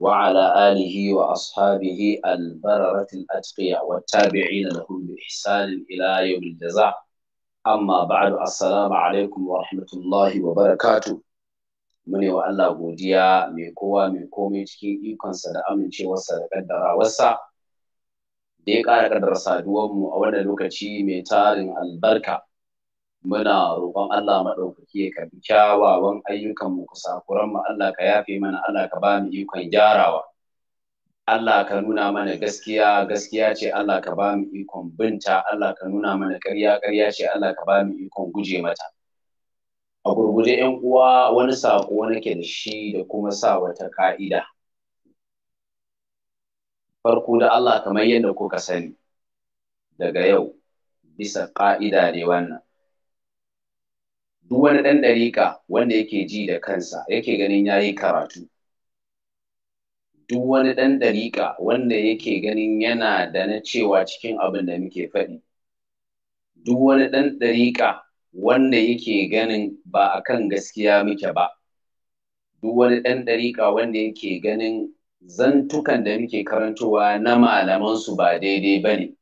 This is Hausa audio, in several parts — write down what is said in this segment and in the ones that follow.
وعلى آله wa البررة الأتقياء والتابعين لهم بإحسان إلى يوم الجزاء أما بعد السلام عليكم ورحمة الله وبركاته mune wa Allah godiya mai kowa mai komai cikin ikonsa da amincewarsa da kaddarawarsa da ya ƙara kaddara saduwarmu a wannan lokaci mai tarin albarka muna roƙon Allah maɗaukaki ya karbi kyawawan ayyukan mu kusakuran mu Allah ka yafe mana Allah ka ba mu ikon gyarawa Allah ka nuna mana gaskiya gaskiya ce Allah ka ba mu ikon binta Allah ka nuna mana ƙarya ƙarya ce Allah ka ba mu ikon guje mata a gurguje yan uwa wani saƙo nake da shi da kuma sa wata ka'ida farko da Allah kamar yadda kuka sani daga yau bisa ƙa'ida ne wannan duk wani ɗan ɗariƙa wanda yake ji da kansa yake ganin ya yi karatu duk wani ɗan ɗariƙa wanda yake ganin yana da na cewa cikin abin da muke faɗi duk wani ɗan ɗariƙa wanda yake ganin ba a kan gaskiya muke ba duk wani ɗan ɗariƙa wanda yake ganin zantukan da muke karantowa na malamansu ba daidai ba ne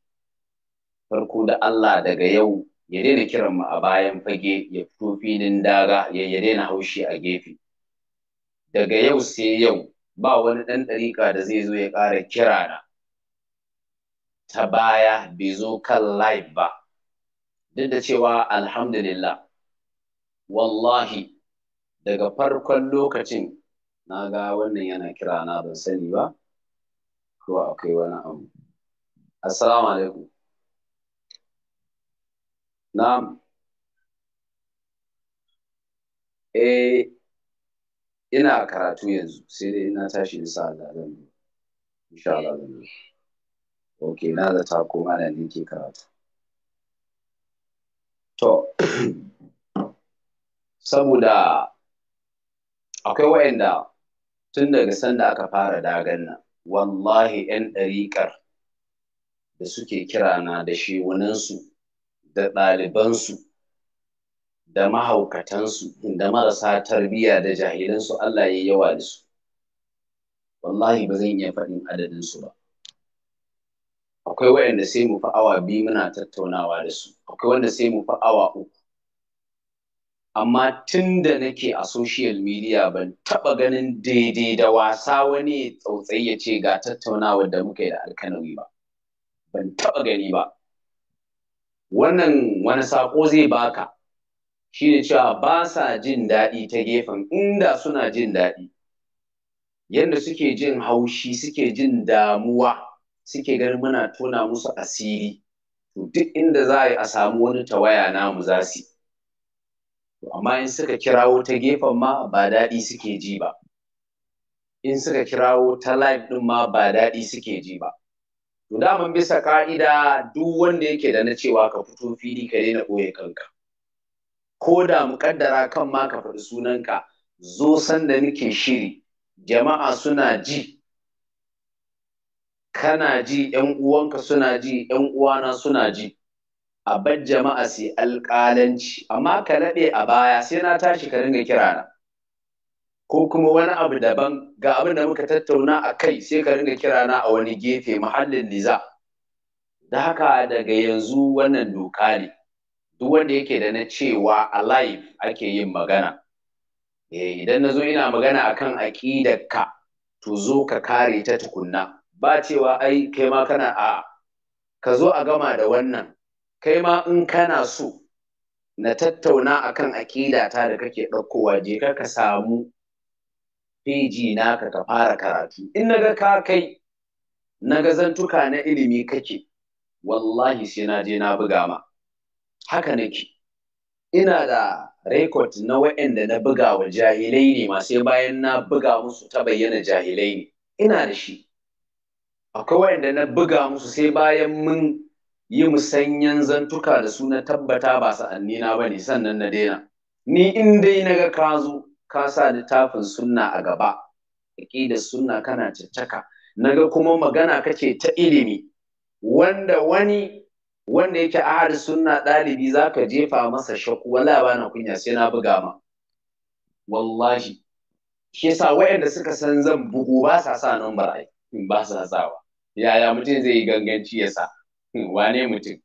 farko da Allah daga yau ya daina kiran mu a bayan fage ya fito filin daga ya daina haushi a gefe daga yau sai yau ba wani ɗan ɗariƙa da zai zo ya ƙara kira na ta baya bai zo kan live ba duk da cewa alhamdulillah wallahi daga farkon lokacin na ga wannan yana kira na ban sani ba to akwai wani abu assalamu alaikum Na'am. Eh, ina karatu yanzu, sai dai na tashi na sa Allah Insha Allah zan yi. Ok, na zata koma da nake karatu. To, saboda akwai wayanda tun daga sanda aka fara dagan nan, wallahi 'yan ɗariƙar da suke kirana da shewunansu da ɗalibansu da mahaukatansu da marasa tarbiyya da jahilansu Allah ya yi yawa da su wallahi ba zan iya faɗin adadinsu ba akwai wayanda sai mu fi awa biyu muna tattaunawa da su akwai wanda sai mu fi awa uku amma tun da nake a social media ban taɓa ganin daidai da wasa wani tsautsayi ya ce ga tattaunawar da muka yi da alkanawi ba ban taɓa gani ba wannan wani saƙo zai baka shine cewa ba sa jin daɗi ta gefen inda suna jin daɗi yadda suke jin haushi suke jin damuwa suke ganin muna tona musu asiri to duk inda za a yi a samu wani tawaya namu za su amma in suka kirawo ta gefen ma ba daɗi suke ji ba in suka kirawo ta live ɗin ma ba daɗi suke ji ba da mun bisa ƙa'ida duk wanda yake da na cewa ka fito fili ka daina ɓoye kanka ko da muƙaddara kan ma ka faɗi sunanka zo san da nake shiri jama'a suna ji kana ji yan uwanka suna ji yan uwana suna ji a bar jama'a su alƙalanci amma ka naɗe a baya sai na tashi ka dinga kirana ko kuma wani abu daban ga abin da muka tattauna a kai sai ka ringa kira na a wani gefe muhallin liza da haka daga yanzu wannan doka ne duk wanda yake da na cewa a live ake yin magana eh, idan na zo ina magana akan aƙidarka to zo ka kare ta tukunna ba cewa ai kai ma kana a ka zo a gama da wannan kai ma in kana so na tattauna akan aƙidata da kake ɗaukowa je ka samu peji naka ka fara karatu in naga ka kai naga zantuka na ilimi kake wallahi sai na je na buga ma haka nake ina da rekod na wa'anda na buga wa jahilai ne ma sai bayan na buga musu ta bayyana jahilai ne ina da shi akwai waɗanda na buga musu sai bayan mun yi musanyen zantuka da su na tabbata ba sa'anni na ba ne sannan na daina ni in dai na ga ka zo ka sa littafin sunna a gaba aqidar sunna kana caccaka naga kuma magana kace ta ilimi wanda wani wanda yake ahad sunna ɗalibi ka jefa masa shakku wala ba na kunya sai na buga ma wallahi shi yasa wayanda suka san zan bugu ba sa sa number ai ba sa sawa yaya mutum zai yi ganganci ya sa hmm, wane mutum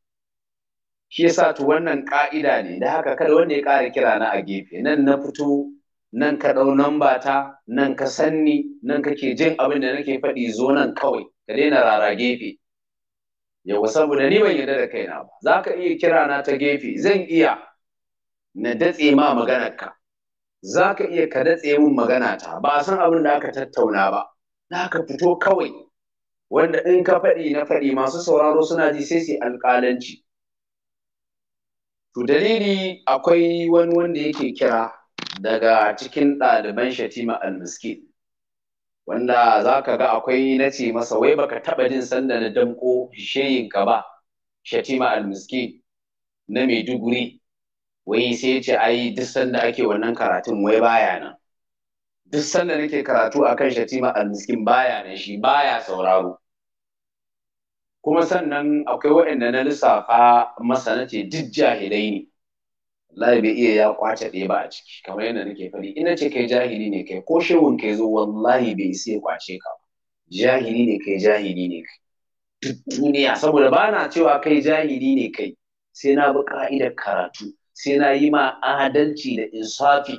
shi yasa to wannan ka'ida ne da haka kada wanda ya ƙara kira na a gefe nan na fito nan ka ɗau namba ta nan ka sanni nan kake jin abin da nake faɗi zo nan kawai ka daina rara gefe yawa saboda ni ban yarda da kaina ba za ka iya kira na ta gefe zan iya na datse ma ka. za ka iya ka datse min magana ta ba san abin da aka tattauna ba Na ka fito kawai wanda in ka faɗi na faɗi masu sauraro suna ji sai su alƙalanci to dalili akwai wani wanda yake kira daga cikin ɗaliban shatima almiski wanda za ka ga akwai na ce masa wai baka taɓa jin sanda na damƙo ka ba shatima almiski na maiduguri wai sai ce ai duk sanda ake wannan karatun wai baya nan duk sanda nake karatu a kan shatima almiskin baya nan shi baya sauraro kuma sannan akwai waɗanda na lissafa masana ce duk jahilai ne lai bai iya ya kwace ɗaya ba a ciki kamar yadda nake faɗi ina ce kai jahili ne kai ko shehun kai zo wallahi bai isa ya kwace ka ba jahili ne kai jahili ne kai duk duniya saboda ba na cewa kai jahili ne kai sai na bi ka'idar karatu sai na yi ma adalci da insafi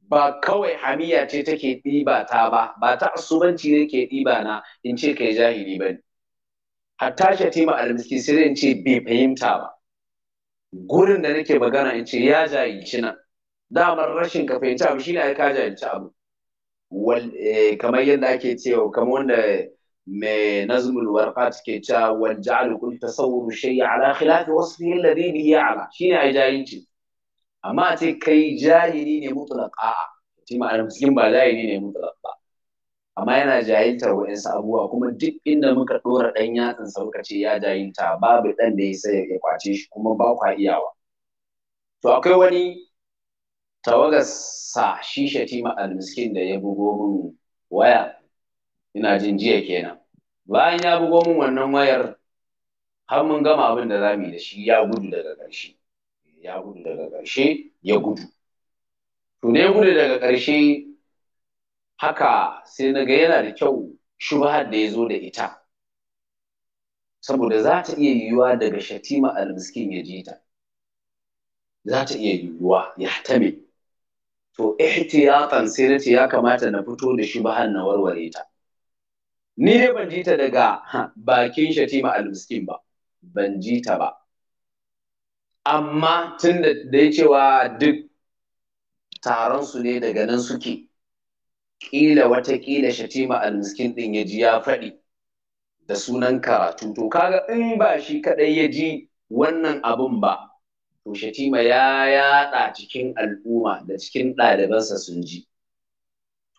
ba kawai hamiya ce take ɗiba ta ba ba ta asubanci ne ke ɗiba na in ce kai jahili ba ne hatta shatima almiski sai in ce bai fahimta ba gurin da nake magana in ce ya jahilci nan damar rashin ka fahimci abu shine ai ka jahilci abu eh, kamar yadda ake cewa kamar wanda mai nazmul warqat ke cewa wal ja'al kun tasawwuru shay'a ala khilaf wasfi alladhi bi ya'la shine ai jahilci amma a ce kai jahili ne mutlaqa a shi ma'anar muslim ba jahili ne mutlaqa ba amma yana jahiltar wa'insu abubuwa kuma duk inda muka ɗora ɗan yatsan muka ce ya jahilta babu ɗan da ya sai ya kwace shi kuma ba kwa iyawa to akwai wani tawagar sa shi shatima almiskin da ya bugo min waya ina jin jiya kenan bayan ya bugo min wannan wayar har mun gama abin da zamu yi da shi ya gudu daga ƙarshe ya gudu daga ƙarshe ya gudu to ne gudu daga ƙarshe haka sai na ga yana da kyau shubahar da ya zo da ita saboda za ta iya yiwuwa daga shatima almiskin ya ji ta za ta iya yiwuwa ya tame to ihtiyatan sai na ce ya kamata na fito da shubahar na warware ta ni dai ban ji ta daga bakin shatima almiskin ba ban ji ta ba amma tun da ya cewa duk taron su ne daga nan suke Kila wata kila shatima almiskin ɗin ya ji ya faɗi da sunan karatu to kaga in ba shi kaɗai ya ji wannan abun ba to shatima ya yaɗa cikin al'umma da cikin ɗalibansa sun ji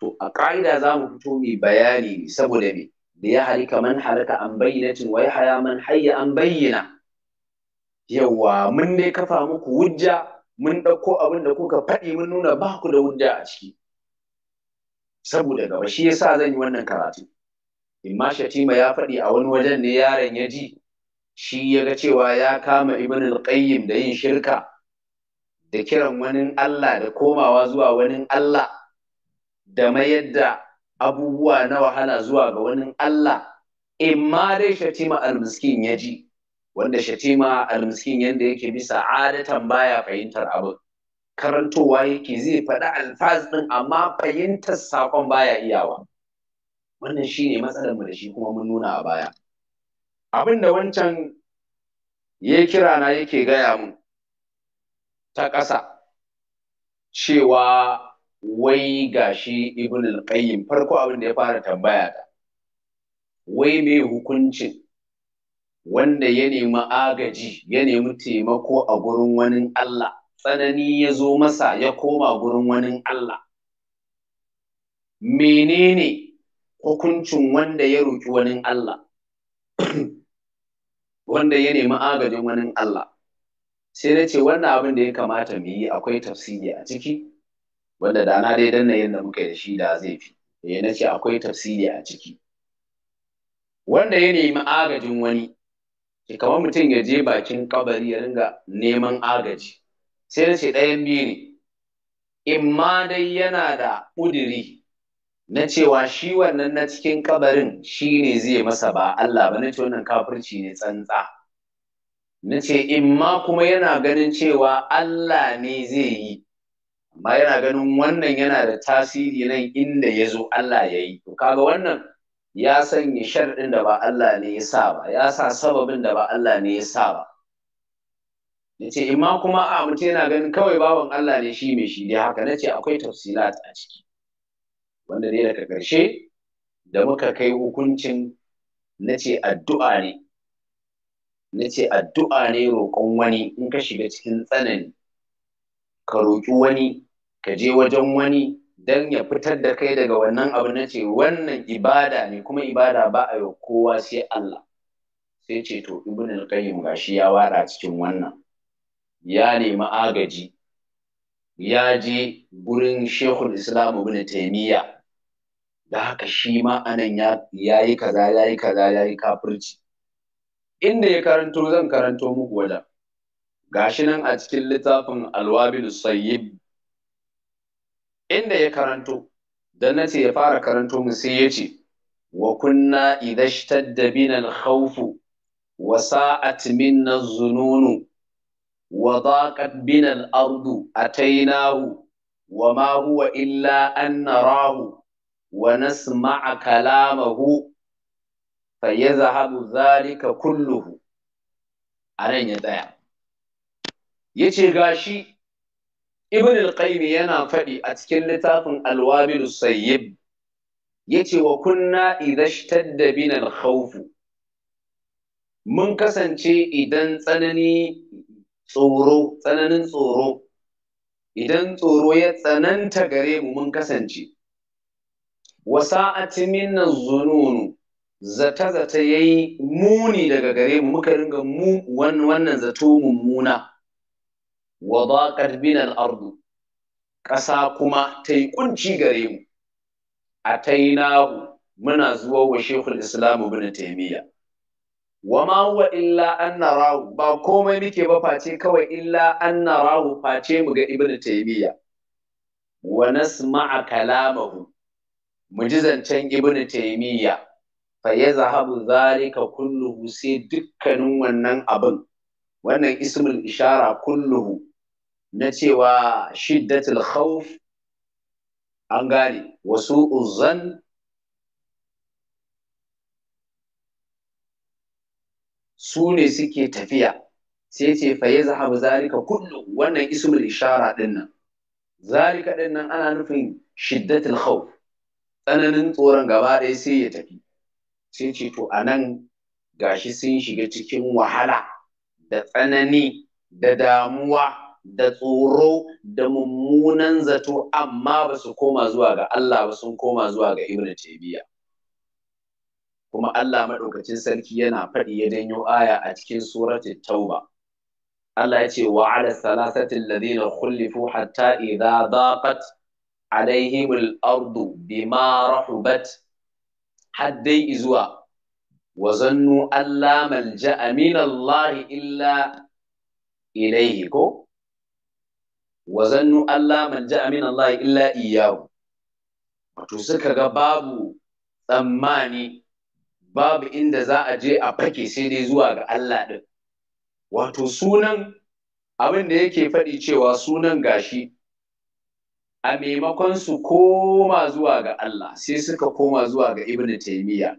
to a ƙa'ida za mu fito mai bayani ne saboda me da ya halika man halaka an bayyanatin tun wai haya man hayya an bayyana yawa mun dai kafa muku hujja mun ɗauko abin da kuka faɗi mun nuna ba ku da hujja a ciki saboda gaba shi yasa zan yi wannan karatu imma shatima ya faɗi a wani wajen ne yaron ya ji shi ya ga cewa ya kama ibn al-qayyim da yin shirka da kiran wani Allah da komawa zuwa wani Allah da mayar da abubuwa na wahala zuwa ga wani Allah imma dai shatima al-miskin ya ji wanda shatima al-miskin yanda yake bisa adatan baya fahimtar abin karantowa yake zai faɗi alfaz ɗin amma fahimtar saƙon baya iyawa wannan shi ne matsalar da shi kuma mun nuna a baya abin da wancan ya kira na yake gaya mun ta ƙasa cewa wai gashi ibn al-qayyim farko abin da ya fara tambaya ta wai me hukuncin wanda ya nemi agaji ya nemi taimako a gurin wani Allah tsanani ya zo masa ya koma gurin wani Allah menene hukuncin wanda ya roƙi wani Allah wanda ya nemi agajin wani Allah sai na ce wannan abin da ya kamata mu yi akwai tafsiri a ciki wanda da na dai danna yadda muka yi da shi da zai fi eh na ce akwai tafsiri a ciki wanda ya nemi agajin wani ke kamar mutum ya je bakin kabari ya ringa neman agaji sai na ce ɗayan biyu ne in ma dai yana da ƙudiri na cewa shi wannan na cikin kabarin shi ne zai masa ba Allah ba na ce wannan kafirci ne tsantsa na ce in ma kuma yana ganin cewa Allah ne zai yi amma yana ganin wannan yana da tasiri nan inda ya zo Allah ya yi to kaga wannan ya sanya sharɗin da ba Allah ne ya sa ba ya sa sababin da ba Allah ne ya sa ba Nace ce imma kuma a mutum yana ganin kawai bawan Allah ne shi mai shi dai haka na ce akwai tafsilat a ciki wanda dai daga ƙarshe da muka kai hukuncin na ce addu'a ne na addu'a ne roƙon wani in ka shiga cikin tsanani ka roƙi wani ka je wajen wani dan ya fitar da kai daga wannan abu na ce wannan ibada ne kuma ibada ba a yi kowa sai Allah sai ce to ibn al-qayyim gashi ya wara cikin wannan ya nemi agaji ya je gurin shehul islam ibn taimiyya da haka shi ma anan ya yi kaza ya yi kaza ya yi kafirci inda ya karanto zan karanto muku wajen gashi nan a cikin littafin alwabil sayyid inda ya karanto dan nace ya fara karanto mu sai ya ce wa kunna idhashtadda bina binan khawfu wa sa'at minna az-zununu wa daqat bina al-ardu atainahu wa ma huwa illa an wa nasma'a kalamahu fa yazhabu dhalika kulluhu anan ya tsaya yace gashi ibn al-qayyim yana faɗi a cikin littafin al-wabil sayyib yace wa kunna idha ishtadda bina al-khawf mun kasance idan tsanani tsoro tsananin tsoro idan tsoro ya tsananta gare mu mun kasance wasa'ati minna zununu zata zata yayi muni daga gare mu muka ringa mu wannan zato mummuna wa daqat bina al-ardu ƙasa kuma ta yi kunci gare mu atainahu muna zuwa wa shekul islam ibn taimiyya wa ma huwa illa an narahu ba komai muke ba face kawai illa an narahu face mu ga ibn taymiya wa nasma'a kalamahu mu ji zancen ibn taymiya fa yazhabu zalika kulluhu sai dukkanin wannan abin wannan ismul ishara kulluhu na cewa shiddatul khawf an gane wasu uzan su ne suke tafiya sai ce fa ya zahabu zalika kullu wannan ismul ishara din nan zalika din nan ana nufin shiddatul khawf tsananin tsoron gaba ɗaya sai ya tafi sai ce to a anan gashi sun shiga cikin wahala da tsanani da damuwa da tsoro da mummunan zato amma ba su koma zuwa ga Allah ba sun koma zuwa ga Ibn Taymiyyah kuma Allah maɗaukacin sarki yana faɗi ya janyo aya a cikin surati tauba Allah ya ce wa ala salasati alladhina khulifu hatta idza daqat alaihim al-ardu bima rahubat haddai izuwa wa zannu alla malja'a min Allah illa ilaihi ko wa zannu alla malja'a min Allah illa iyyahu wato suka ga babu tsammani babu inda za a je a fake sai dai zuwa ga Allah ɗin. Wato sunan abin da yake faɗi cewa sunan gashi a maimakon su koma zuwa ga Allah sai suka koma zuwa ga Ibn Taymiyyah.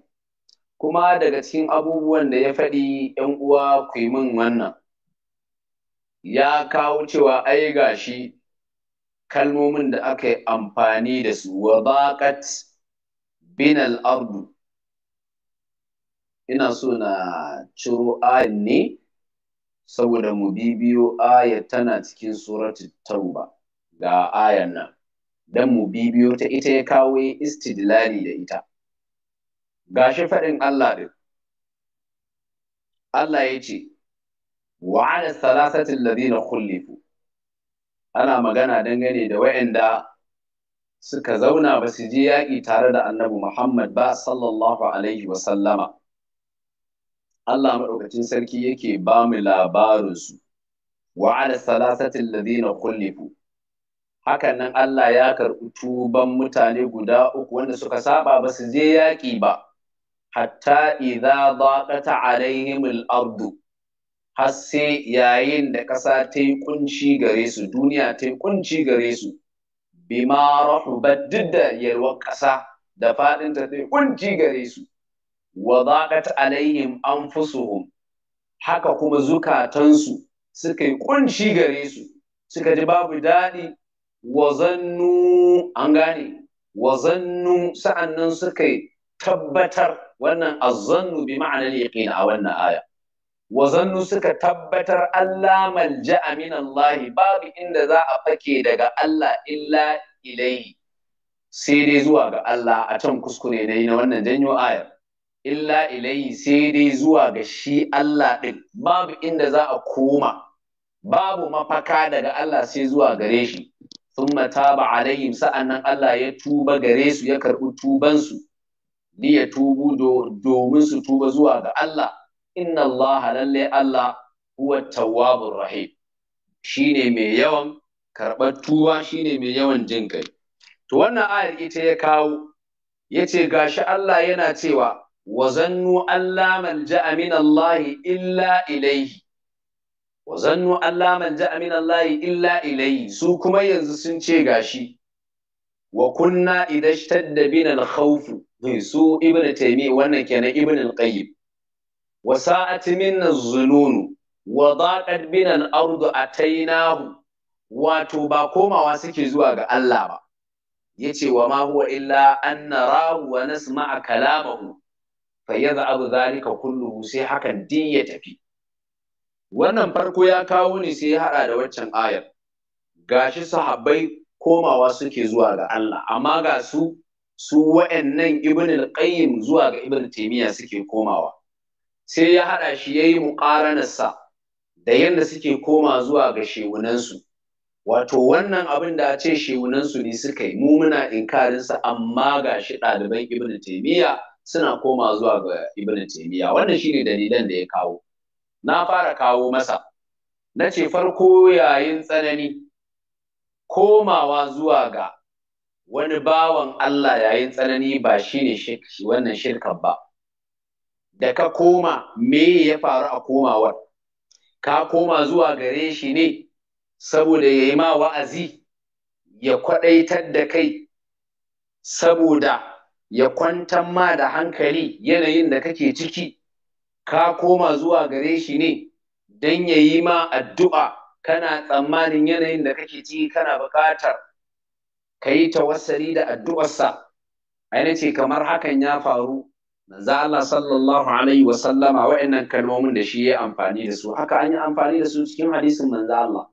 Kuma daga cikin abubuwan da ya faɗi ‘yan uwa ku yi min wannan, ya kawo cewa ai gashi kalmomin da aka yi amfani da su wa baƙat binal ardu. ina so na ciro ayan ne saboda mu bibiyo ayat tana cikin suratul tauba ga ayan nan dan mu bibiyo ta ita ya kawo istidlali da ita gashi faɗin Allah din Allah ya ce wa ala salasati alladhina khulifu ana magana dangane da wayanda suka zauna ba su je yaƙi tare da annabi Muhammad ba sallallahu alaihi wa sallama Allah maɗaukacin sarki yake ba mu labarinsu wa ala salasatin ladina kullifu hakan nan Allah ya karɓi tuban mutane guda uku wanda suka saba ba su je yaƙi ba hatta idza daqata alaihim al-ardu har sai yayin da ƙasa ta yi kunci gare su duniya ta yi kunci gare su bima rahubat duk da yalwar ƙasa da faɗinta ta yi kunci gare su wa zaqat alaihim anfusuhum haka kuma zukatansu suka yi kunci gare su suka ji babu daɗi wa zannu an gane wa zannu sa'annan suka tabbatar wannan azannu bi ma'anar yaqin a wannan aya wa zannu suka tabbatar Allah malja'a min Allah babu inda za a fake daga Allah illa ilaihi sai dai zuwa ga Allah a can kuskure ne na wannan janyo ayar illa ilayhi sai dai zuwa ga shi Allah ɗin babu inda za a koma babu mafaka daga Allah sai zuwa gare shi thumma taba alaihim sa'annan Allah ya tuba gare su ya karɓi tubansu ni ya tubu domin su tuba zuwa ga Allah inna Allah lalle Allah huwa tawwabur rahim shine mai yawan karɓar tuba shine mai yawan jin kai to wannan ayar ita ya kawo yace gashi Allah yana cewa Wazannu zannu alla malja'a min illa ilaihi, su kuma yanzu sun ce gashi wa kunna idashtadda bina al-khawf su ibnu taymi wannan kenan ibnu al wa sa'at minna az wa daqat bina al wato ba komawa suke zuwa ga Allah ba yace wa ma huwa illa an narahu wa nasma'a kalamahu fayyaza abu zalika kullu, sai hakan din ya tafi wannan farko ya kawo ne sai ya hada da waccan ayar gashi sahabbai komawa suke zuwa ga Allah amma ga su su wa'annan ibn al-qayyim zuwa ga ibn taymiya suke komawa sai ya hada shi yayi muqaranar sa da yanda suke koma zuwa ga shewunansu wato wannan abin da a ce shewunansu ne suka yi mu muna inkarin sa amma gashi ɗaliban ibn taymiya suna koma zuwa ga ibn Taymiyyah wannan shine dalilan da ya kawo na fara kawo masa na ce farko yayin tsanani komawa zuwa ga wani bawan Allah yayin tsanani ba shine shi wannan shirkan ba da ka koma me ya faru a komawar ka koma zuwa gare shi ne saboda ya yi ma wa'azi ya kwaɗaitar da kai saboda ya kwantar ma da hankali yanayin da kake ciki ka koma zuwa gare shi ne don ya yi ma addu'a kana tsammanin yanayin da kake ciki kana buƙatar ka yi tawassali da addu'arsa a ce kamar hakan ya faru manzo Allah sallallahu alaihi wa sallama kalmomin da shi ya amfani da su haka an yi amfani da su cikin hadisin manzo Allah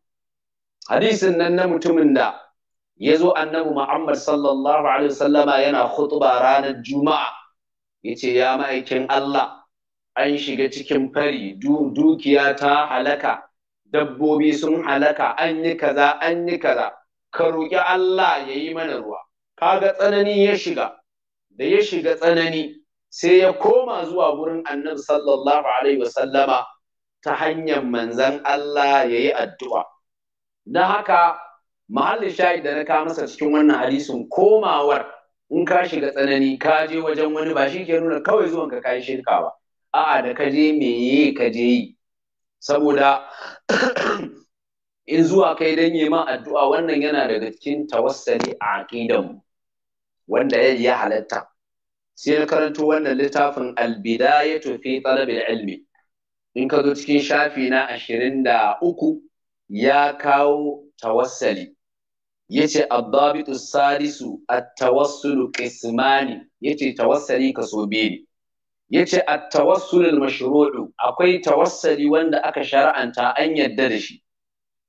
hadisin nan na mutumin da ya zo annabi Muhammad sallallahu alaihi wasallama yana khutba ranar juma'a Ya ce ya ma'aikin Allah an shiga cikin fari dukiya ta halaka dabbobi sun halaka an yi kaza an yi kaza ka roƙi Allah ya yi mana ruwa kaga tsanani ya shiga da ya shiga tsanani sai ya koma zuwa wurin annabi sallallahu alaihi wasallama ta hanyar manzan Allah ya yi addu'a. Na haka mahallin shahid da na kama masa cikin wannan hadisin komawar in ka shiga tsanani ka je wajen wani ba shi ke nuna kawai zuwan ka kai shirka ba a'a da ka je meye ka je yi saboda in zuwa kai dan yi ma addu'a wannan yana daga cikin tawassali a aqidan wanda ya halatta sai na karanto wannan littafin albidayatu fi talabil ilmi in ka zo cikin shafi na ashirin da uku ya kawo tawassali yace addabitu sadisu at-tawassulu qismani yace tawassali so biyu ne yace at-tawassul al-mashru'u akwai tawassali wanda aka shar'anta an yadda da shi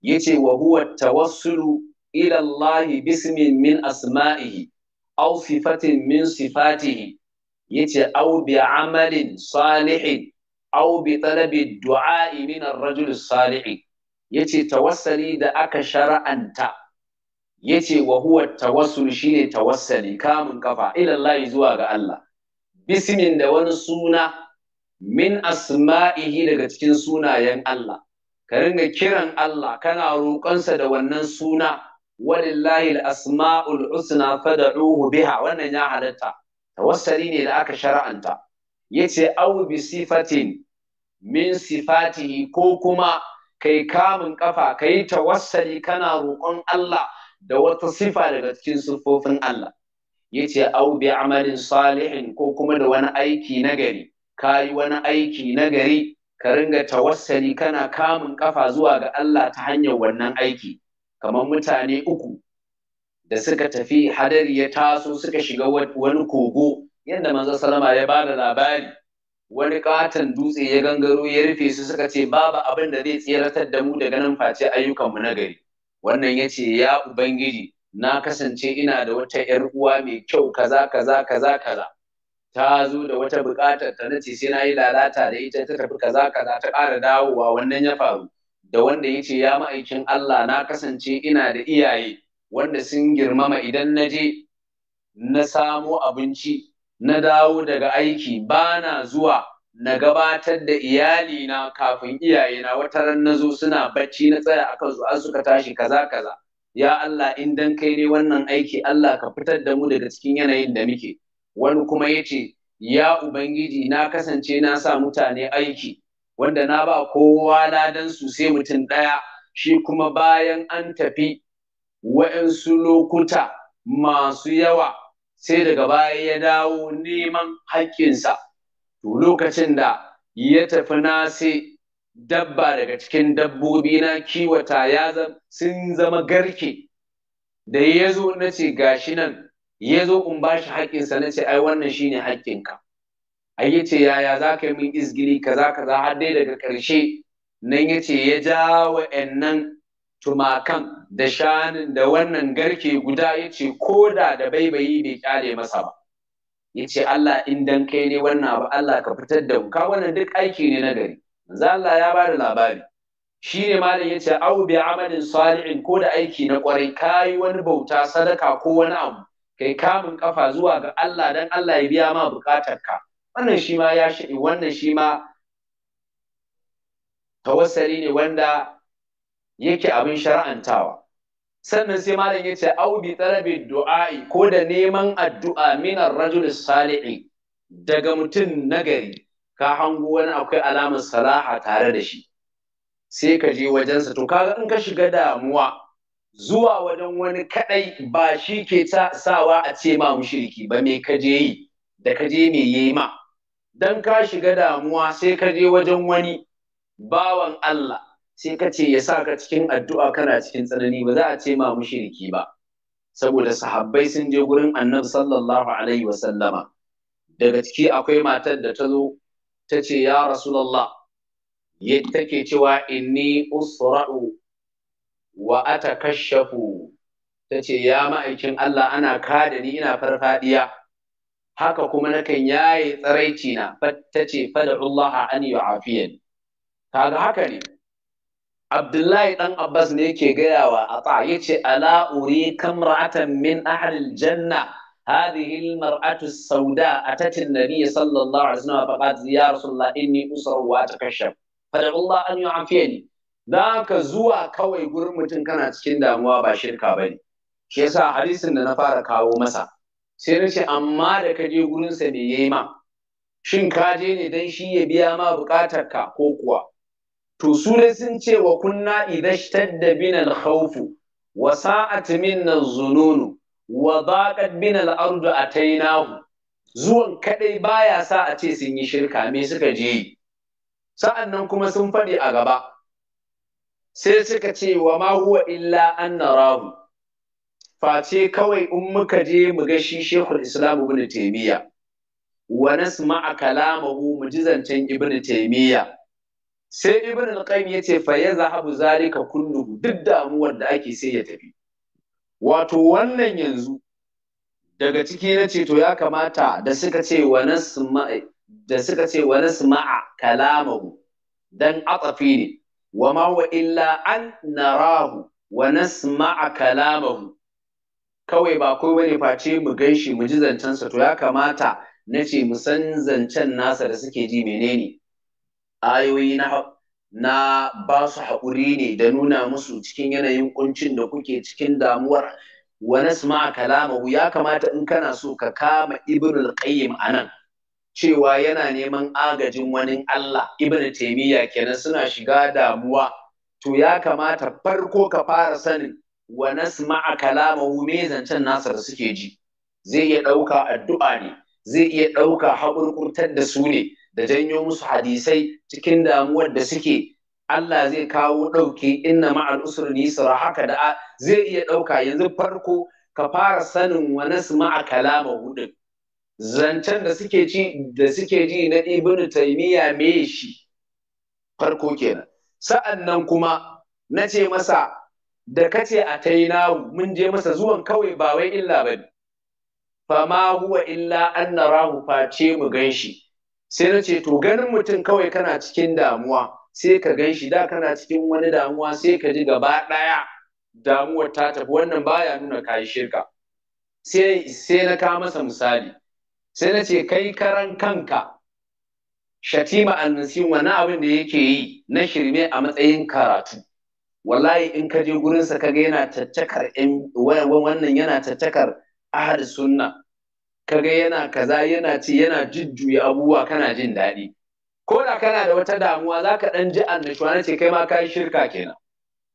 yace wa huwa at-tawassulu ila Allah bismin min asma'ihi aw sifatin min sifatihi yace aw bi amalin salihin aw bi talabi du'a min ar-rajul salih yace tawassali da aka shar'anta Ya yace wa huwa tawassul ne tawassali kamun kafa ila layi zuwa ga Allah bismin da wani suna min asma'ihi daga cikin sunayen Allah ka ringa kiran Allah kana roƙonsa da wannan suna walillahi al-asma'ul husna fad'uhu biha wannan ya halatta tawassali ne da aka shara'anta yace aw bi sifatin min sifatihi ko kuma kai kamun kafa kai tawassali kana roƙon Allah da wata sifa daga cikin siffofin Allah yace au bi amalin salihin ko kuma da wani aiki nagari yi wani aiki nagari ka ringa tawassali kana kamun kafa zuwa ga Allah ta hanyar wannan aiki kamar mutane uku da suka tafi hadari ya taso suka shiga wani kogo yadda manzo salama ya ba da labari wani katon dutse ya gangaro ya rufe su suka ce babu abin da zai tseratar da mu daga nan face ayyukanmu na gari wannan ya ce ya ubangiji na kasance ina da wata ‘yar uwa mai kyau kaza kaza kaza kaza ta zo da wata buƙatar ta nace sai na yi lalata da ita ta tafi kaza kaza ta ƙara dawowa wannan ya faru da wanda ya ce ya ma'aikin Allah na kasance ina da iyaye wanda sun girmama idan na je na samo abinci na dawo daga aiki bana zuwa na gabatar da iyali na kafin iyaye na wata ran na zo suna bacci na tsaya akan su an suka tashi kaza kaza ya Allah in dan kai ne wannan aiki Allah ka fitar da mu daga cikin yanayin da muke wani kuma yace ya ubangiji na kasance na sa mutane aiki wanda na ba kowa ladan su sai mutum ɗaya shi kuma bayan an tafi wa'yansu lokuta masu yawa sai daga baya ya dawo neman haƙƙinsa to lokacin da ya tafi nasi dabba daga cikin dabbobi na kiwata ya sun zama garke da ya zo na ce gashi nan ya zo in ba shi haƙƙinsa na ce ai wannan shi ne haƙƙinka ai ya ce yaya za ka yi min izgili kaza kaza har dai daga ƙarshe nan ya ce ya ja wa'annan tumakan da shanin da wannan garke guda ya ce ko da da baibayi bai kyale masa ba ya ce Allah in dan kai ne wannan abu Allah ka fitar da ka wannan duk aiki ne na gari manzo Allah ya bada labari shi ne malam ya ce au bi amalin salihin ko da aiki na kwarai kayi wani bauta sadaka ko wani abu kai kamun kafa zuwa ga Allah dan Allah ya biya ma bukatarka wannan shi ma ya shi wannan shi ma tawassali ne wanda yake abin shara'antawa sannan sai malam ya ce au bi tarabi du'a'i ko da neman addu'a min ar-rajul salih daga mutum nagari ka hango wani akwai alamar salaha tare da shi sai ka je wajensa to kaga in ka shiga damuwa zuwa wajen wani kadai ba shi ke ta sawa a ce ma mushriki ba me ka je yi da ka je me yi ma dan ka shiga damuwa sai ka je wajen wani bawan Allah sai ka ce ya sa ka cikin addu'a kana cikin tsanani ba za a ce ma mushriki ba saboda sahabbai sun je gurin annabi sallallahu alaihi wa sallama daga ciki akwai matar da ta zo ta ce ya rasulullah ya take cewa inni usra'u wa atakashafu ta ce ya ma'aikin Allah ana kada ni ina farfadiya haka kuma nakan yaye tsaraici na ta ce wa an yu'afiyani kaga haka ne Abdullahi ɗan Abbas ne yake gayawa a ta ya ce ala uri kamra'atan min ahlil janna هذه a السوداء أتت النبي صلى الله عليه وسلم فقالت يا رسول ta إني أسر an yi الله ne. Za ka zuwa kawai gurin mutum kana cikin damuwa ba shirka bane shi yasa hadisin da na fara kawo masa sai na ce amma da ka je gurinsa me yayi ma shin ka je ne don shi ya biya ma bukatar ka ko kuwa to su ne sun ce wa kunna idashtadda da al-khawfu wa sa'at minna zununu wa daqat bina al-ardu Tainahu. zuwan kadai baya sa a ce sun yi shirka me suka je sa'an nan kuma sun faɗi a gaba sai suka ce wa ma huwa illa an narahu face kawai in muka je mu ga shi shekul Islam Ibn taimiyya. wa nasma'a kalamahu mujizancin Ibn Taymiyyah sai ibn al-qayyim yace fa yazhabu zalika kulluhu duk damuwar da ake sai ya tafi wato wannan yanzu daga ciki na ce to ya kamata da suka ce wa nasma'a da suka ce wa nasma'a kalamahu dan atafi ne wa ma wa illa an narahu wa nasma'a kalamahu kawai ba kai wani face mu ganshi mu ji zancensa to ya kamata na ce mu san zancen nasa da suke ji menene ayoyi na na ba su haƙuri ne da nuna musu cikin yanayin ƙuncin da kuke cikin damuwar wa nasma kalamahu ya kamata in kana so ka kama ibn al a nan. cewa yana neman agajin wani Allah ibnu taymiya kenan suna shiga damuwa to ya kamata farko ka fara sanin wa nasma kalamahu me zancen nasa da suke ji zai iya ɗauka addu'a ne zai iya ɗauka haƙurƙurtar da su ne da janyo musu hadisai cikin damuwar da suke Allah zai kawo ɗauki inna ma'al usri nisra haka da zai iya ɗauka yanzu farko ka fara sanin su ma'a kalama hudin zancen da suke ci da suke ji na ibn taymiya me shi farko kenan sa'an nan kuma na ce masa da kace a tainahu mun je masa zuwan kawai ba wai illa bane fama huwa illa an narahu face mu ganshi sai na ce to ganin mutum kawai kana cikin damuwa sai ka gan shi da kana cikin wani damuwa sai ka ji gaba ɗaya damuwar ta tafi wannan baya nuna ka yi shirka sai sai na ka masa misali sai na ce kai karan kanka shatima annasi wani abin da yake yi na shirme a matsayin karatu wallahi in ka je gurinsa kaga yana tattakar wannan yana tattakar ahad sunna kaga yana kaza yana ci yana jujjuya abubuwa kana jin daɗi ko da kana da wata damuwa za ka ɗan ji annashuwa na ce kai ma ka yi shirka kenan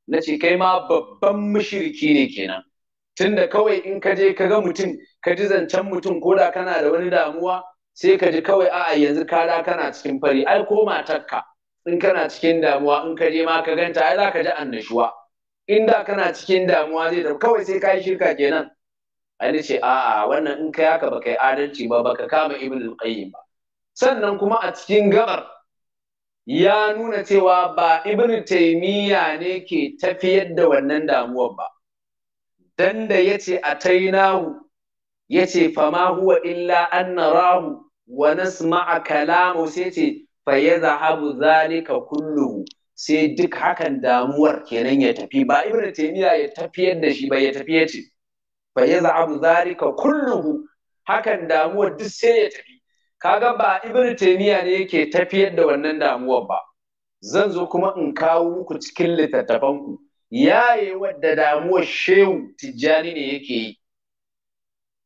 na ce kai ma babban mushiriki ne kenan tunda kawai in ka je ka ga mutum ka ji zancen mutum ko da kana da wani damuwa sai ka ji kawai a'a yanzu ka da kana cikin fari ai ko matarka in kana cikin damuwa in ka je ma ka ganta ai za ka ji annashuwa in da kana cikin damuwa zai da kawai sai ka yi shirka kenan an ce a'a wannan in kai haka baka yi adalci ba baka kama ibn al-qayyim ba sannan kuma a cikin gabar ya nuna cewa ba ibn taymiya ne ke tafiyar da wannan damuwar ba dan da yace Tainahu yace ma huwa illa an narahu wa nasma'a kalamu sai ce fa yadhhabu zalika kulluhu sai duk hakan damuwar kenan ya tafi ba ibn taymiya ya tafiyar da shi ba ya tafi yace fa yaz'abu zalika kulluhu hakan damuwar duk sai ya tafi kaga ba ibnu taymiya ne yake tafiyar da wannan damuwar ba zan zo kuma in kawo muku cikin littattafan ku yaye wadda damuwar shehu tijjani ne yake yi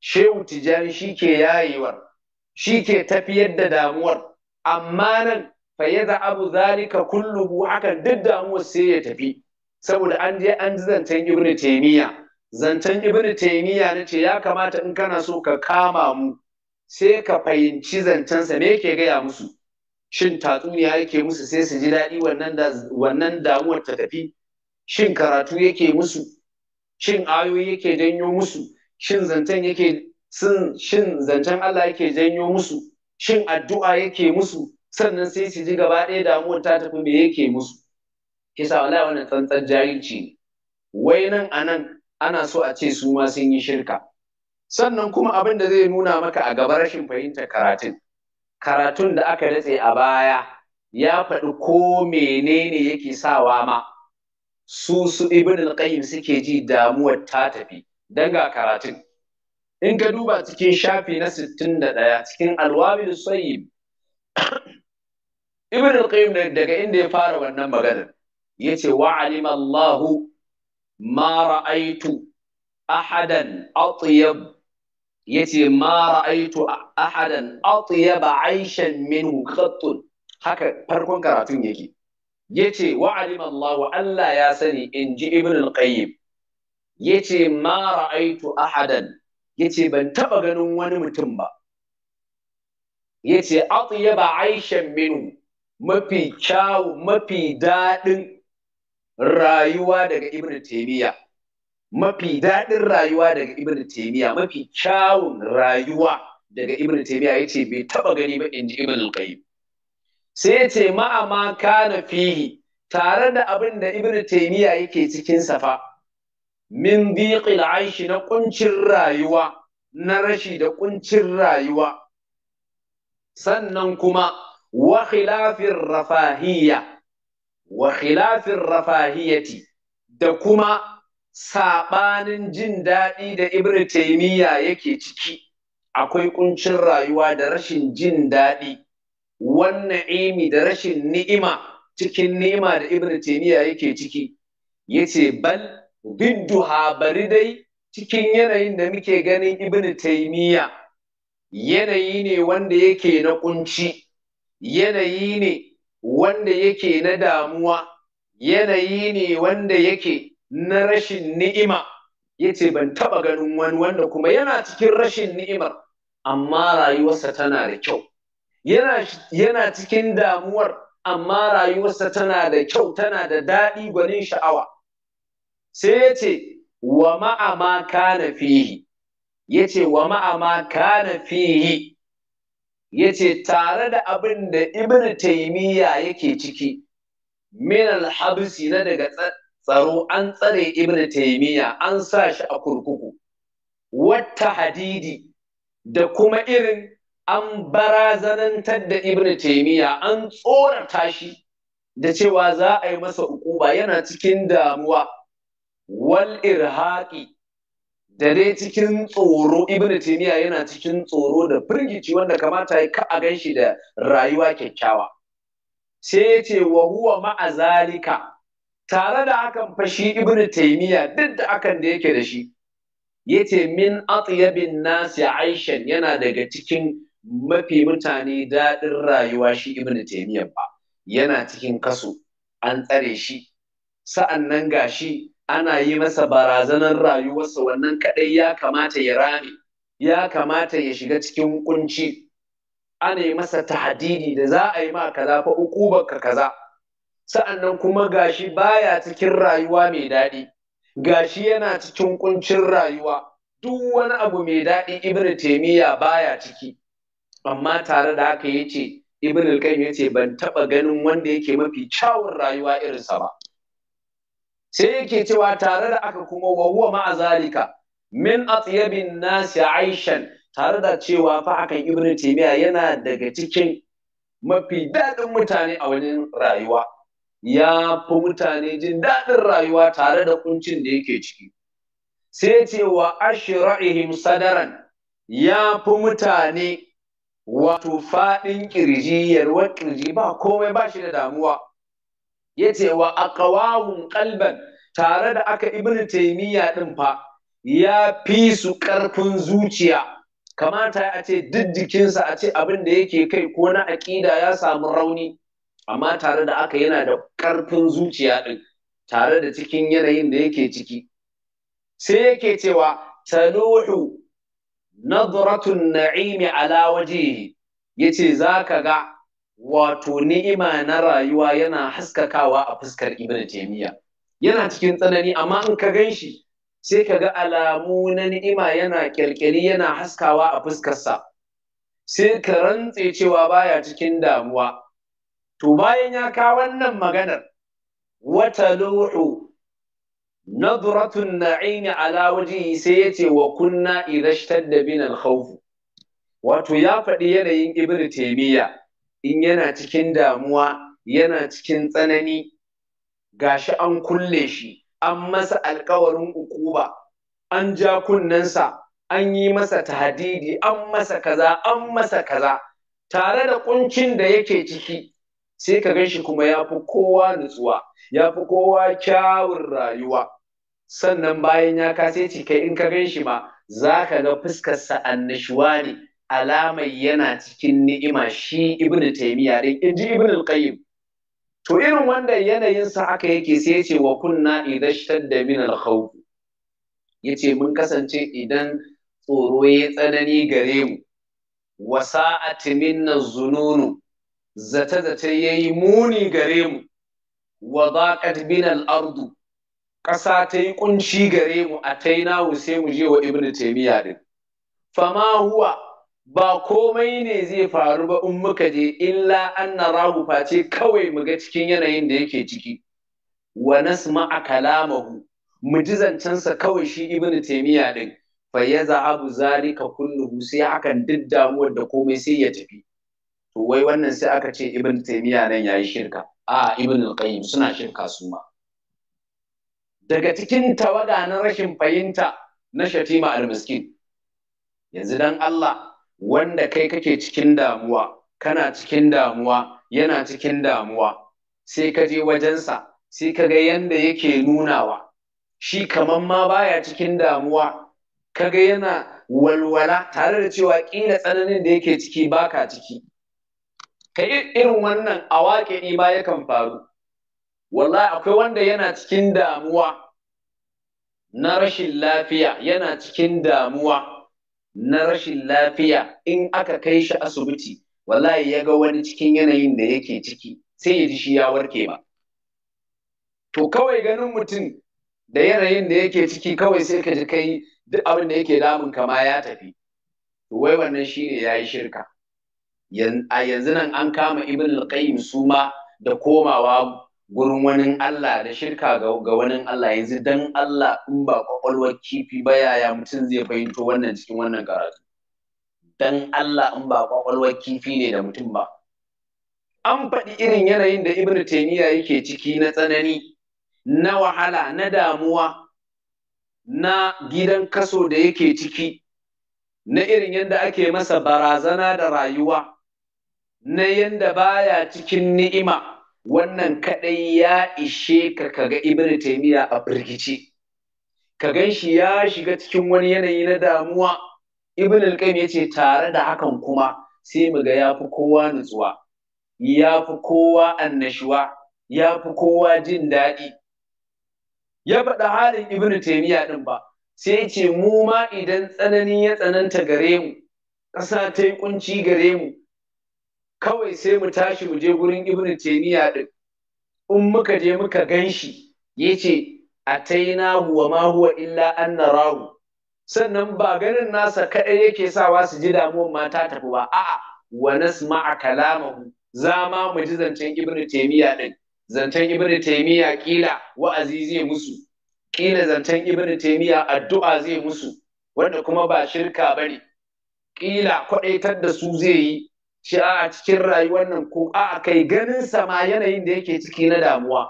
shehu tijjani shike yayewar shike tafiyar da damuwar amma nan fa abu zalika kulluhu hakan duk damuwar sai ya tafi saboda an je an ji zancen ibnu taymiya zancen ibn taimiyya na ce ya kamata in kana so ka kama mu sai ka fahimci zancensa me yake gaya musu shin tatsuniya yake musu sai su ji daɗi wannan damuwar ta tafi shin karatu yake musu shin ayoyi yake janyo musu shin zancen yake shin zancen Allah yake janyo musu shin addu'a yake musu sannan sai su ji gaba ɗaya damuwar ta tafi me yake musu kisa wallahi wannan tsantsan jarinci wai nan anan ana so a ce su ma sun yi shirka sannan kuma abin da zai nuna maka a gaba rashin fahimtar karatun karatun da aka datse a baya ya faɗi ko menene yake sawa ma su su ibn al suke ji damuwar ta tafi dan ga karatun in ka duba cikin shafi na 61 cikin alwabil sayyib ibn al daga inda ya fara wannan maganar yace wa alima Allahu ma ra'aitu ahadan atyab yace ma ra'aitu ahadan atyaba aishan minhu qattun haka farkon karatun yake yace wa alima Allah wa Allah ya sani inji ibn al-qayyim yace ma ra'aitu ahadan yace ban taba ganin wani mutum ba yace atyaba aishan minhu mafi kyawu mafi daɗin rayuwa daga ibn Taymiyya mafi daɗin rayuwa daga ibn Taymiyya mafi kyawun rayuwa daga ibn Taymiyya yace bai taba gani ba inji ibn al-qayyim sai yace ma kana fihi tare da abin da ibn Taymiyya yake cikin fa. min diqil aishi na kuncin rayuwa na rashi da kuncin rayuwa sannan kuma wa khilafin rafahiyya wa khilafin rafahiyati da kuma saɓanin jin daɗi da Ibrahim taimiyya yake ciki akwai ƙuncin rayuwa da rashin jin daɗi wannan imi da rashin ni'ima cikin ni'ima da Ibrahim taimiyya yake ciki yace bal bidduha bari dai cikin yanayin da muke ganin ibn taimiyya yanayi ne wanda yake na ƙunci yanayi ne wanda yake na damuwa yanayi ne wanda yake na rashin ni'ima yace ban taba ganin wani wanda kuma yana cikin rashin ni'imar amma rayuwarsa tana da kyau yana cikin damuwar amma rayuwarsa tana da kyau tana da daɗi gwanin sha'awa sai yace wa ma'a ma kana fihi yace wa ma'a ma kana fihi ya ce tare da abin da ibn taimiyya yake ciki min habsi na daga tsaro an tsare ibn taimiyya an sa shi a kurkuku wata hadidi da kuma irin an barazanantar da ibn taimiyya an tsorata shi da cewa za a yi masa ukuba yana cikin damuwa wal irhaqi dare cikin tsoro ibn taymiya yana cikin tsoro da firgici wanda kamata ya ka a ganshi da rayuwa kyakkyawa sai ya ce wa huwa ma'a tare da hakan fashi shi taymiya duk da akan da yake da shi ce min atyabin nasi aishan yana daga cikin mafi mutane daɗin rayuwa shi Ibn taymiya ba yana cikin kaso an tsare shi sa'annan shi ana yi masa barazanar rayuwarsa wannan kaɗai ya kamata ya rame ya kamata ya shiga cikin kunci ana yi masa tahadidi da za a yi ma kaza fa baka kaza sa'annan kuma gashi baya cikin rayuwa mai daɗi gashi yana cikin kuncin rayuwa duk wani abu mai daɗi ibn taimiyya baya ciki amma tare da haka yace ibn al-qayyim yace ban taɓa ganin wanda yake mafi kyawun rayuwa irinsa ba sai yake cewa tare da aka kuma wa ma'azalika ma'a min atyabin nasi aishan tare da cewa fa akan ibn taymiya yana daga cikin mafi daɗin mutane a wajen rayuwa ya fi mutane jin daɗin rayuwa tare da kuncin da yake ciki sai ce wa ashra'ihim sadaran ya fi mutane wato faɗin ƙirji yarwar ƙirji ba komai ba shi da damuwa Ya ce wa aqwahum kalban tare da aka ibn taimiyya din fa ya fi su ƙarfin zuciya kamata a ce duk jikinsa a ce abin da yake kai ko na aƙida ya samu rauni amma tare da aka yana da ƙarfin zuciya ɗin tare da cikin yanayin da yake ciki sai yake cewa tanuhu nadratun na'imi ala wajihi yace zaka ga wato ni'ima na rayuwa yana haskakawa a fuskar ibn Taymiyya yana cikin tsanani amma in ka ganshi sai ka ga alamu na ni'ima yana kyalkyali yana haskawa a fuskarsa sai ka rantse cewa baya cikin damuwa to bayan ya kawo wannan maganar wata luhu nadratun na'imi ala wajhi sai ya ce wa kunna idashtadda bin al wato ya faɗi yanayin ibn taymiyya in yana cikin damuwa yana cikin tsanani ga shi an kulle shi an masa alkawarin ukuba an ja kunnen sa, an yi masa tahadidi, an masa kaza an masa kaza tare da kuncin da yake ciki sai ka gan shi kuma ya fi kowa nutsuwa ya fi kowa kyawun rayuwa sannan bayan ya kase kai in ka gan shi ma za ka ga fuskarsa annashuwa ne alamai yana cikin ni'ima shi ibnu taymiya din inji ibnu qayyim to irin wanda yanayin sa aka yake sai yace wa kunna idashtadda min al-khawf yace mun kasance idan tsoro ya tsanani gare mu wasa'at minna zununu zata zata yayi muni gare mu wa daqat bina al-ardu ƙasa ta yi ƙunci gare mu a tainawu sai mu je wa ibnu taymiya din fama huwa ba komai ne zai faru ba in muka je illa an face kawai mu ga cikin yanayin da yake ciki wa nasma'a kalamahu mu ji zancensa kawai shi ibnu taymiya din fa yaz'abu zalika kulluhu sai hakan duk damuwar da komai sai ya tafi to wai wannan sai aka ce ibnu taymiya nan yayi shirka a ibnu qayyim suna shirka su ma daga cikin tawaga na rashin fahimta na shatima al-miskin yanzu dan Allah wanda kai kake cikin damuwa kana cikin damuwa yana cikin damuwa sai ka je wajensa sai ka ga yanda yake nunawa shi kamar ma baya cikin damuwa ka ga yana walwala tare da cewa ƙila tsananin da yake ciki baka ciki ka yi irin wannan a waƙe ba yakan faru wallahi akwai wanda yana cikin damuwa na rashin lafiya yana cikin damuwa na rashin lafiya in aka kai shi asibiti wallahi ya ga wani cikin yanayin da yake ciki sai ya ji shi ya warke ba to kawai ganin mutum da yanayin da yake ciki kawai sai ka ji kai duk abin da yake damun kama ya tafi to wai wannan ya yi shirka a yanzu nan an kama ibn al-qayyim suma da komawa gurin wani Allah da shirka ga wani Allah yanzu dan Allah in ba kwakwalwar kifi ba yaya mutum zai fahimto wannan cikin wannan karatu dan Allah in ba kwakwalwar kifi ne da mutum ba an faɗi irin yanayin da Ibn Taymiyyah yake ciki na tsanani na wahala na damuwa na gidan kaso da yake ciki na irin yadda ake masa barazana da rayuwa na yanda baya cikin ni'ima wannan kaɗai ya ishe ka kaga Ibn taymiya a firgici ka ganshi ya shiga cikin wani yanayi na damuwa ibn al-qayyim yace tare da hakan kuma sai mu ga yafi kowa nutsuwa yafi kowa annashuwa ya fi kowa jin daɗi ya faɗa halin ibn taymiya din ba sai ya ce mu ma idan tsanani ya tsananta gare mu ƙasa ta yi kunci gare mu kawai sai mu tashi mu je gurin ibn taymiya din in muka je muka ganshi yace ataina huwa ma huwa illa an narahu sannan ba ganin nasa kadai yake sawa su ji damuwar mata tafi ba a'a wa nasma'a kalamahu za ma mu ji zancen ibn taymiya din zancen ibn taymiya kila wa'azi zai musu kila zancen ibn taymiya addu'a zai musu wanda kuma ba shirka bane kila kwadaitar da su zai yi shi a cikin rayuwar nan ko a kai ganin sama yanayin da yake ciki na damuwa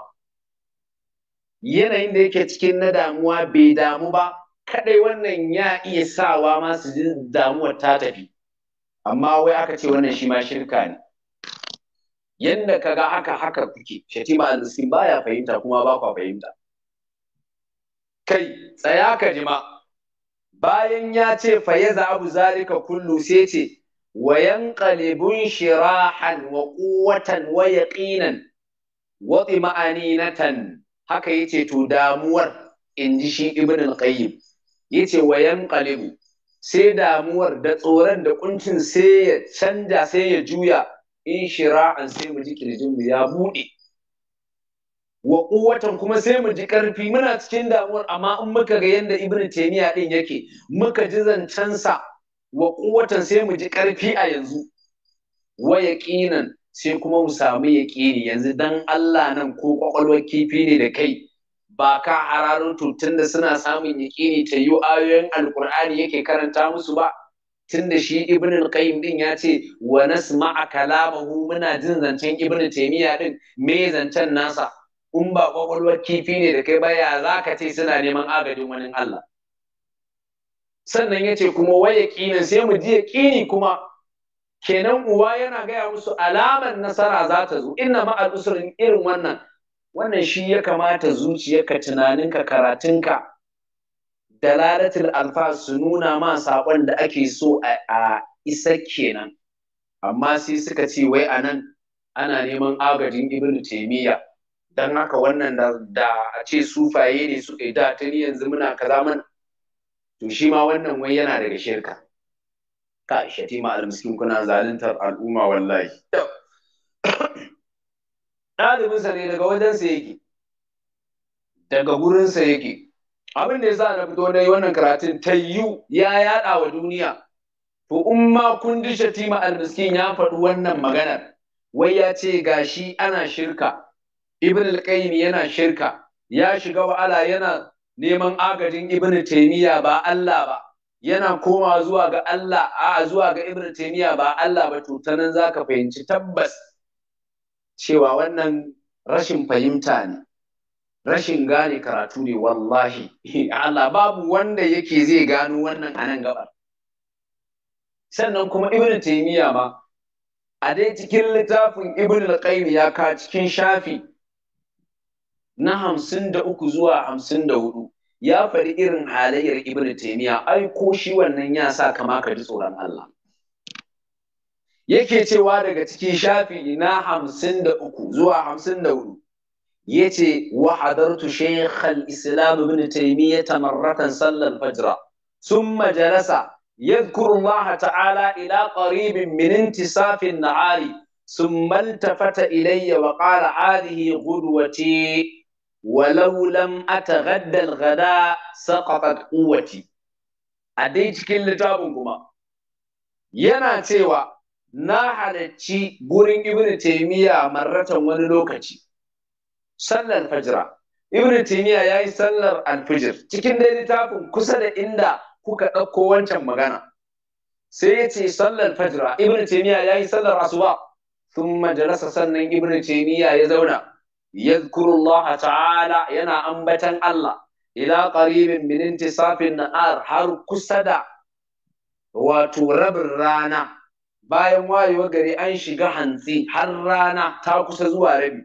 yanayin da yake cikin na damuwa bai damu ba kadai wannan ya iya sawa ma su ji damuwar ta tafi amma wai aka ce wannan shi ma shirka ne yanda kaga haka haka kuke shatima al ba baya fahimta kuma ba kwa fahimta kai tsaya ka jima bayan ya ce fa abu zalika kullu sai ce وينقلب انشراحا وقوة ويقينا وطمأنينة haka yace to damuwar inji shi ibn al yace wayan qalibu sai damuwar da tsoron da kuncin sai ya canja sai ya juya in shira'an sai mu ji kirjin ya bude wa kuwatan kuma sai mu ji karfi muna cikin damuwar amma in muka ga yadda ibn taymiya din yake muka ji zancensa wa kuwatan sai mu ji ƙarfi a yanzu wa yaƙinan sai kuma mu samu yaƙini yanzu dan Allah nan ko ƙwaƙwalwar kifi ne da kai ba ka hararun tunda da suna samun yaƙini ta yi ayoyin alƙur'ani yake karanta musu ba tun da shi ibn al-qayyim din ya ce wa nasma'a kalamahu muna jin zancen ibn taymiya din me zancen nasa in ba ƙwaƙwalwar kifi ne da kai ba ya zaka ce suna neman agajin wani Allah sannan ya ce kuma waya ƙina sai mu ji yaƙini kuma kenan uwa yana gaya musu alamar nasara za ta zo inna ma al'usurin irin wannan wannan shi ya kamata zuciyarka tunaninka karatunka dalalatul alfas su nuna ma saƙon da ake so a isa kenan amma sai suka ce wai a nan ana neman agajin ibnu taimiyya don haka wannan da a ce sufaye ne su, da tuni yanzu muna kaza mana to shi ma wannan wai yana daga shirka ka shatima almiskin kuna zaluntar al'umma wallahi ɗalibinsa ne daga wajensa yake daga sa yake abin da ya na fito dai wannan karatun ta yiwu ya yaɗa wa duniya to in ma kun ji shatima almiskin ya faɗi wannan maganar wai ya ce ga shi ana shirka ibn al yana shirka ya shiga wa'ala yana neman agajin ibnu taimiya ba Allah ba yana komawa zuwa ga Allah a zuwa ga ibn taymiya ba Allah ba to tanan zaka fahimci tabbas cewa wannan rashin fahimta ne rashin gane karatu ne wallahi Allah babu wanda yake zai gano wannan a nan gabar sannan kuma ibn taymiya ma a dai cikin littafin ibn al-qayyim ya ka cikin shafi na hamsin da uku zuwa hamsin da hudu ya faɗi irin halayyar ibn taimiya ai ko shi wannan ya sa kama ka ji tsoron Allah yake cewa daga cikin shafi na hamsin da uku zuwa hamsin da hudu ya ce wa hadartu shaykh al-islam ibn taimiya tamarratan sallar fajra ثم جلس يذكر الله تعالى إلى قريب من انتصاف النهار ثم التفت إلي وقال هذه غدوتي Walaulan lam ataghadda al-ghada saqatat quwwati a dai cikin littafin kuma yana cewa na halarci gurin ibn taymiya marratan wani lokaci sallar fajira ibn taymiya yayi sallar alfijir cikin dai littafin kusa da inda kuka ɗauko wancan magana sai ya ce sallar fajira ibn taymiya yayi sallar asuba sun jalasa sannan ibn taymiya ya zauna yadhkurullaha ta'ala yana ambatan Allah ila qaribin min intisafin na'ar har kusa da wato rabin rana bayan wayewa gari an shiga hantsi har rana ta kusa zuwa rabi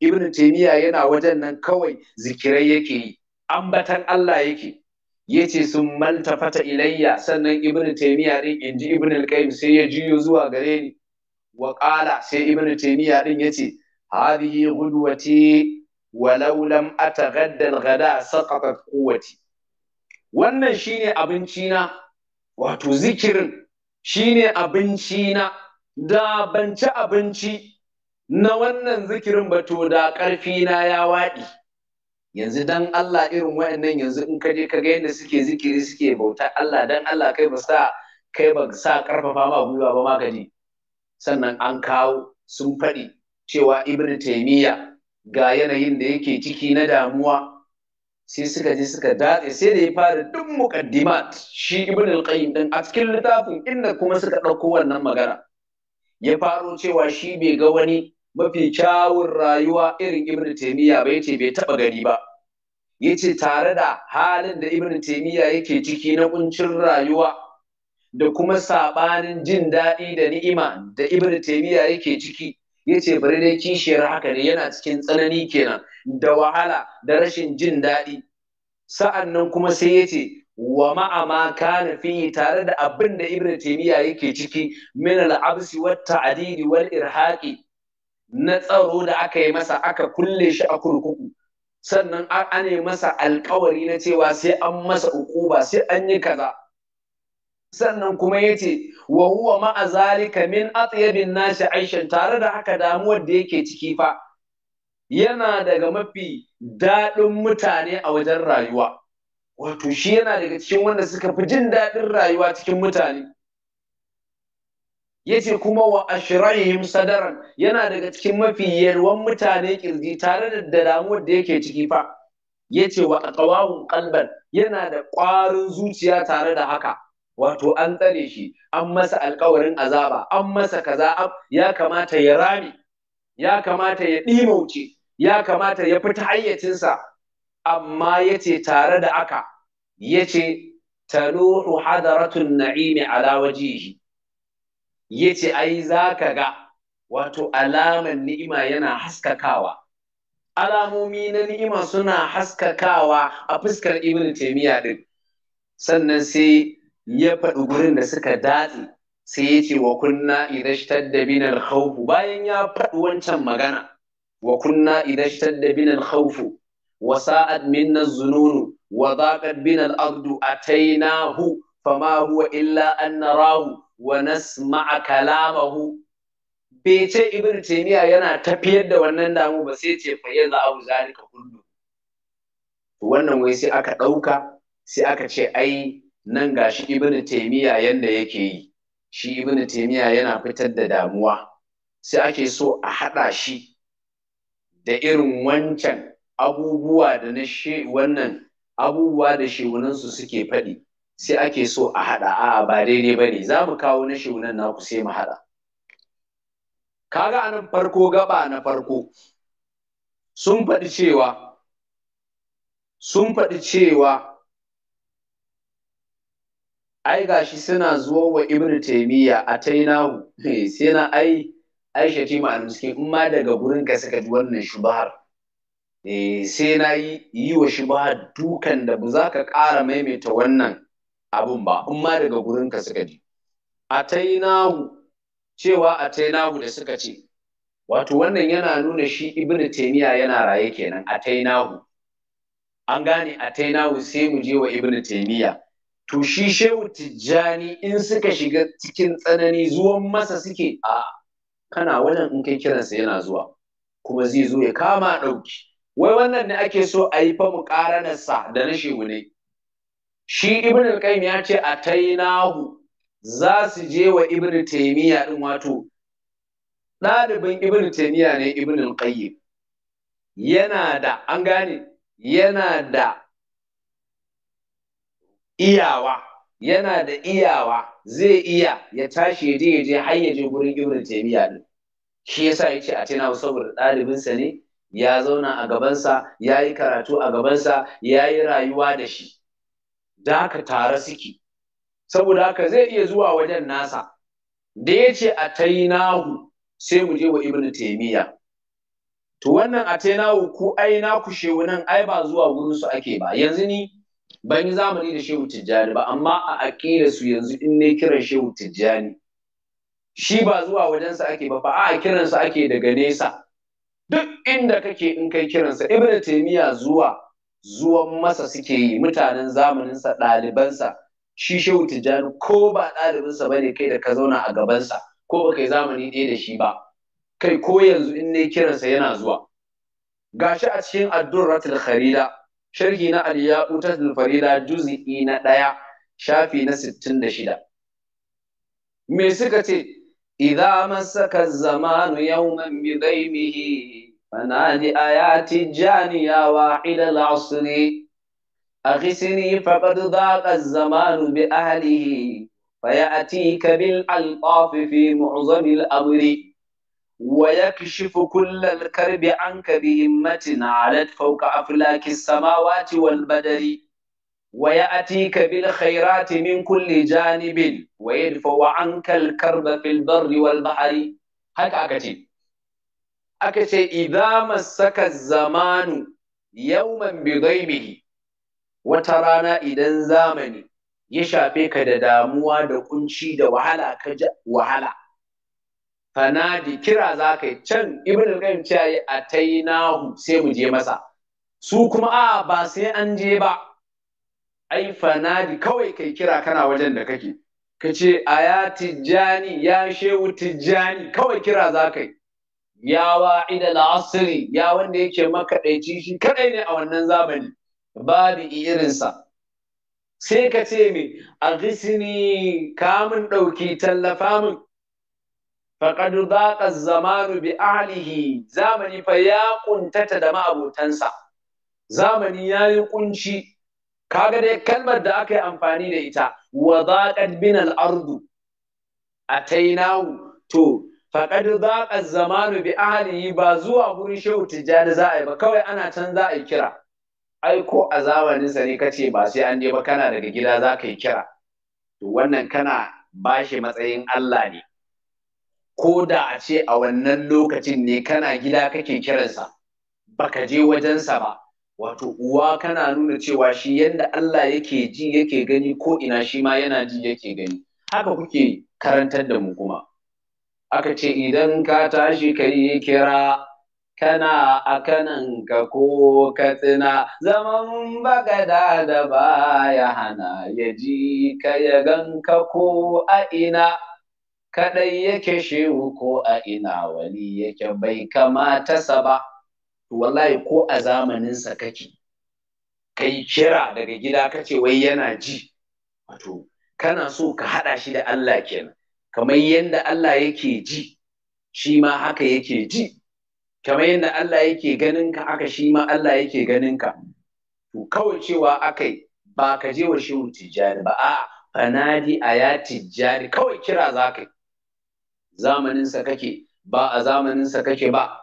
ibn taymiya yana wajen nan kawai zikirai yake yi ambatan Allah yake yace sun maltafata ilayya sannan ibn taymiya din inji ibn al-qayyim sai ya jiyo zuwa gare ni wa qala sai ibn taymiya din yace هذه غدوتي ولو لم أتغدى الغداء سقطت قوتي wannan shine abinci na wato zikirin shine abinci na da ban ci abinci na wannan zikirin ba to da ƙarfi na ya waɗi yanzu dan Allah irin wayannan yanzu in ka je ka ga yadda suke zikiri suke bauta Allah dan Allah kai ba sa kai ba sa karfafa ma gwiwa ba magani sannan an kawo sun faɗi cewa ibn taimiyya ga yanayin da yake ciki na damuwa sai suka je suka datse sai da ya fara duk muqaddimat shi ibn al-qayyim din a cikin littafin inda kuma suka ɗauko wannan magana ya faro cewa shi bai ga wani mafi kyawun rayuwa irin ibn taimiyya ba yace bai taba gari ba yace tare da halin da ibn taimiyya yake ciki na kuncin rayuwa da kuma sabanin jin daɗi da ni'ima da ibn taimiyya yake ciki ya ce bari dai kishiyar haka ne yana cikin tsanani kenan da wahala da rashin jin daɗi sa'an nan kuma sai ya ce wa ma'ama kana fiye tare da abin da ibn taymiya yake ciki min al-absi wa ta'dili wal irhaqi na tsaro da aka yi masa aka kulle shi a kurkuku sannan an masa alkawari na cewa sai an masa ukuba sai an yi kaza sannan kuma ya ce wa huwa ma'a zalika min atyabin nashi aishan tare da haka damuwar da yake ciki fa yana daga mafi daɗin mutane a wajen rayuwa wato shi yana daga cikin wanda suka fi jin daɗin rayuwa cikin mutane Ya ce kuma wa ashrayhim sadaran yana daga cikin mafi yalwan mutane ƙirji tare da damuwar da yake ciki fa Ya ce wa aqawahum ƙalban yana da ƙwarin zuciya tare da haka wato an tsare shi an masa alkawarin azaba an masa kaza ya kamata ya rami, ya kamata ya ɗimauce ya kamata ya fita hayyacinsa amma ya ce tare da aka ya ce taluhu hadaratun na'imi ala wajihi ya ce ai za ka ga wato alaman ni'ima yana haskakawa alamomi na ni'ima suna haskakawa a fuskar ibn taimiyya din sannan sai ya faɗi gurin da suka datse sai ya ce wa kunna idashtar da binar khawfu bayan ya faɗi wancan magana wa kunna idashtar da binar khawfu wa sa'ad minna zununu wa daqat binal ardu atainahu fama huwa illa an narahu wa nasma'a kalamahu bai ce ibn yana tafiyar da wannan damu ba sai ce fa abu zalika kullu wannan wai sai aka ɗauka sai aka ce ai nan ga shi ibnu taymiya yanda yake yi shi ibnu taymiya yana fitar da damuwa sai ake so a haɗa shi da irin wancan abubuwa da na shi wannan abubuwa da shehunansu suke faɗi sai ake so a haɗa a'a ba daidai ba ne za mu kawo na shehunan naku sai mu haɗa kaga anan farko gaba na farko sun faɗi cewa sun faɗi cewa ai shi suna zuwa wa ibnu a tainahu eh, sai na ai aisha ce ma almiskin in ma daga gurin ka suka ji wannan shubahar eh sai na yi yi wa shubahar dukan da ba za ka ƙara maimaita wannan abun ba in ma daga gurin ka suka ji A Tainahu, cewa a Tainahu da suka ce wato wannan yana nuna shi Ibn taymiya yana raye kenan a Tainahu. an gane a Tainahu sai mu je wa Ibn taymiya to shi shehu tijjani in suka shiga cikin tsanani zuwan masa suke a kana wannan in kai kiransa yana zuwa kuma zai zo ya kama ɗauki wai wannan ne ake so a yi fa mu muƙaranarsa da na shehu ne shi ibn al ya ce a tainahu za su je wa ibn taymiya din wato ɗalibin ibn taymiya ne ibn al yana da an gane yana da iyawa yana da iyawa zai iya ya tashi ya je ya je har ya je gurin Ibn Taymiyyah din shi yasa yace a tana saboda ɗalibinsa ne ya zauna a gabansa ya yi karatu a gabansa ya yi rayuwa da shi da haka tare suke saboda haka zai iya zuwa wajen nasa da yace ce a tainahu sai mu je wa ibnu taymiya to wannan a tainahu ku ai na ku nan ai ba zuwa gurin su ake ba yanzu ni ban yi zamani da shehu tijjani ba amma a aƙira su yanzu in ne kiran shehu tijjani shi ba zuwa wajensa ake ba a kiransa ake daga nesa duk inda kake in kai kiransa da taymiya zuwa zuwan masa suke yi mutanen zamaninsa ɗalibansa shi shehu tijjani ko ba ɗalibinsa ba ne kai da ka zauna a gabansa ko ba kai zamani ɗaya da shi ba kai ko yanzu in ne kiransa yana zuwa gashi a cikin Ratul kharida sharhi na al-yaqutatul farida juz'i na ɗaya shafi na sittin da shida. me suka ce idza masaka zamanu yawman bi dhaimihi fanadi ayati janiya wahida al-asri aghisni faqad dhaqa az-zamanu bi ahlihi fayatika bil alqaf fi mu'zami al-amri ويكشف كل الكرب عنك بهمة علت فوق أفلاك السماوات والبدر ويأتيك بالخيرات من كل جانب ويدفع عنك الكرب في البر والبحر هكا أكتي أكتي إذا مسك الزمان يوما بغيبه وترانا إذا زامني يشافيك دا داموا دا كنشي دا وهلا كجا وهلا fanadi kira za ka yi can ibn al-qayyim cewa yi atainahu sai mu je masa su kuma a ba sai an je ba ai fanadi kawai kai kira kana wajen da kake ka ce a ya tijjani ya shehu tijjani kawai kira za ka yi ya wa'ida la'asiri ya wanda yake makaɗaici shi kaɗai ne a wannan zamani Ba babu irinsa sai ka ce me a gisini kamun ɗauki tallafa min Faƙadu faqad zama zamanu bi ahlihi zamani fa ya ƙuntata da ma'abotansa zamani yayi kunci kaga dai kalmar da aka yi amfani da ita wa daqat bin ta yi atainahu to faƙadu faqad zama zamanu bi ahlihi ba zuwa gurin shehu tijjani za a yi ba kawai ana can za a yi kira ai ko a zamanin sa ne kace ba sai an je ba kana daga gida za ka yi kira to wannan kana bashi matsayin Allah ne ko da a ce a wannan lokacin ne kana gida kake kiransa baka je wajensa ba wato uwa kana nuna cewa shi yadda Allah yake ji yake gani ko ina shi ma yana ji yake gani haka kuke karantar da mu kuma aka ce idan ka tashi ka yi kira kana a kanan ka ko katsina zaman bagada da baya hana ya ji ka ya gan ka ko a ina kaɗai yake shehu ko a ina wani yake bai kamata sa ba to wallahi ko a zamaninsa kake kai kira daga gida kace wai yana ji wato kana so ka haɗa shi da Allah kenan kamar yadda Allah yake ji shi ma haka yake ji kamar yadda Allah yake ganin ka haka shi ma Allah yake ganin ka to kawai cewa akai ba ka je wa shehu tijjani ba a'a fanadi a ya tijjani kawai kira za ka yi zamaninsa kake ba a zamaninsa kake ba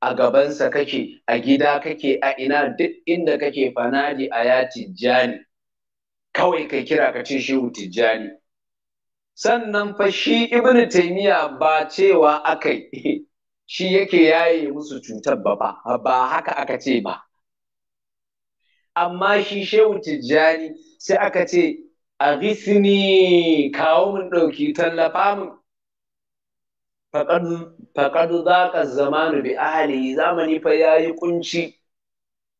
a gabansa kake a gida kake a ina duk inda kake fanadi a ya tijjani kawai kai kira ka ce shehu tijjani sannan fa shi ibn Taymiya ba cewa aka shi yake yaye musu cutar ba ba haka aka ce ba amma shi shehu tijjani sai aka ce a gisini kawo mun ɗauki tallafa mun faƙadu zaƙa zamanu bi ahali zamani fa ya yi ƙunci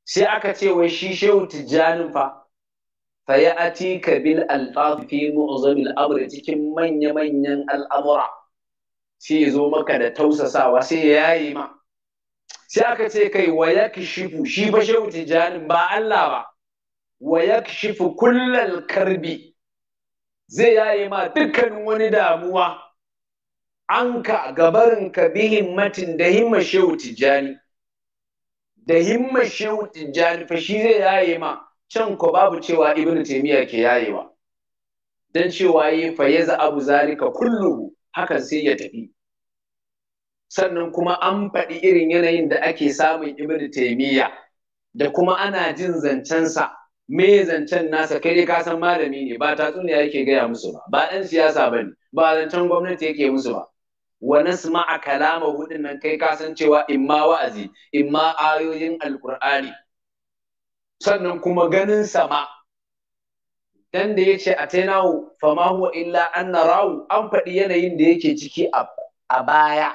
sai aka ce wa shi shehu tijjanin fa fa ya ati ka bil alfaz fi mu'zamil amri cikin manya-manyan al'amura sai ya zo maka da tausasawa sai ya yi ma sai aka ce kai wa yakshifu shi fa shehu tijjanin ba Allah ba wa yakshifu kullal karbi zai yayi ma dukkanin wani damuwa anka gabarin ka bi himmatin da himma shehu tijjani da himma shehu tijjani fa shi zai yaye ma can ko babu cewa ibn taymiya ke yayewa dan cewa yi fa yaza abu zalika kulluhu hakan sai ya tafi sannan kuma an faɗi irin yanayin da ake samun ibn taymiya da kuma ana jin zancensa me zancen nasa kai dai ka san malami ne ba tatsuniya yake gaya musu ba ba ɗan siyasa bane, ba zancen gwamnati yake musu ba wa a kalama hudun nan kai ka san cewa wa'azi wa'azi ma ayoyin Alkur'ani, sannan kuma ganin sama dan da yace a fama huwa illa an rawu an faɗi yanayin da yake ciki a baya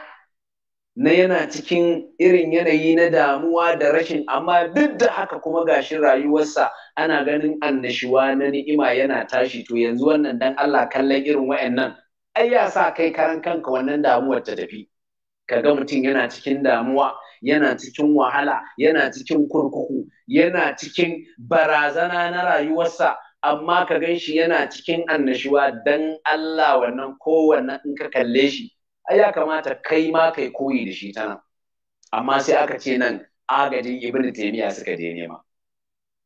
na yana cikin irin yanayi na damuwa da rashin amma duk da haka kuma shi rayuwarsa ana ganin annashuwa na ni'ima yana tashi to yanzu wannan dan Allah kallon irin wa'annan ai ya sa kai karan kanka wannan damuwar ta tafi kaga mutum yana cikin damuwa yana cikin wahala yana cikin kurkuku yana cikin barazana na rayuwarsa amma ka gan shi yana cikin annashuwa dan Allah wannan kowanne in ka kalle shi ai ya kamata kai ma kai koyi da shi tana amma sai aka ce nan agajin ibnu taymiya suka je nema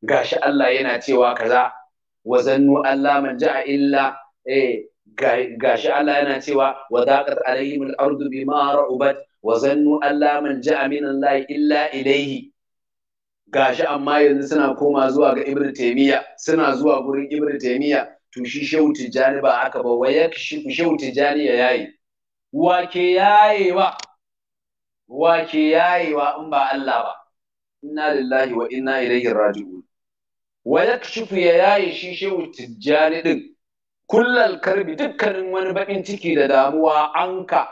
gashi Allah yana cewa kaza wa zannu Allah man ja'a illa eh gashi Allah yana cewa wa daqat alaihim al-ardu bima ra'ubat wa zannu alla man ja'a min Allah illa ilayhi gashi amma yanzu suna koma zuwa ga Ibn Taymiya suna zuwa gurin Ibn Taymiya to shi Shehu Tijjani ba haka ba waya Shehu Tijjani ya yayi wake yayewa wake yayewa in ba Allah ba inna lillahi wa inna ilaihi raji'un wa yakshifu ya yayi shi Shehu Tijjani din kullal karbi dukkanin wani bakin ciki da damuwa anka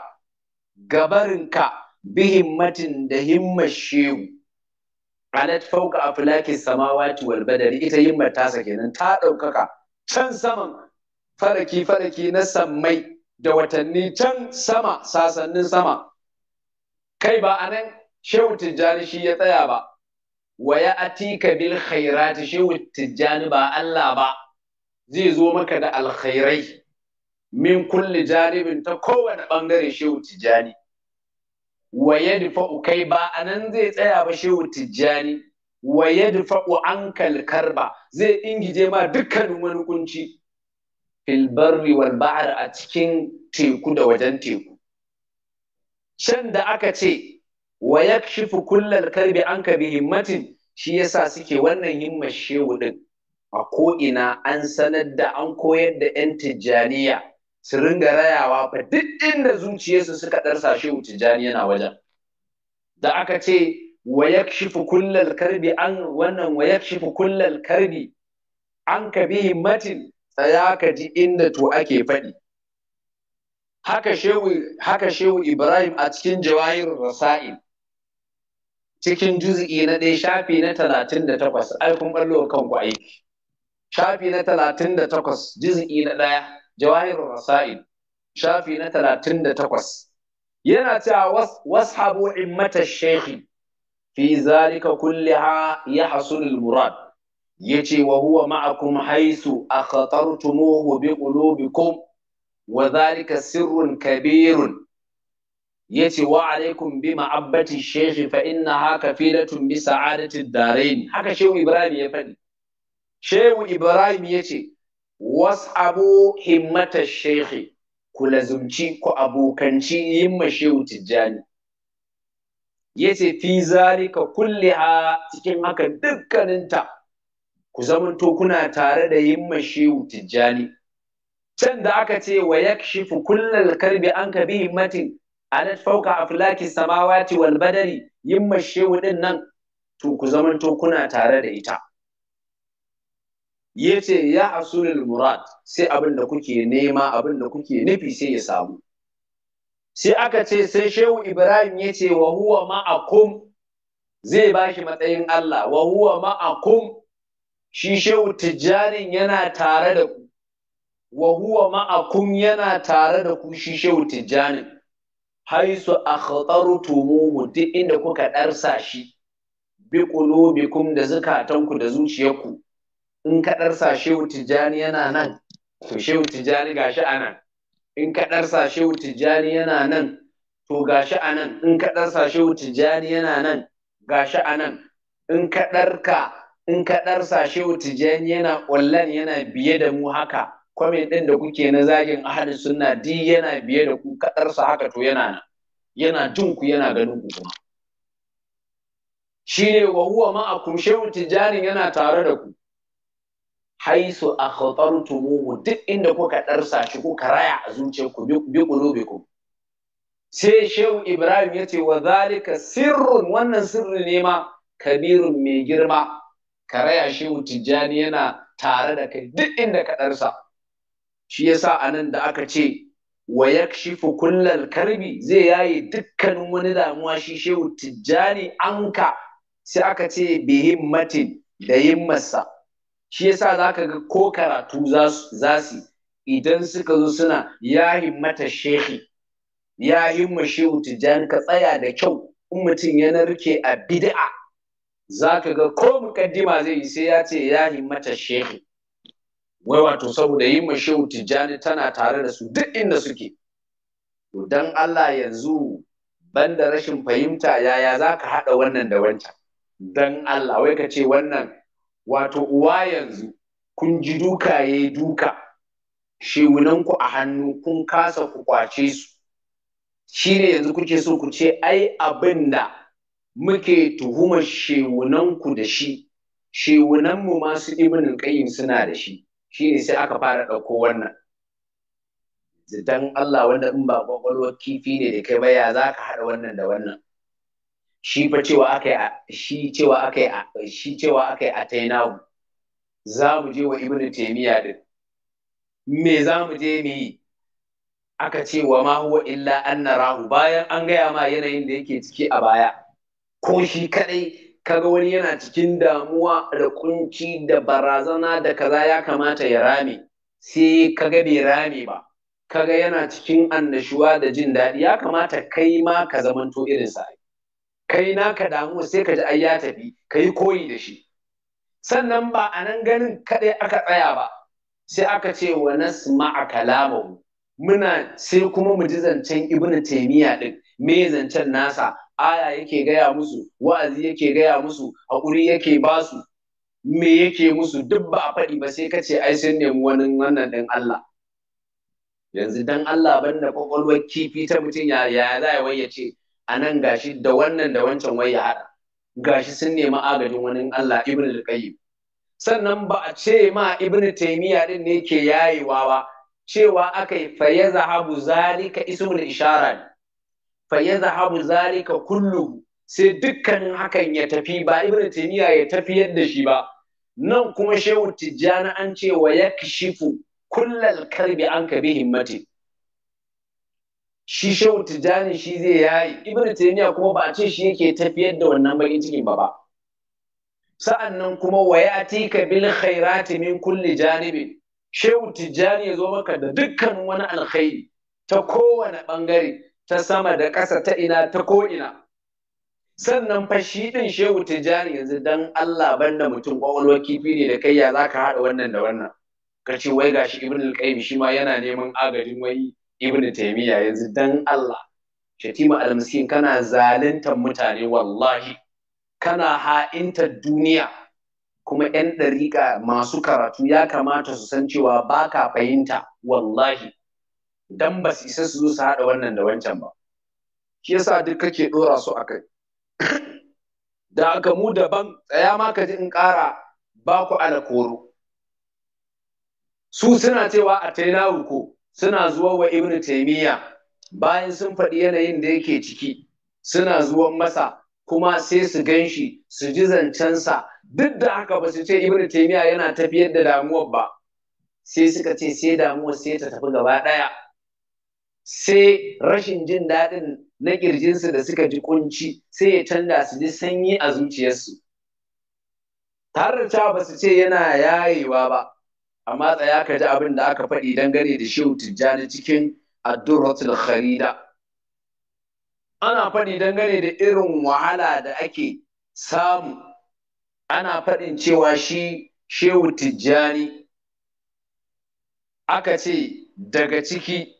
gabarinka himmatin da himmar shehu alat fauka aflaki samawati wal badari ita himmar tasa kenan ta ɗaukaka can saman faraki faraki na sammai da watanni can sama sasannin sama kai ba anan shehu tijjani shi ya tsaya ba wa ya atika bil khairati shehu tijjani ba Allah ba zai zo maka da alkhairai min kulli janibin ta kowane bangare shehu tijjani wa yadfa'u kai ba anan zai tsaya ba shehu tijjani wa yadfa'u ankal karba zai ingije ma dukkan wani kunci fil barri wal ba'r a cikin teku da wajen teku shan da aka ce wa yakshifu kullal karbi anka bi himmatin shi yasa suke wannan himmar shehu din a ko'ina an sanar da an koyar da 'yan tijjaniya su ringa rayawa fa duk inda zuciyarsu suka ɗarsa shehu tijjani yana wajen da aka ce wa yakshifu kullal karbi an wannan wa yakshifu kullal karbi an ka bi matin tsaya ka ji inda to ake faɗi haka shehu Ibrahim a cikin jawahir rasail cikin juz'i na ɗaya shafi na talatin da takwas ai kun ɓallo kanku aiki shafi na talatin da takwas juz'i na ɗaya jawahirul rasail shafi na talatin da takwas yana cewa washabu immata shekhi fi zalika kulliha ya hasulul murad yace wa huwa ma'akum haisu a akhatartumuhu bi qulubikum wa zalika sirrun kabirun yace wa alaikum bi ma'abbati shehi fa innaha kafilatun sa'adatin sa'adati ne. haka shehu ibrahim ya faɗi shehu ibrahim ya ce was'abu himmata shehi ku lazumci ku abokanci yin shehu tijjani ya ce fi zalika kulliha cikin haka dukkaninta ku zamanto kuna tare da yin shehu tijjani can da aka ce wa ya yakshifu kullal karbi an ka bi himmatin alat fauka aflaki samawati wal badari yin shehu din nan to ku zamanto kuna tare da ita ya ce ya asulul murad sai abin da kuke nema abin da kuke nufi sai ya samu sai aka ce sai shehu ibrahim ya ce wa huwa ma'akum zai bashi matsayin Allah wa huwa ma'akum shi shehu tijjanin yana tare da ku wa huwa ma'akum yana tare da ku shi shehu tijjanin haisu akhtartumuhu duk inda kuka darsa shi bi qulubikum da zakatanku da zuciyarku in ka ɗarsa shehu tijjani yana nan to shehu tijjani gashi a nan in ka ɗarsa shehu tijjani yana nan to gashi a nan in ka ɗarsa shehu tijjani yana nan gashi a nan in ka ɗarka in ka ɗarsa shehu tijjani yana online yana biye da mu haka kwamen ɗin da kuke na zagin ahadin sunna di yana biye da ku ka ɗarsa haka to yana nan yana jin ku yana ganin ku kuma Shi ne wa huwa ma'akum shehu tijjani yana tare da ku haisu tumuhu duk inda kuka darsa shi ko raya a zuciyarku bi ku. sai shehu ibrahim ya ce wa zalika sirrun wannan sirri ne ma kabirun mai girma karaya shehu tijjani yana tare da kai duk inda ka ɗarsa shi yasa a da aka ce wa yakshifu kullal karbi zai yaye dukkanin wani damuwa shi shehu tijjani anka sai aka ce bihimmatin da himmarsa shi yasa za ka ga ko karatu za su idan suka zo suna ya himmata shehi ya himma shehu tijjani ka tsaya da kyau in mutum ya narke a bid'a za ka ga ko mukaddima zai yi sai ya ce ya himmata shehi wai wato saboda ma shehu tijjani tana tare da su duk inda suke to dan Allah yanzu banda rashin fahimta yaya za ka haɗa wannan da wancan dan Allah wai ka ce wannan wato uwa yanzu kun ji duka ya yi duka shewunanku a hannu kun kasa ku kwace su shi ne yanzu kuke so ku ce ai abin da muke tuhumar shewunanku da shi shewunanmu masu ibinin ƙayyim suna da shi shi ne sai aka fara ɗauko wannan zidan Allah wanda in ba kwakwalwar kifi ne da kai baya ya za ka haɗa wannan da wannan shi fa cewa aka shi cewa aka shi cewa aka a tainahu za mu je wa ibnu taymiya din me za mu je mu yi aka ce wa ma huwa illa an narahu bayan an gaya ma yanayin da yake ciki a baya ko shi kadai kaga wani yana cikin damuwa da kunci da barazana da kaza ya kamata ya rame sai kaga bai rame ba kaga yana cikin annashuwa da jin daɗi ya kamata kai ma ka zamanto irin sa kai naka damuwa sai ka ji ai ya tafi ka yi koyi da shi sannan ba a nan ganin kaɗai aka tsaya ba sai aka ce wa nasma a kalamahu muna sai kuma mu ji zancen Ibn taymiya ɗin, me zancen nasa aya yake gaya musu wa'azi yake gaya musu haƙuri yake ba su me yake musu duk ba a faɗi ba sai ka ce ai sun nemi wani wannan ɗin Allah yanzu dan Allah banda kwakwalwar kifi ta mutum ya ya za ya wayyace. a nan gashi da wannan da wancan wai ya haɗa gashi sun nemi agajin wani Allah ibn al-qayyim sannan ba a ce ma ibn taymiya din ne ke yayewa ba cewa akai fa yazhabu zalika ismul ishara ne fa yazhabu zalika kullu sai dukkan hakan ya tafi ba ibn taymiya ya tafi yadda shi ba nan kuma shehu tijjani an ce wa yakshifu kullal kalbi an ka bi himmatin. shi shehu tijjani shi zai yayi ibn taymiya kuma ba a ce shi yake tafiyar da wannan bakin cikin ba ba sa'annan kuma wayatika bil khairati min kulli janibin shehu tijjani ya zo maka da dukkan wani alkhairi ta kowane bangare ta sama da ƙasa ta ina ta ko ina sannan fa shi din shehu tijjani yanzu dan Allah banda mutum kwakwalwar kifi ne da kai ya zaka haɗa wannan da wannan ce wai gashi ibnu al-qayyim shi ma yana neman agajin wai ibn taymiya yanzu dan Allah shatima al-miskin kana zaluntar mutane wallahi kana ha'inta duniya kuma 'yan ɗariƙa masu karatu ya kamata su san cewa ba ka fahimta wallahi dan ba su isa su zo su haɗa wannan da wancan ba shi yasa duk kake ɗora su a kai da aka mu daban tsaya ma ka ji in ƙara ba ku ala koro su suna cewa a tainawu ko suna zuwa wa Ibn taimiyya bayan sun faɗi yanayin da yake ciki suna zuwan masa kuma sai su gan shi su ji zancensa duk da haka ba su ce Ibn taimiyya yana tafiyar da damuwar ba sai suka ce sai damuwar sai ta tafi gaba ɗaya sai rashin jin daɗin na ƙirjinsu da suka ji kunci sai ya canza su ji sanyi a zuciyarsu tare da cewa ba su ce yana yayewa ba amma tsaya ka ji abin da aka faɗi dangane da shehu tijjani cikin addurratul kharida ana faɗi dangane da irin wahala da ake samu ana faɗin cewa shi shehu tijjani aka ce daga ciki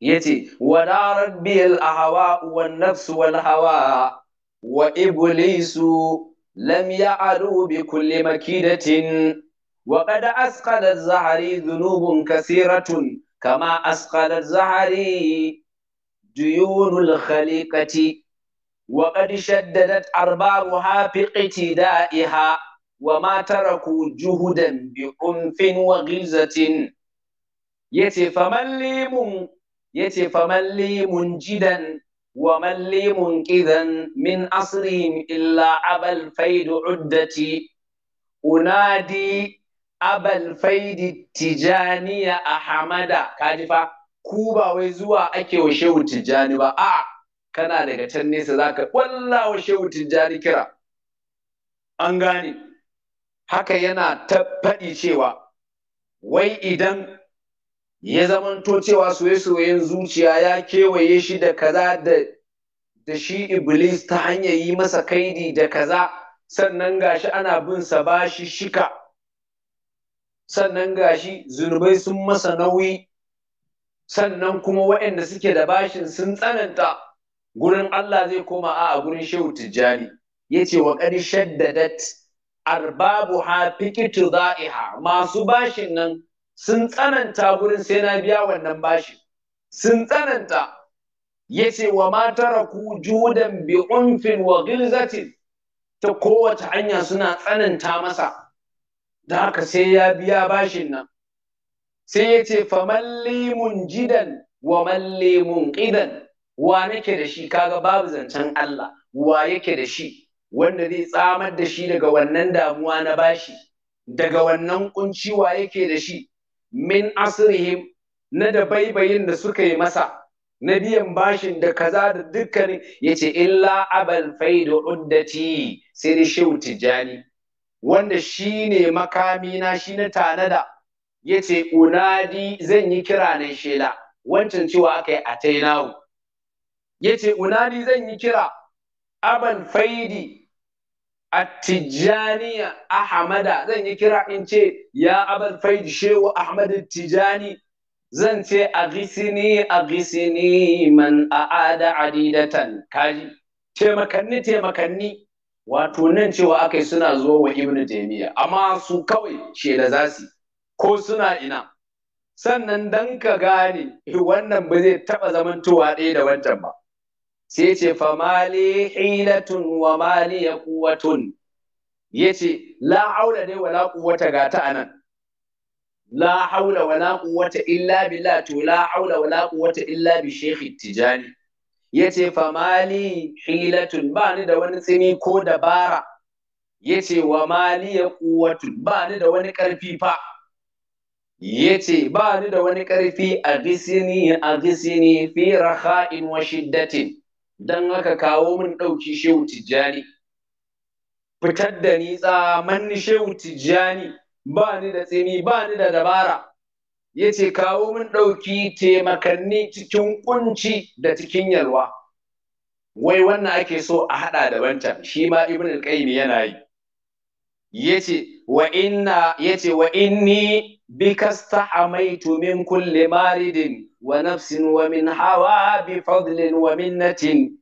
ya ce wadarar biyar a hawa wan nafsu wal hawa wa iblisu lam ya'adu bi kulli makidatin وقد أثقل الزهري ذنوب كثيرة كما أثقل الزهري ديون الخليقة وقد شددت أربارها في اقتدائها وما تركوا جهدا بعنف وغلزة يتي فمن لي من يتي فمن لي منجدا ومن لي منقذا من أصرهم إلا أبا الفيد عدتي أنادي abal faidi tijaniya ahmada kaji fa ku ba wai zuwa ake wa shehu tijani ba a kana daga can nesa zaka kwalla wa shehu tijani kira an gane haka yana ta faɗi cewa wai idan ya zamanto cewa soye-soyen zuciya ya kewaye shi da kaza da da shi iblis ta hanyar yi masa kaidi da kaza sannan gashi ana bin sa ba shi shika sannan gashi zunubai sun masa nauyi sannan kuma waɗanda suke da bashin sun tsananta gurin Allah zai koma a gurin shehu tijjani yace wa qad shaddadat arbabu ha fikitu za'iha masu bashin nan sun tsananta gurin sai na biya wannan bashin sun tsananta yace wa ma taraku judan bi'unfin wa ghilzatin ta kowace hanya suna tsananta masa Da haka sai ya biya bashin nan sai ya ce famalli jidan wa mallimun munqidan wa nake da shi kaga babu zancen Allah wa yake da shi wanda zai tsamar da shi daga wannan damuwa na bashi daga wannan kunci wa yake da shi min asrihim na da baibayin da suka yi masa na biyan bashin da kaza da dukkanin ya ce illa abal faidu uddati sai da shehu tijjani wanda shi ne makamina shi na tanada ya ce unadi zan yi kira na shela wancan cewa aka yi a tainawu ya ce unadi zan yi kira aban faidi a tijjaniya ahmada zan yi kira in ce ya aban faidi shehu ahmad tijjani zan ce a gisini a gisini man a'ada adidatan kaji taimakanni taimakanni wato nan cewa yi suna zo wa ibnu Jami'a, amma su kawai shela za su ko suna ina sannan dan ka gane eh, wannan ba zai taba zamantowa ɗaya da wancan ba sai ce fa mali hilatun wa mali ya quwwatun Ya la haula dai wala quwwata ga ta anan la haula wala quwwata illa billah to la haula wala quwwata illa bi shekhi tijani Ya yace famali hilatun ba ni da wani tsini ko dabara yace wa mali ya quwwatun ba ni da wani karfi fa Ya ce, ba ni da wani karfi a gisini a gisini fi raha'in wa shiddatin don haka kawo min ɗauki shehu tijjani fitar da ni tsamanin shehu tijjani ba ni da tsini ba ni da dabara ya ce kawo mun ɗauki taimakanni cikin kunci da cikin yalwa wai wannan ake so a haɗa da banta shi ma ibn al-qayyim yana yi Ya ce wa inna ce wa inni a amaitu min kulli maridin wa nafsin wa min hawa bi fadlin wa minnatin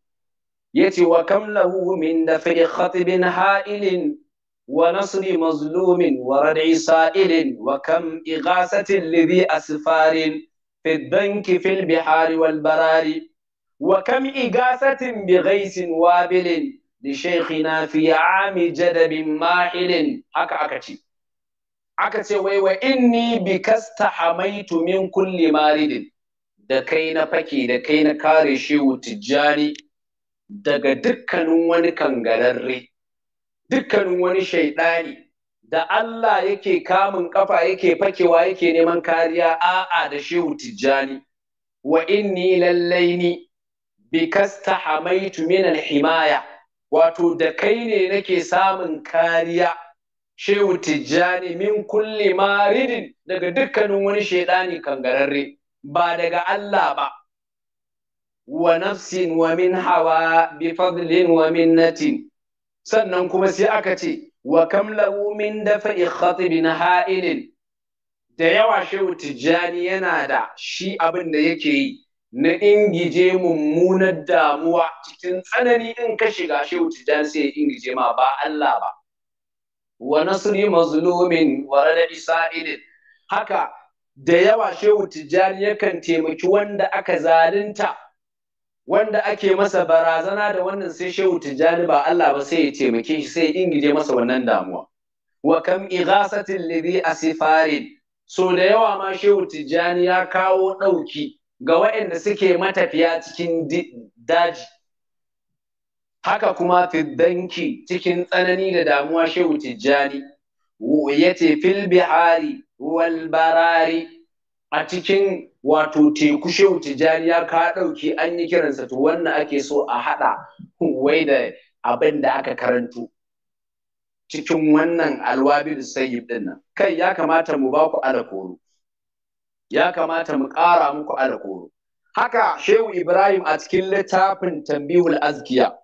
ce wa kam lahu min dafi khatibin ha'ilin ونصر مظلوم وردع سائل وكم إغاثة لذي أسفار في الدنك في البحار والبرار وكم إغاثة بغيث وابل لشيخنا في عام جدب ماحل هكا أكتي أكتي وإني بك استحميت من كل مارد da kai na fake da kai na kare shehu tijjani daga dukkanin wani kangararre dukkanin wani shaidani da Allah yake kamun kafa yake fakewa yake neman kariya a'a da shehu tijjani wa inni lallai ni bikasta hamaitu min himaya wato da kai ne nake samun kariya shehu tijjani min kulli maridin daga dukkanin wani shaidani kangararre ba daga Allah ba wa nafsin wa min hawa bi fadlin wa minnatin sannan kuma sai aka ce wa kam lahu min dafa'i na ha'ilin da yawa shehu tijjani yana da shi abin da yake yi na ingije mummunar damuwa cikin tsanani in ka shiga shehu tijjani sai ingije ma ba Allah ba wa nasri mazlumin wa radadi sa'ilin haka da yawa shehu tijjani yakan taimaki wanda aka zalunta wanda ake masa barazana da wannan sai shehu tijjani ba Allah ba sai ya taimake shi sai ingije masa wannan damuwa wa kam ighasatin ladhi asifarin so da yawa ma shehu tijjani ya kawo ɗauki ga waɗanda suke matafiya cikin daji haka kuma fiddanki cikin tsanani da damuwa shehu tijjani ya ce fil bihari wal barari a cikin wato teku shehu tijjani ya ka ɗauki an yi kiransa to wannan ake so a haɗa wai da abin da aka karanto cikin wannan alwabir sai din nan kai ya kamata mu ba ku alakoro ya kamata mu ƙara muku alakoro haka shehu ibrahim a cikin littafin tambihul azkiya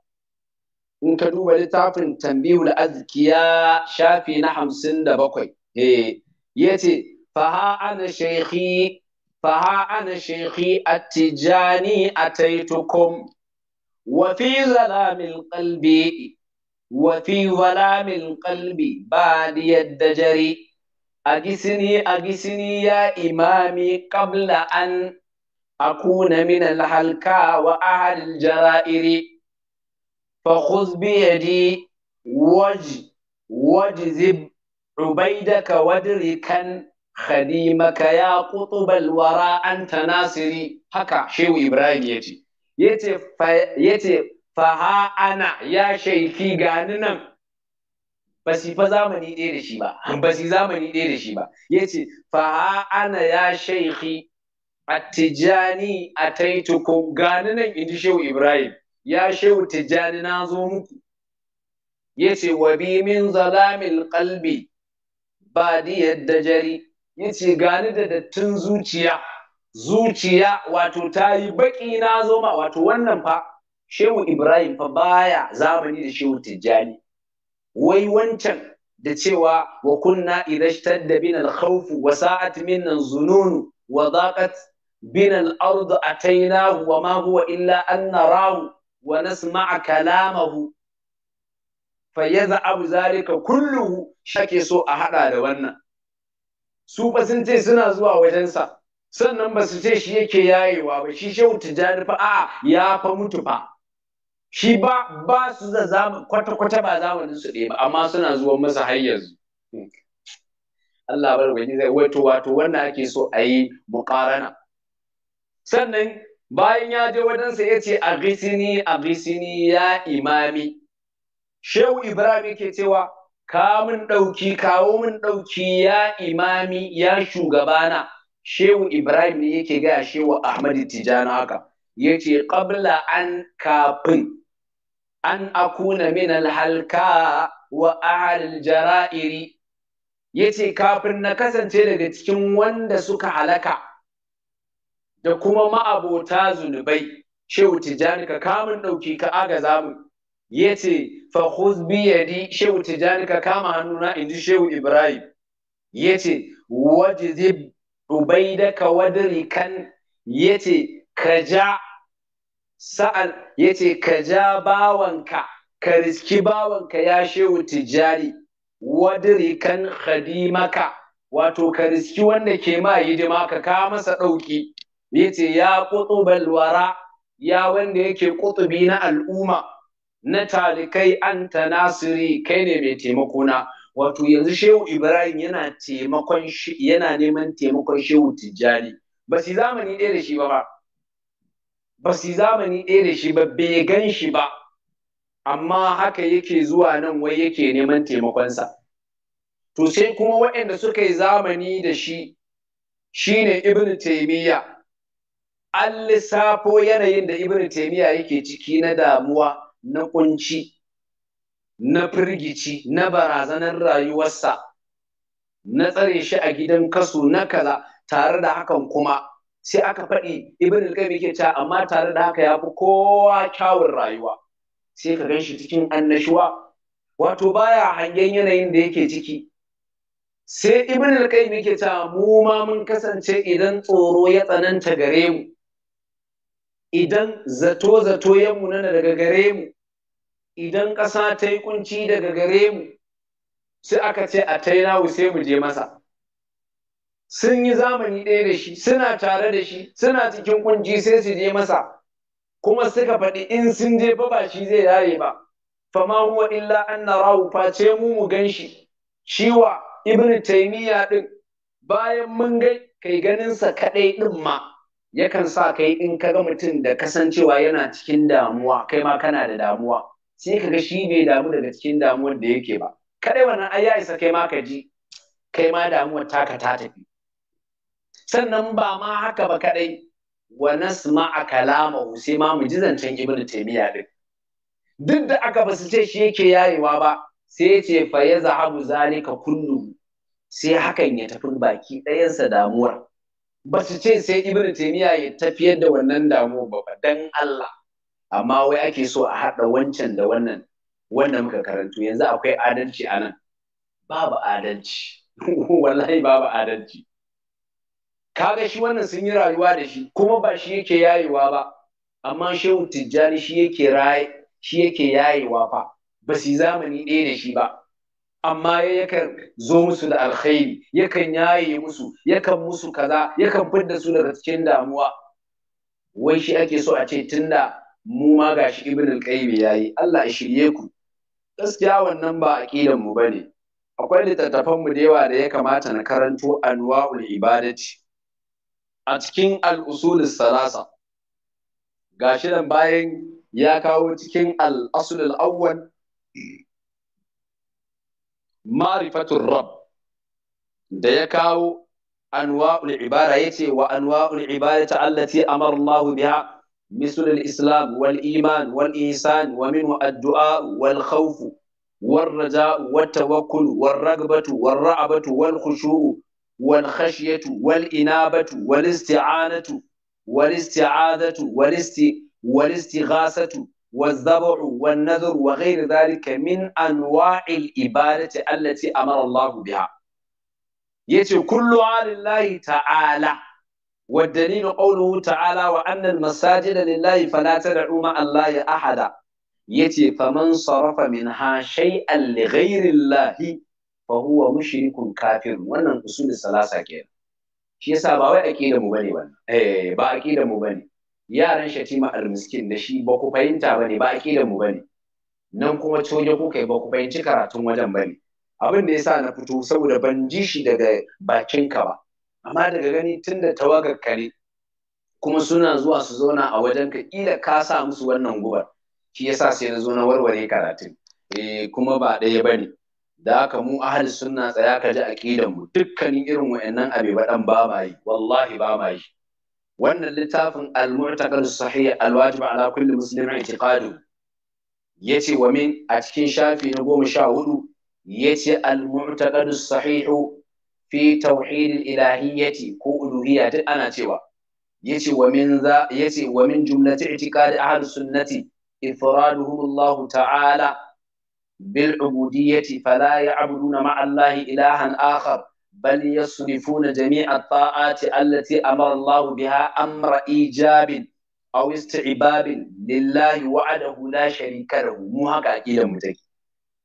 in ka duba littafin tambihul azkiya shafi na hamsin da bakwai eh yace فها أنا شيخي فها أنا شيخي التجاني أتيتكم وفي ظلام القلب وفي ظلام القلب بادي الدجر أجسني أجسني يا إمامي قبل أن أكون من الحلقاء وأهل الجرائر فخذ بيدي وج وجذب عبيدك ودركا khadimaka ya qutubal wara anta nasiri haka shehu ibrahim yace yace yace faha ana ya shaiki gani nan fa zamani ɗaya da shi ba ba su zamani ya shaiki attijani a gani nan inji shehu ibrahim ya shehu tijani na zo yace Wabimin bi min zalamil qalbi badiyad yace gani da dattin zuciya zuciya wato ta yi baƙi na zoma wato wannan fa shehu ibrahim fa baya zamani da shehu tijjani wai wancan da cewa wa kunna idashtadda da al-khawfu wa sa'at minna zununu wa daqat بنا الأرض ila وما wa إلا Kalamahu? نراه ونسمع كلامه فيذهب ذلك shake so a أحد da wannan su ba sun ce suna zuwa wajensa sannan ba su ce shi yake yayewa ba shi shehu tijjani fa a ya fa mutu fa shi ba ba su da zaman kwata kwata ba zamanin su ɗaya ba amma suna zuwa masa har yanzu Allah bar wani zai wato wato wannan ake so a yi muƙarana sannan bayan ya je wajensa ya ce a gisini a gisini ya imami shehu ibrahim yake cewa ka mun ɗauki kawo mun ɗauki ya imami ya shugabana shehu ibrahim ne yake gaya shehu ahmad Tijjani haka ya ce ƙabla an kafin an akuna min alhalka wa ahl jara'iri ce kafin na kasance daga cikin wanda suka halaka da kuma ma'abota zunubai shehu Tijjani ka kamun ɗauki ka aga zamu ya ce fa bi yadi shehu tijani ka kama hannuna in ji shehu ibrahim ya ce da ka wadari kan ya ce ka ja sa'al" ya ce ka ja bawanka ka riski bawanka ya shehu tijani wadari kan khadimaka wato ka riski wanda ke ma hidima ka ka masa ɗauki ya ce ya kutubal balwara" ya wanda yake kutubi na al'umma na talikai anta nasiri kai ne mai taimakona wato yanzu shehu ibrahim yana taimakon yana neman taimakon shehu tijjani ba su zamani ɗaya da shi ba ba su zamani ɗaya da shi ba bai gan shi ba amma haka yake zuwa nan wai yake neman taimakonsa to sai kuma waɗanda suka yi zamani da shi shine ibn taimiyya an lissafo yanayin da ibn taimiyya yake ciki na damuwa na kunci na firgici na barazanar rayuwarsa na tsare shi a gidan kasu na kaza tare da hakan kuma sai aka faɗi ibn al-qayyim yake amma tare da haka ya fi kowa kyawun rayuwa sai ka ganshi cikin annashuwa wato baya hangen yanayin da yake ciki sai ibn al-qayyim yake mu ma mun kasance idan tsoro ya tsananta gare mu idan zato zato ya munana daga gare mu idan ƙasa ta yi kunci daga gare mu sai aka ce a tainawu sai mu je masa sun yi zamani ɗaya da shi suna tare da shi suna cikin kunci sai su je masa kuma suka faɗi in sun je ba ba shi zai yare ba fama huwa illa an narahu face mu mu gan shi shi wa ibnu taymiya ɗin, bayan mun gai kai ganinsa kaɗai ɗin ma yakan sa kai in ka ga mutum da kasancewa yana cikin damuwa kai ma kana da damuwa sai ka ga shi bai damu daga cikin damuwar da yake ba kadai wannan ai ya isa kai ma ka ji kai ma damuwar taka ta tafi sannan ba ma haka ba kadai wa nasma a kalama sai ma mu ji zancen ibnu taymiya din duk da aka ba su ce shi yake yayewa ba sai ce fa ya zahabu zalika kullu sai hakan ya tafi baki ɗayansa damuwar ba su ce sai ibn taymiya ya tafiyar da wannan damu ba ba dan Allah amma wai ake so a haɗa wancan da wannan wannan muka karantu yanzu akwai adalci a nan babu adalci wallahi babu adalci kaga shi wannan sun yi rayuwa da shi kuma ba shi yake yayewa ba amma shehu tijjani shi yake raye yayewa fa ba su yi zamani ɗaya da shi ba amma yakan zo musu da alkhairi yakan yaye musu yakan musu kaza yakan fidda su daga cikin damuwa wai shi ake so a ce tunda mu ma gashi ibn al-qayyim yayi Allah ya shirye ku gaskiya wannan ba aqidan mu bane akwai littattafan mu da yawa da ya kamata na karanto anwa'ul ibadati a cikin al-usul salasa gashi nan bayan ya kawo cikin al-asl al-awwal marifatul rab da ya kawo anwa'ul ibara yace wa anwa'ul ibadati allati amara Allah biha misl islam wal iman wal Isani wa minhu ad-du'a wal khawf wal raja wat tawakkul wal ragbatu wal ra'abatu wal khushu' wal khashyatu wal inabatu wal isti'anatu wal والذبح والنذر وغير ذلك من أنواع الإبادة التي أمر الله بها يتي كل عن الله تعالى والدليل قوله تعالى وأن المساجد لله فلا تدعوا مع الله أحدا يتي فمن صرف منها شيئا لغير الله فهو مشرك كافر wannan usul salasa kenan shi yasa ba wai akida mu bane wannan eh ba akida mu bane yaran shatima almiskin da shi ba ku fahimta ba ne, ba aqidan mu ba ne. nan kuma coge ku kai ba ku fahimci karatun wajen ba ne. abin da sa na fito saboda ban ji shi daga bakin ka ba amma daga gani tun da tawagar ka ne kuma suna zuwa su zauna a wajen ka Ila ka sa musu wannan gubar shi yasa sai na zo na warware karatun eh kuma ba ɗaya ba ne. da haka mu ahal sunna tsaya ka ji aqidan mu dukkanin irin wa'annan abe ba dan babayi wallahi babayi wannan littafin al-mu'taqad sahih al-wajib ala kulli muslimin i'tiqadu yace wa min a cikin shafi na goma sha hudu yace al-mu'taqad sahih fi tauhid al-ilahiyyati ko uluhiyya duk ana cewa yace wa min za yace wa min jumlati i'tiqad ahli sunnati ifraduhum Allah ta'ala bil ubudiyyati fala ya'buduna ma'a Allah ilahan akhar bal yasrifuna jami'a ta'ati allati amara Allah biha amra ijabin aw isti'babin lillahi wa'adahu la sharika lahu mu haka aqidar mu take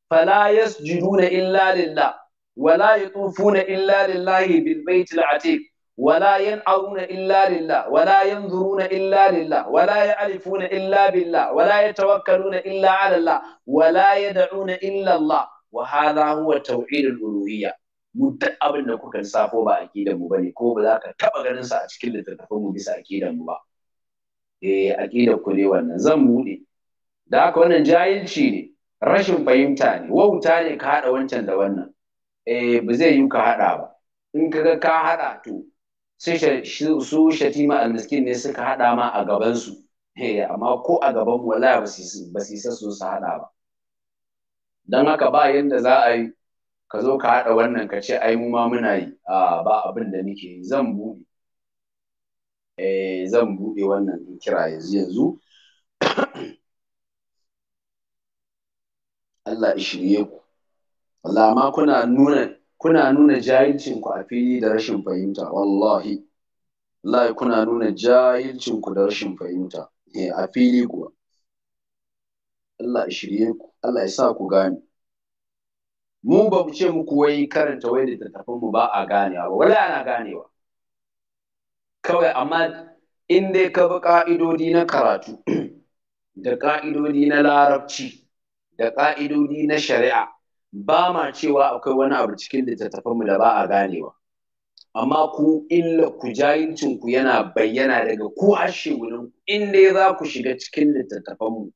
fala yasjuduna illa lillah wala yatufuna illa lillahi bil baitil atiq ولا ينعون إلا لله ولا ينظرون إلا لله ولا يعرفون إلا بالله ولا يتوكلون إلا على الله ولا يدعون إلا الله وهذا هو توحيد الألوهية mu duk abin da kuka lissafo ba aƙidar mu bane ko ba za ka taɓa ganin sa a cikin littattafan mu bisa aƙidar mu ba eh aƙidar ku ne wannan zan buɗe da haka wannan jahilci ne rashin fahimta ne wauta ne ka haɗa wancan da wannan eh ba zai yi ka haɗa ba in kaga ka haɗa to su shatima almiskin ne suka haɗa ma a gabansu eh, amma ko a gaban wallahi ba su ba su haɗa ba dan haka ba yanda za a yi ka zo ka haɗa wannan ka ce ai mu ma muna yi a ba abin da muke yi zan buɗe eh zan buɗe wannan in kira yanzu yanzu Allah ya shirye ku Allah ma kuna nuna kuna nuna jahilcin ku a fili da rashin fahimta wallahi wallahi kuna nuna jahilcin ku da rashin fahimta eh a fili kuwa Allah ya shirye ku Allah ya sa ku gane mu ba mu ce muku wai karanta wai littattafan mu ba a ganewa ba wala ana ganewa kawai amma in dai ka bi ka'idodi na karatu da ka'idodi na larabci da ka'idodi na shari'a ba ma cewa akwai wani abu cikin littattafan mu da ba a ganewa amma ku illa ku jayincin ku yana bayyana daga ku harshe wurin in dai za ku shiga cikin littattafan mu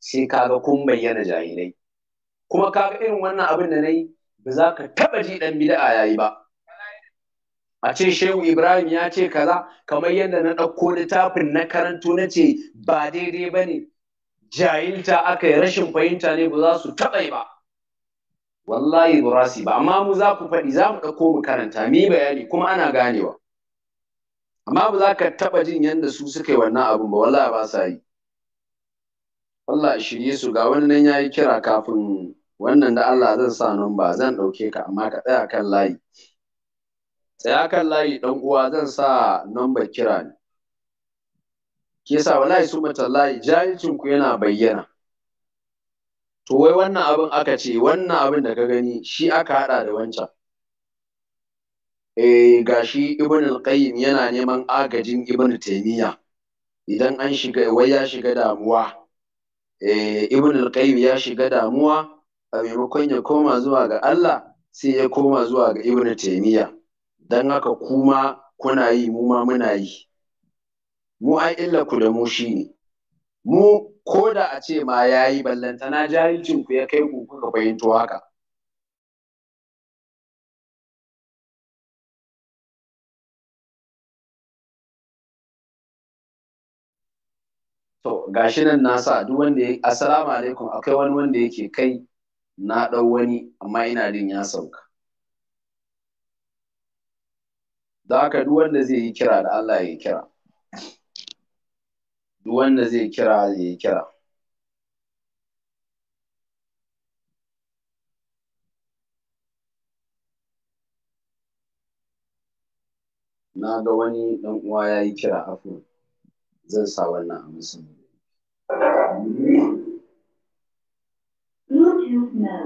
sai kaga kun bayyana jahilai kuma kaga irin wannan abin da na yi ba za ka taɓa ji ɗan bida'a ya yi ba a ce shehu ibrahim ya ce kaza kamar yadda na ɗauko littafin na karanto na ce ba daidai ba ne jahilta aka yi rashin fahimta ne ba za su taɓa yi ba wallahi burasi ba amma mu za ku faɗi za mu ɗauko mu karanta mu bayani kuma ana ganewa amma ba za ka taɓa jin yadda su suka yi wannan abin ba wallahi ba sa yi wallahi shirye su ga wani nan ya yi kira kafin wannan da Allah zan sa nan zan ɗauke ka amma ka tsaya kan layi tsaya kan layi ɗan uwa zan sa number kira ne ke sa wallahi su layi, jahilcin ku yana bayyana to wai wannan abin aka ce wannan abin da ka gani shi aka haɗa da wancan eh gashi ibn al-qayyim yana neman agajin ibn taymiya idan an shiga wai ya shiga damuwa eh ibn al-qayyim ya shiga damuwa a maimakon ya koma zuwa ga Allah sai ya koma zuwa ga Ibn Taymiyyah dan haka kuma kuna yi mu ma muna yi mu ai illa ku da mu shine mu ko da a ce ma yayi na jahilcin ku ya kai ku kuka fahimto haka To, gashi nan na sa duk wanda ya assalamu alaikum akwai wani wanda yake kai na ɗau wani amma ina jin ya sauka da haka duk wanda zai yi kira da Allah ya kira duk wanda zai kira ya yi kira na ga wani ɗan uwa ya yi kira afu zan sa wannan a musulmi Lubna.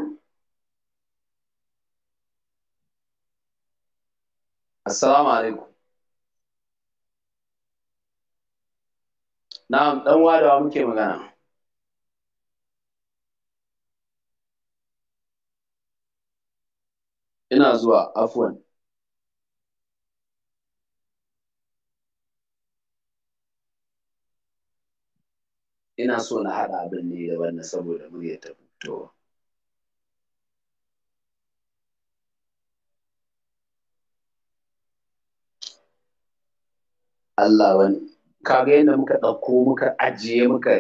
Assalamu alaikum. Na'am, dan wadawa muke magana. Ina zuwa, afwan. Ina so na haɗa abin ne da wannan saboda muryar ta fitowa. Allah wani kaga yadda muka ɗauko muka ajiye muka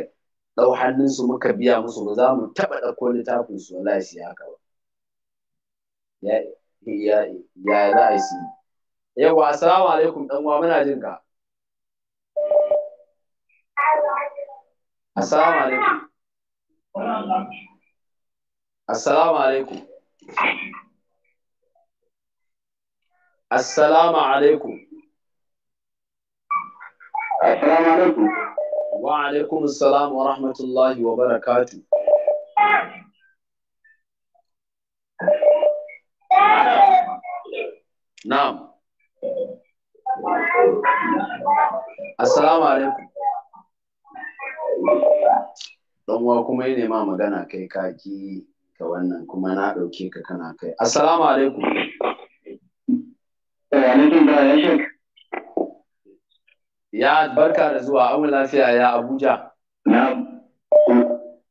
ɗau hannunsu muka biya musu ba za mu taɓa ɗauko littafin su wallahi shi haka ba ya za a yi yawa assalamu alaikum ɗan uwa muna jin ka assalamu alaikum assalamu alaikum assalamu alaikum Assalamu alaikum. Wa alaikum assalam wa rahmatullahi wa barakatu. Na'am. Assalamu alaikum. Don wa kuma yi ma magana kai kaki ka wannan kuma na ɗauke ka kana kai. Assalamu alaikum. Wa eh, alaikum da Ya barka da zuwa amu lafiya ya Abuja.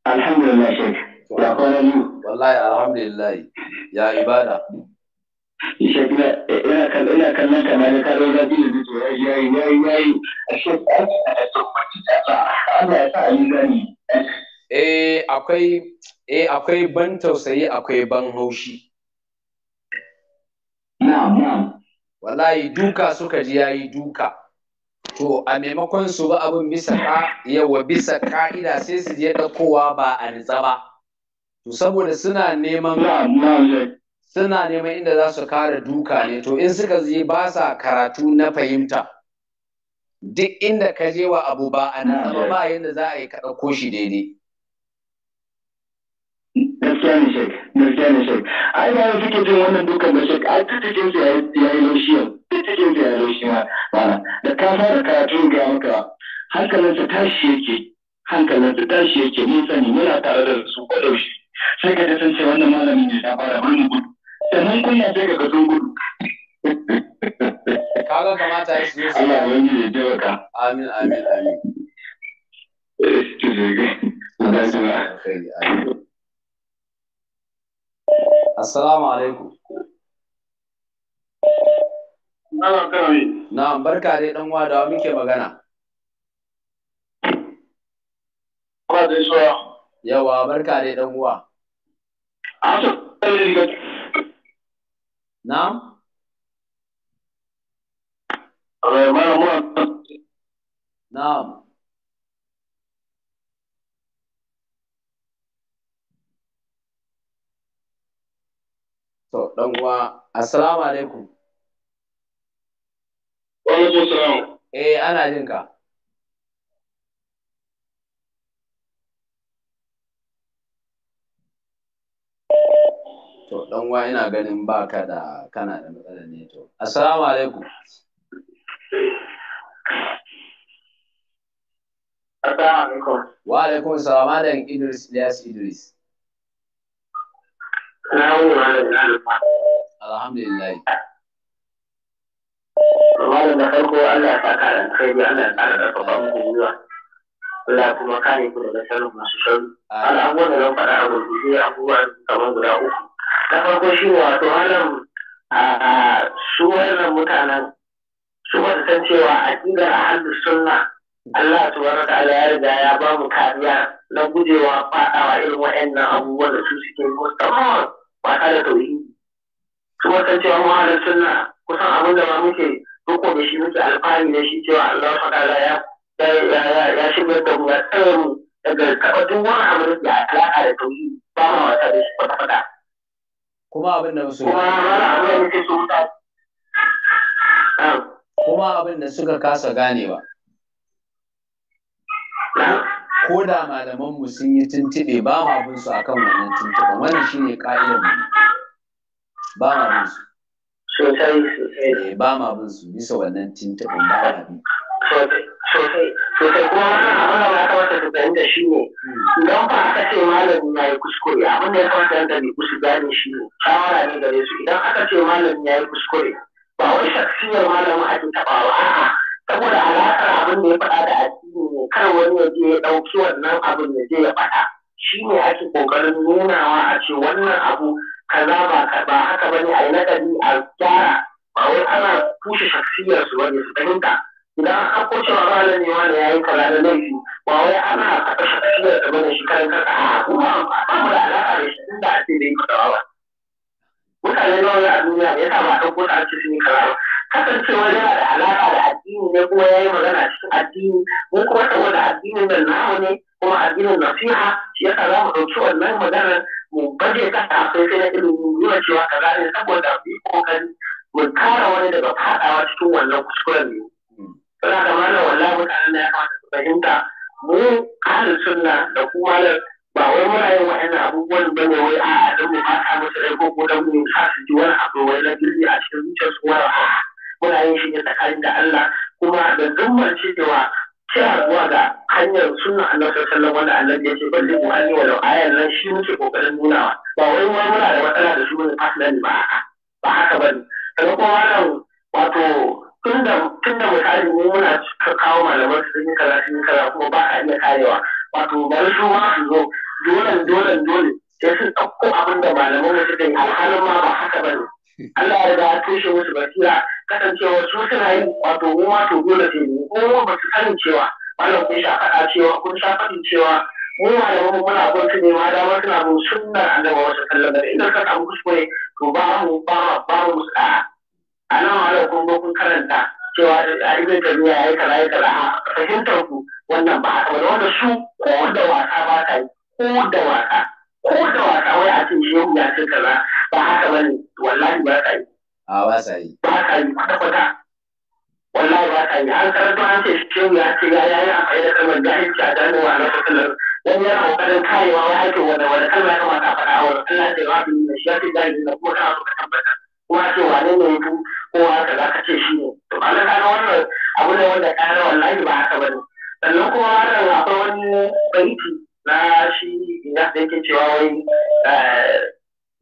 Alhamdulillah Sheikh. Ya kwana biyu. Wallahi alhamdulillah. Ya ibada. Sheikh ina kallon kallon ka na ka zo zabi da zuciya yayi yayi yayi. Sheikh a tsofaci ta Allah ya sa yi gani. Eh akwai eh akwai ban tausayi akwai ban haushi. Na'am na'am. Wallahi duka suka ji yayi duka. to a maimakon su ba abin bisa yawa bisa ka'ida sai su je ɗaukowa ba a nitsa ba to saboda suna neman suna neman inda za su kare duka ne to in suka je ba sa karatu na fahimta duk inda ka je wa abu ba a nitsa ba ba yadda za a yi ka ɗauko shi daidai gaskiya shek gaskiya ne shek ai ba yau suke jin wannan dukan da shek ai ta cikin su yayi laushi yau ta cikin su yayi laushi ma mana da ka fara karatu ga maka hankalinsa tashi yake hankalinsa tashi yake mun sani muna tare da su ko daushe sai ka ta san cewa wannan malamin ne ya fara mun gudu sannan kunya sai ka ga sun gudu kaga kamata ya su Allah ya yi ya taimaka amin amin amin eh, Amin. Assalamu alaikum. Na barka dai dan da muke magana. Ba da suwa. Yawa barka dai dan uwa. Na? Na'am. To, ɗan uwa, assalamu alaikum. Wa alaikum Eh, ana jin ka. To, ɗan uwa ina ganin ba ka da kana da matsalar ne to. Assalamu alaikum. Assalamu alaikum. Wa alaikum salam, Adam Idris Ilyas Idris. Alhamdulillah. Malam da farko Allah ya sa saka da kai Allah ya kara da babban gwiwa. Allah kuma kare ku daga sharri masu sharri. Al'amuran da zan faɗa abu a gurguje abubuwa kamar guda uku. Na farko shi wato halin su wannan mutanen su ba san cewa a aƙidar ahlus sunna Allah subhanahu wa ta'ala ya riga ya ba mu kariya na gujewa faɗawa irin waɗannan abubuwan da su suke musamman ba ta da tauri. su wasan cewa mu halar sunna kusan abin da ba muke duk da shi muke alfahari da shi cewa Allah subhanahu wa ta'ala ya ya shigar da mu ya tsara mu daga taɓa duk wani abu da ya alaƙa da tauri ba ma wata da shi kwata kwata. kuma abin da musu kuma wani abin da muke kuma abin da suka kasa ganewa. ko da malaman sun yi tuntube ba ma bin su akan wannan tuntuban wannan shine ka'idar mu ba ma bin su sosai sosai eh, ba ma bin su bisa wannan tuntuban ba ma bin sosai sosai kuma wannan abin ya kamata ka fahimta shi ne hmm. idan ba aka ce malami ya yi kuskure abin da ya kamata da mai kusa gane shi ne shawara ne gare su idan aka ce malami ya yi kuskure ba wai shaksiyar malamin ake taɓawa a'a saboda alaƙar abin da ya faɗa da addini kar wani ya je ya ɗauki wannan abin ya je ya faɗa shi ne ake ƙoƙarin nunawa a ce wannan abu kaza ba ba haka bane a yi nakari a gyara ba wai ana kushe shaksiyar su bane su fahimta idan an ko cewa ba ne wani ya yi kala da laifi ba wai ana faɗa shaksiyar da bane shi kan kanka a kuma ba mu da alaƙa da shi da ake da yi kaza ba mutane nawa ne a duniya ne ya sa ba a ɗauko ta ake sun yi kaza ba kasancewa yana da alaƙa da addini ne kuma ya yi magana cikin addini mun kuma saboda addinin da namu ne kuma addinin nasiha shi yasa za mu ɗauki wannan maganar mu baje ta a sai na ilimin nuna cewa kaza ne saboda mu yi kokari mu kara wani daga faɗawa cikin wannan kuskuren ne. Suna kamar mana wallah mutanen da ya kamata su fahimta mu ahalin sunna da kuma ba wai muna yin wa'annan abubuwan ba ne wai a'a don mu ba ka musu rai ko ko don mu sa su ji wani abu wai na jirgi a cikin zuciyarsu wani abu. muna yin shi ne tsakanin da Allah kuma da zummar cewa ci zuwa ga hanyar sunan annabi sallallahu wanda annabi ya ce balli mu anni walau ayan nan shi muke kokarin nunawa ba wai ma muna da matsala da su ne aslan ba ba haka bane kaga kuma wannan wato tunda tunda misali mu muna kawo malaman su yi kaza su yi kaza kuma ba a iya karewa wato bari su ma su zo dole dole dole sai sun ɗauko abin da malaman suka yi alhalin ma ba haka bane Allah ya riga kai shi musu basira kasancewa su suna yin wato ruwa to dole sai mu kuma ba su sanin cewa wannan kun sha faɗa cewa kun sha faɗin cewa mu malaman muna gurfi ne ma Damar suna bin sunnar annabi wasu sallallahu da idan ka samu kuskure to ba mu ba ba mu sa'a a nan malam kun kun karanta cewa a ibn tabiya yayi kaza yayi kaza fahimtar ku wannan ba haka ba wanda su ko da wasa ba ta yi ko da wasa ko da wasa wai a cin shehu ya cin kaza ba haka bane wallahi ba ka yi a ba sa yi ba ka yi kwata kwata wallahi ba ka yi an karanto an ce shi shehu ya ce ya yi amfani da kalmar jahilci a dan wa na fitilar wani yana kokarin karewa ya ake wani wani kalma ya kamata a faɗa wa Allah ya ba mu shi ya ce jahilci na kuma kana so ka tabbata ko ce wane ne ya ko haka za ka ce shi ne to ba na kana wannan abu ne wanda kana wallahi ba haka bane sannan kuma wannan akwai wani baiti na shi ina da yake cewa wai eh,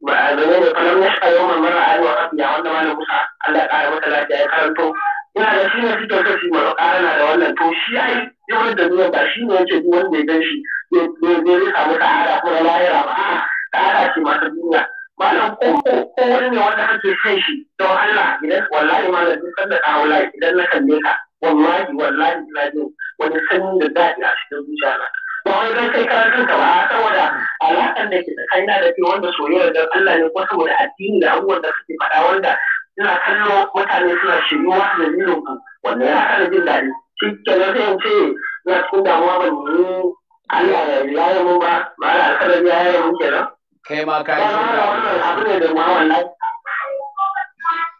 ba game da a ya shaka yawan mara alwa kafiya wanda malam musa Allah ya kara masa lafiya ya karanto ina da shi ne suke so su mara karana da wannan to shi ai yawan da duniya ba shi ne yake duk wanda ya gan shi ne zai masa sa'ada kuma lahira ba a'a sa'ada ce masu duniya malam ko ko wani ne wanda kake son shi don Allah idan wallahi malam duk sanda ka wallahi idan na kalle ka wallahi wallahi ina jin wani sanyi da dadi a cikin zuciya na ba wai don kai karan kanka ba saboda alaƙar da ke tsakanina da ke wanda soyayya don Allah ne ko saboda addini da abubuwan da kake faɗa wanda suna kallo mutane suna shiryuwa da ku. Wanda ya kana jin daɗi shi kenan sai in ce na cikin damuwa ban yi Allah ya yi mu ba ba da alƙalami ya yi mu kenan. kai ma ka yi shirka.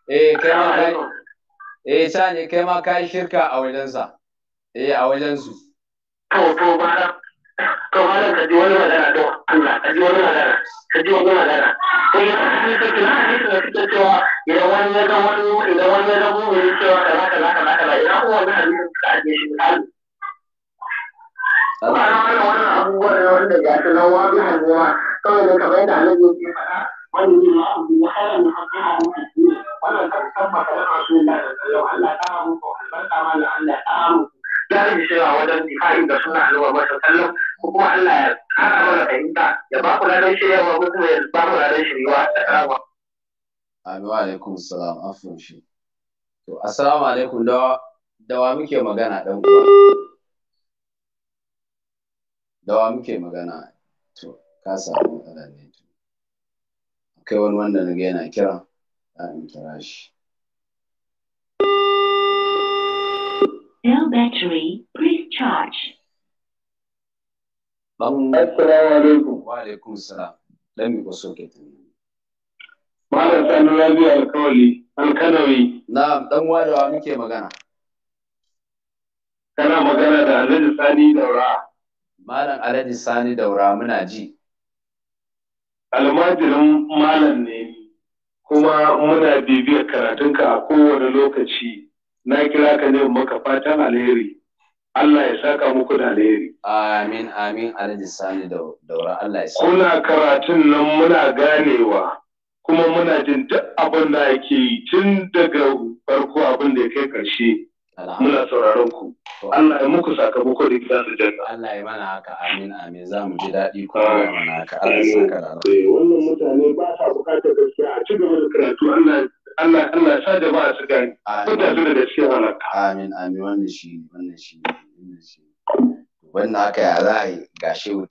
Eh, kai ma ka yi. Eh, sani kai ma ka yi shirka a wajensa. Eh, a wajensu. To, to, ba Ka fara ka ji wani magana don Allah ka ji wani magana ka ji wani magana to ya kasance ka kina hadisi da suke cewa idan wani ya ga wani idan wani ya ga mu ne cewa kaza kaza kaza kaza idan kuma wannan hadisin suka ajiye shi misali ba na wannan wannan abubuwan na wanda ya fi nan wani hannuwa kawai da kamar yadda annabi ya faɗa wani ne ya abu ya hana ni hakan a wannan wannan kan tabbata da rasulullah sallallahu alaihi wa sallam Allah ta muku albarka ma Allah ta muku zalimi cewa wajen difa'i da suna alwa masa sallam ko kuma Allah ya kara mana fahimta ya ba ku ladan shiryawa ko kuma ya ba ku ladan shiryawa da karama. Amin wa alaikum salam afwan shi. To assalamu alaikum dawa dawa muke magana dan uwa. Dawa muke magana to ka samu matsalar ne to. Akwai wani wanda na ga yana kira za in kira shi. Cell battery, please charge. Assalamu alaikum. Wa alaikum salam. Let me go socket. Malam Sani Rabi Alkawali, Alkanawi. Na'am, dan wadawa muke magana. Kana magana da Alhaji Sani Daura. Malam Alhaji Sani Daura muna ji. Almajirin malam ne, kuma muna bibiyar karatunka a kowane lokaci. na kira ka ne maka fatan alheri Allah ya saka muku da alheri. Amin, amin, alhaji sani da daura Allah ya saka. Kuna karatun nan muna ganewa, kuma muna jin duk abin da ake yi tun daga farko abin da ya kai ƙarshe. Muna sauraron ku. Allah ya muku sakamako da gidan da janna. Allah ya mana haka, amin, amin, za mu ji daɗi kuma ya mana haka, Allah ya saka da eh, Wannan mutane ba sa bukatar gaskiya a ci gaba da karatu Allah ya Allah Allah sa jama'a su gani kuta su da cikin halaka amin amin wannan shi wannan shi wannan shi wannan haka ya za a yi ga shehu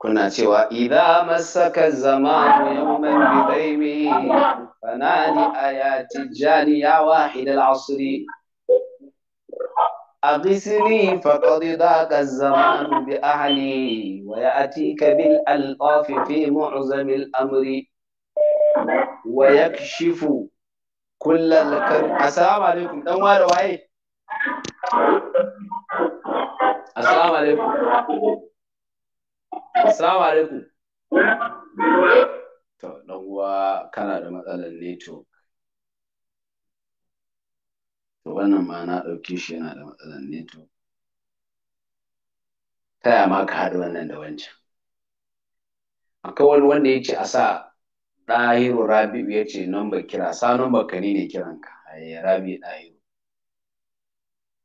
kuna cewa idza masaka zamanu yawman bidaimi fanani ayati jani ya wahid al-asri أغسني فقد ضاق الزمان بأهلي ويأتيك بالألطاف في معظم الأمر wa yakshifu kullal kan assalamu alaikum dan wa da waye assalamu alaikum assalamu alaikum to dan uwa kana da matsalar network to wannan ma na ɗauke shi yana da matsalar network ta yaya ma ka haɗa wannan da wancan akwai wani wanda ya ce a sa ɗahiru rabi'u ya ce ba kira sa ba kani ne kiranka ai rabi ɗahiru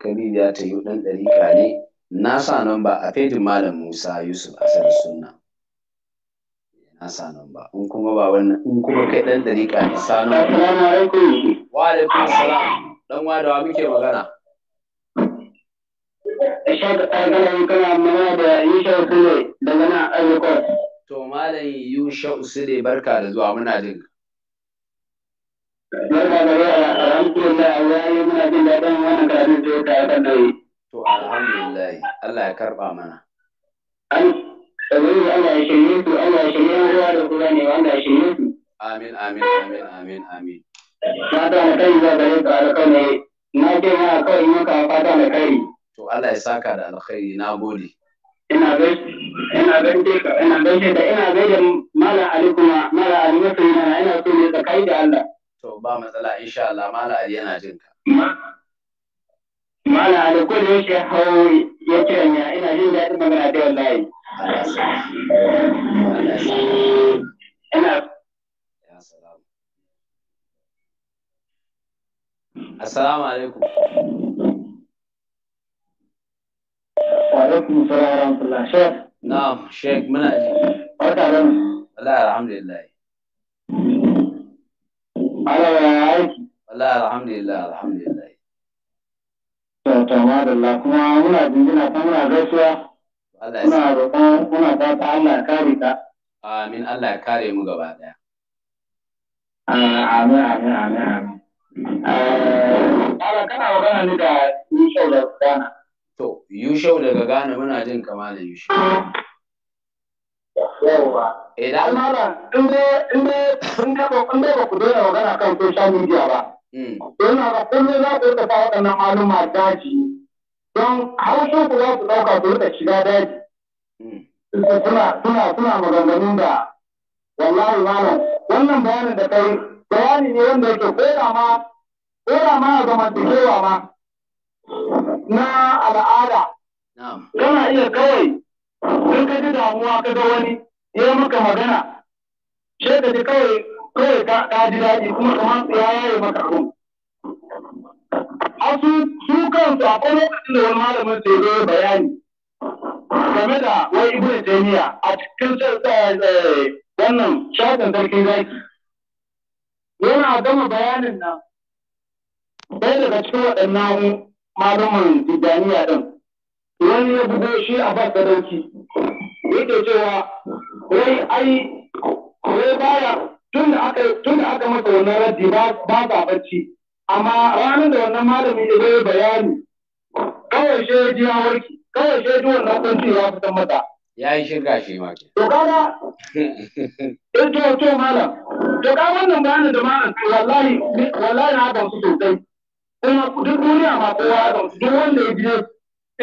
kani ya ta yi ɗan ɗarika ne na sa ba a fejin malam musa yusuf asar sunna na sa ba in kuma ba wannan in kuma kai ɗan ɗarika ne sa number assalamu alaikum wa alaikum salam dan wa da muke magana Ishaq ta gana kana mana da Yusuf ne daga nan Azikot. To Malam Yusha Usule barka da zuwa muna jin Barka da zuwa alhamdulillah Allah ya muna jin daɗin wannan karatun da ya ta kan nauyi. To alhamdulillah Allah ya karɓa mana. An tsabiri Allah ya shirye su Allah ya shirye ruwa da kula ne Allah ya shirye su. Amin amin amin amin amin. Mata na kai zuwa gare ka ne. na ce ma kawai maka fata da kai. To Allah ya saka da alkhairi na gode. ina gaishe ka ina gaishe da ina gaida mala ali kuma mala ali masoyi na ina so ne tsakai da Allah to ba matsala insha Allah mala ali yana jin ka mala ali ko da yake hawo ya kira ni, ina jin daɗin magana da wallahi ina Assalamu alaikum. Wa alaikum salam wa rahmatullah. Na'am, Sheikh muna ji. Barka da mu. Wallahi alhamdulillah. ya aiki. Wallahi alhamdulillah, alhamdulillah. To to madalla muna jinjina ta muna gaisuwa. Allah ya sa. Muna fata Allah kare ka. Amin, Allah ya kare mu gaba daya. Amin, amin, amin, amin. Eh, kana magana ne da Yusuf da Kana. To, Yushau daga Ghana muna jin kama eh, da Yushau. Yawwa. Idan mara in in dai in dai ba ku daina magana kan social media ba. Hmm. Don haka kullum za ku rika sa waɗannan maluma daji. Don haushin ku za ku ɗauka ku rika shiga daji. Hmm. Suna suna suna maganganun da wallahi malam wannan bayanin da kai bayani ne wanda yake ko da ma ko da ma zamantakewa ma. na al'ada kana iya kawai sun ka ji damuwa ka ga wani ya maka magana Shi da ji kawai kawai ka ji daɗi kuma kamar ya yaye maka abun asu su kansu akwai lokacin da wani malamin sai zo bayani game da wai ibnu Jami'a a cikin eh, eh, wannan shafin sarkin zaki yana gama bayanin nan ɗaya daga cikin waɗannan malaman tijaniya ɗin wani ya bugo shi a ba sadauki yake cewa wai ai wai baya tun da aka tun da aka masa wannan raddi ba ba ba barci amma ranar da wannan malami ya yi bayani kawai shi ya ji ya warki kawai shi ya ji wannan kwanci ya fitan mata ya yi shirka shi ma ke to kaga eh to malam to ka wannan bayanin da malam wallahi wallahi na su sosai duk duniya ma kowa ya gamsu duk wanda ya je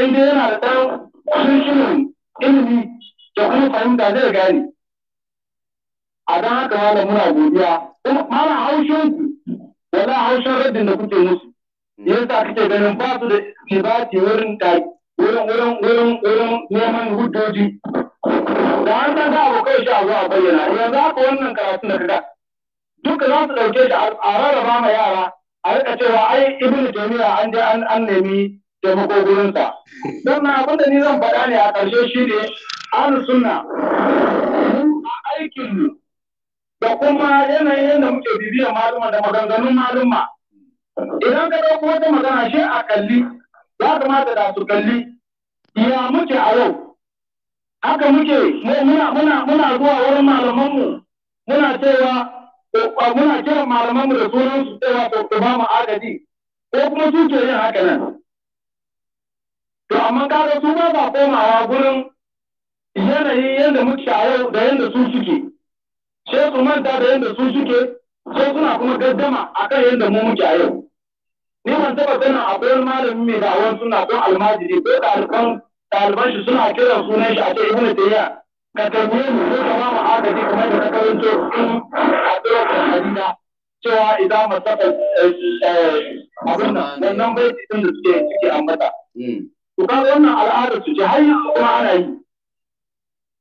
in dai yana da ɗan kushin ilimi da kuma fahimta zai gane a don haka malam muna godiya malam haushin ku wala haushin raddin da kuke musu ya sa kake ganin ba su da kibati wurin wurin neman hujjoji da an san za abokai shi a zuwa bayyana yanzu haka wannan karatu na gida. duka za su ɗauke shi a rarraba ma yara a rika cewa ai ibn jami'a an je an nemi taimako gurinsa don na abinda ni zan faɗa ne a ƙarshe shi ne suna mu a aikin da kuma yanayin yadda muke bibiyar maluma da maganganun maluma idan ka ɗauko wata magana shi a kalli ya kamata da su kalli ya muke a yau haka muke muna muna muna zuwa wurin malamanmu muna cewa muna kiran malamanmu da sunan su cewa to ba mu agaji ko kuma su ke yin haka nan to amma kaga su ba ba komawa gurin yanayin yadda muke a yau da yadda su suke sai su manta da yadda su suke sai suna kuma gaddama akan yadda mu muke a yau ni ban taba akwai wani malami mai da'awar suna ko almajiri ko ɗaliban ɗaliban shi suna kiran sunan shi a ce ibnu tayyiba ka tarbiyyar mu ko kama haka ne kamar da karanto a dole harina cewa idan masaka eh, abin nan wannan bai din da suke suke ambata hmm. to ka wannan al'adar su ce har yanzu kuma ana yi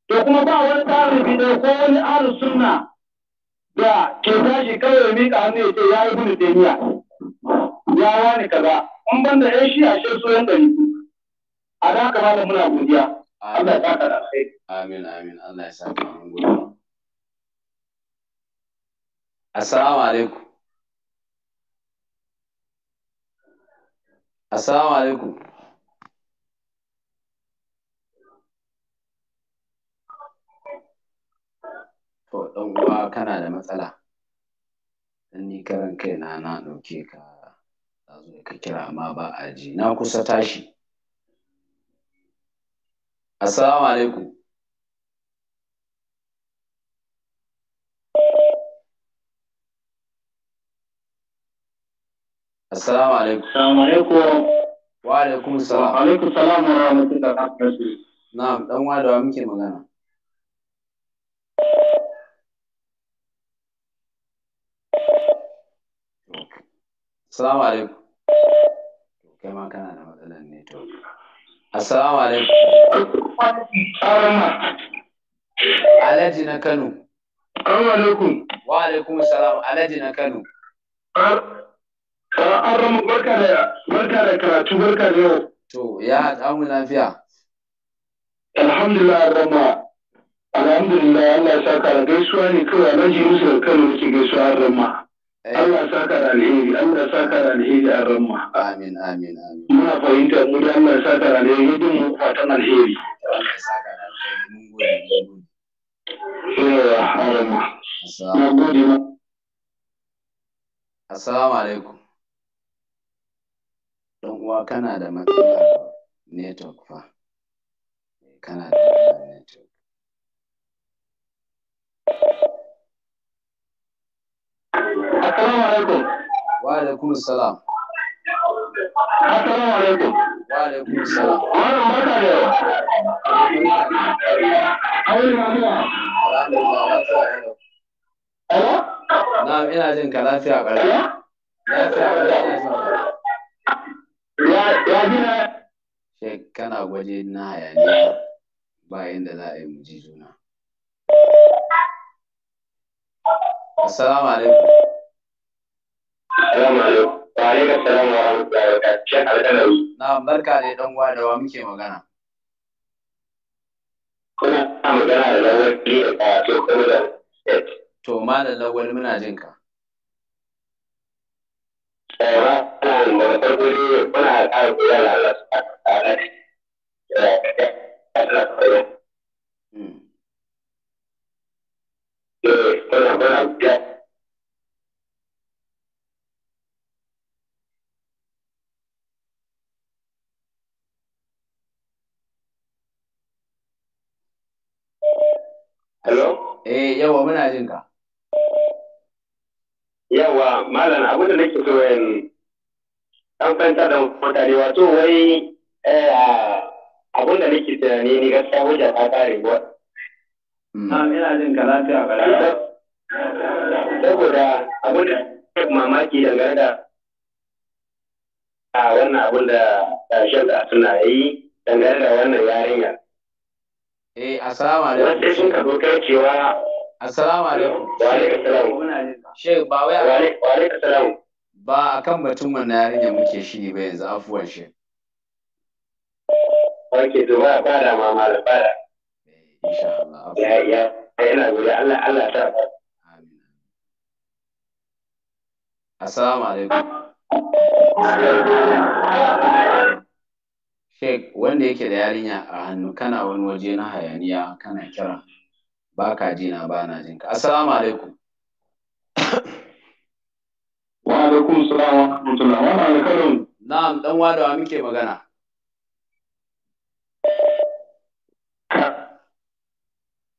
to kuma ba wani tsarin da ko wani ahlus sunna da ke tashi kawai miƙa hannu ya ce ya yi gudu teniya ya wani kaza in ban da yan shi a shi su yan ɗari a da haka malam muna godiya Allah ya saka da kai. Amin amin Allah ya saka mun gode. Assalamu alaikum. Assalamu alaikum. To dan uwa kana da matsala. Dan ni karan kai na na ɗauke ka. Zazo ka kira amma ba a ji. Na kusa tashi. Assalamu alaikum. Assalamu alaikum. Assalamu alaikum. Wa alaikum salam. Wa alaikum salam wa rahmatullahi wa barakatuh. Na'am, dan wa da muke magana. Assalamu alaikum. Kai ma kana da matsalar network. Assalamu alaikum. Alhaji na Kano. Assalamu alaikum. Wa alaikum salam Alhaji na Kano. An rama barka da barka da karatu barka da yau. To ya damu lafiya. Alhamdulillah rama. Alhamdulillah Allah ya saka ka gaisuwa ne kawai Alhaji Musa Kano yake gaisuwa an rama. Allah sa alheri, Allah alheri a ramma. Amin, amin, amin. Muna fahimta mu da Allah alheri, yadda mu fatan alheri. a ramma. Assalamu alaikum. Ɗan uwa kana da matsala network fa. Eh, kana da network. Assalamu alaikum. Wa alaikum salam. Assalamu alaikum. Wa Hello? Na'am ina jin ka lafiya Lafiya Ya ya Shek kana gwaje na hayaniya ba za a yi mu ji juna. Assalamu alaikum. Assalamu alaikum. Wa alaikum salam wa rahmatullahi wa barakatuh. Na barka da dan uwa muke magana. Kuna magana da da To muna jin ka. Tsara eh, da farko da Hello? Eh, yawa muna jin ka. Yawa, malam abin da nake so in an fanta da mutane wato wai eh, abin da nake tunani ni gaskiya wajen ta kare ba. Na ina jin ka lafiya ba. Saboda abin da mamaki da gada a wannan abin da shan da suna yi dangane da wannan yarinya. Eh, assalamu alaikum. Wanda sun ka dokar cewa Assalamu alaikum. Wa alaikum salam. Sheikh ba wai wa alaikum salam. Ba akan batun wannan yarinya muke shi ba yanzu afuwar shi. Ake to ba ba da ma malam ba da. Eh, insha Allah. Ya ya yana gode Allah Allah ta. Amin. Assalamu alaikum. Sheik wanda yake da yarinya a hannu kana wani waje na hayaniya kana kira ba ka ji na ba na jinka. Assalamu alaikum. Wa alaikum salam wa rahmatullah wa alaikum. Na'am dan wadawa muke magana.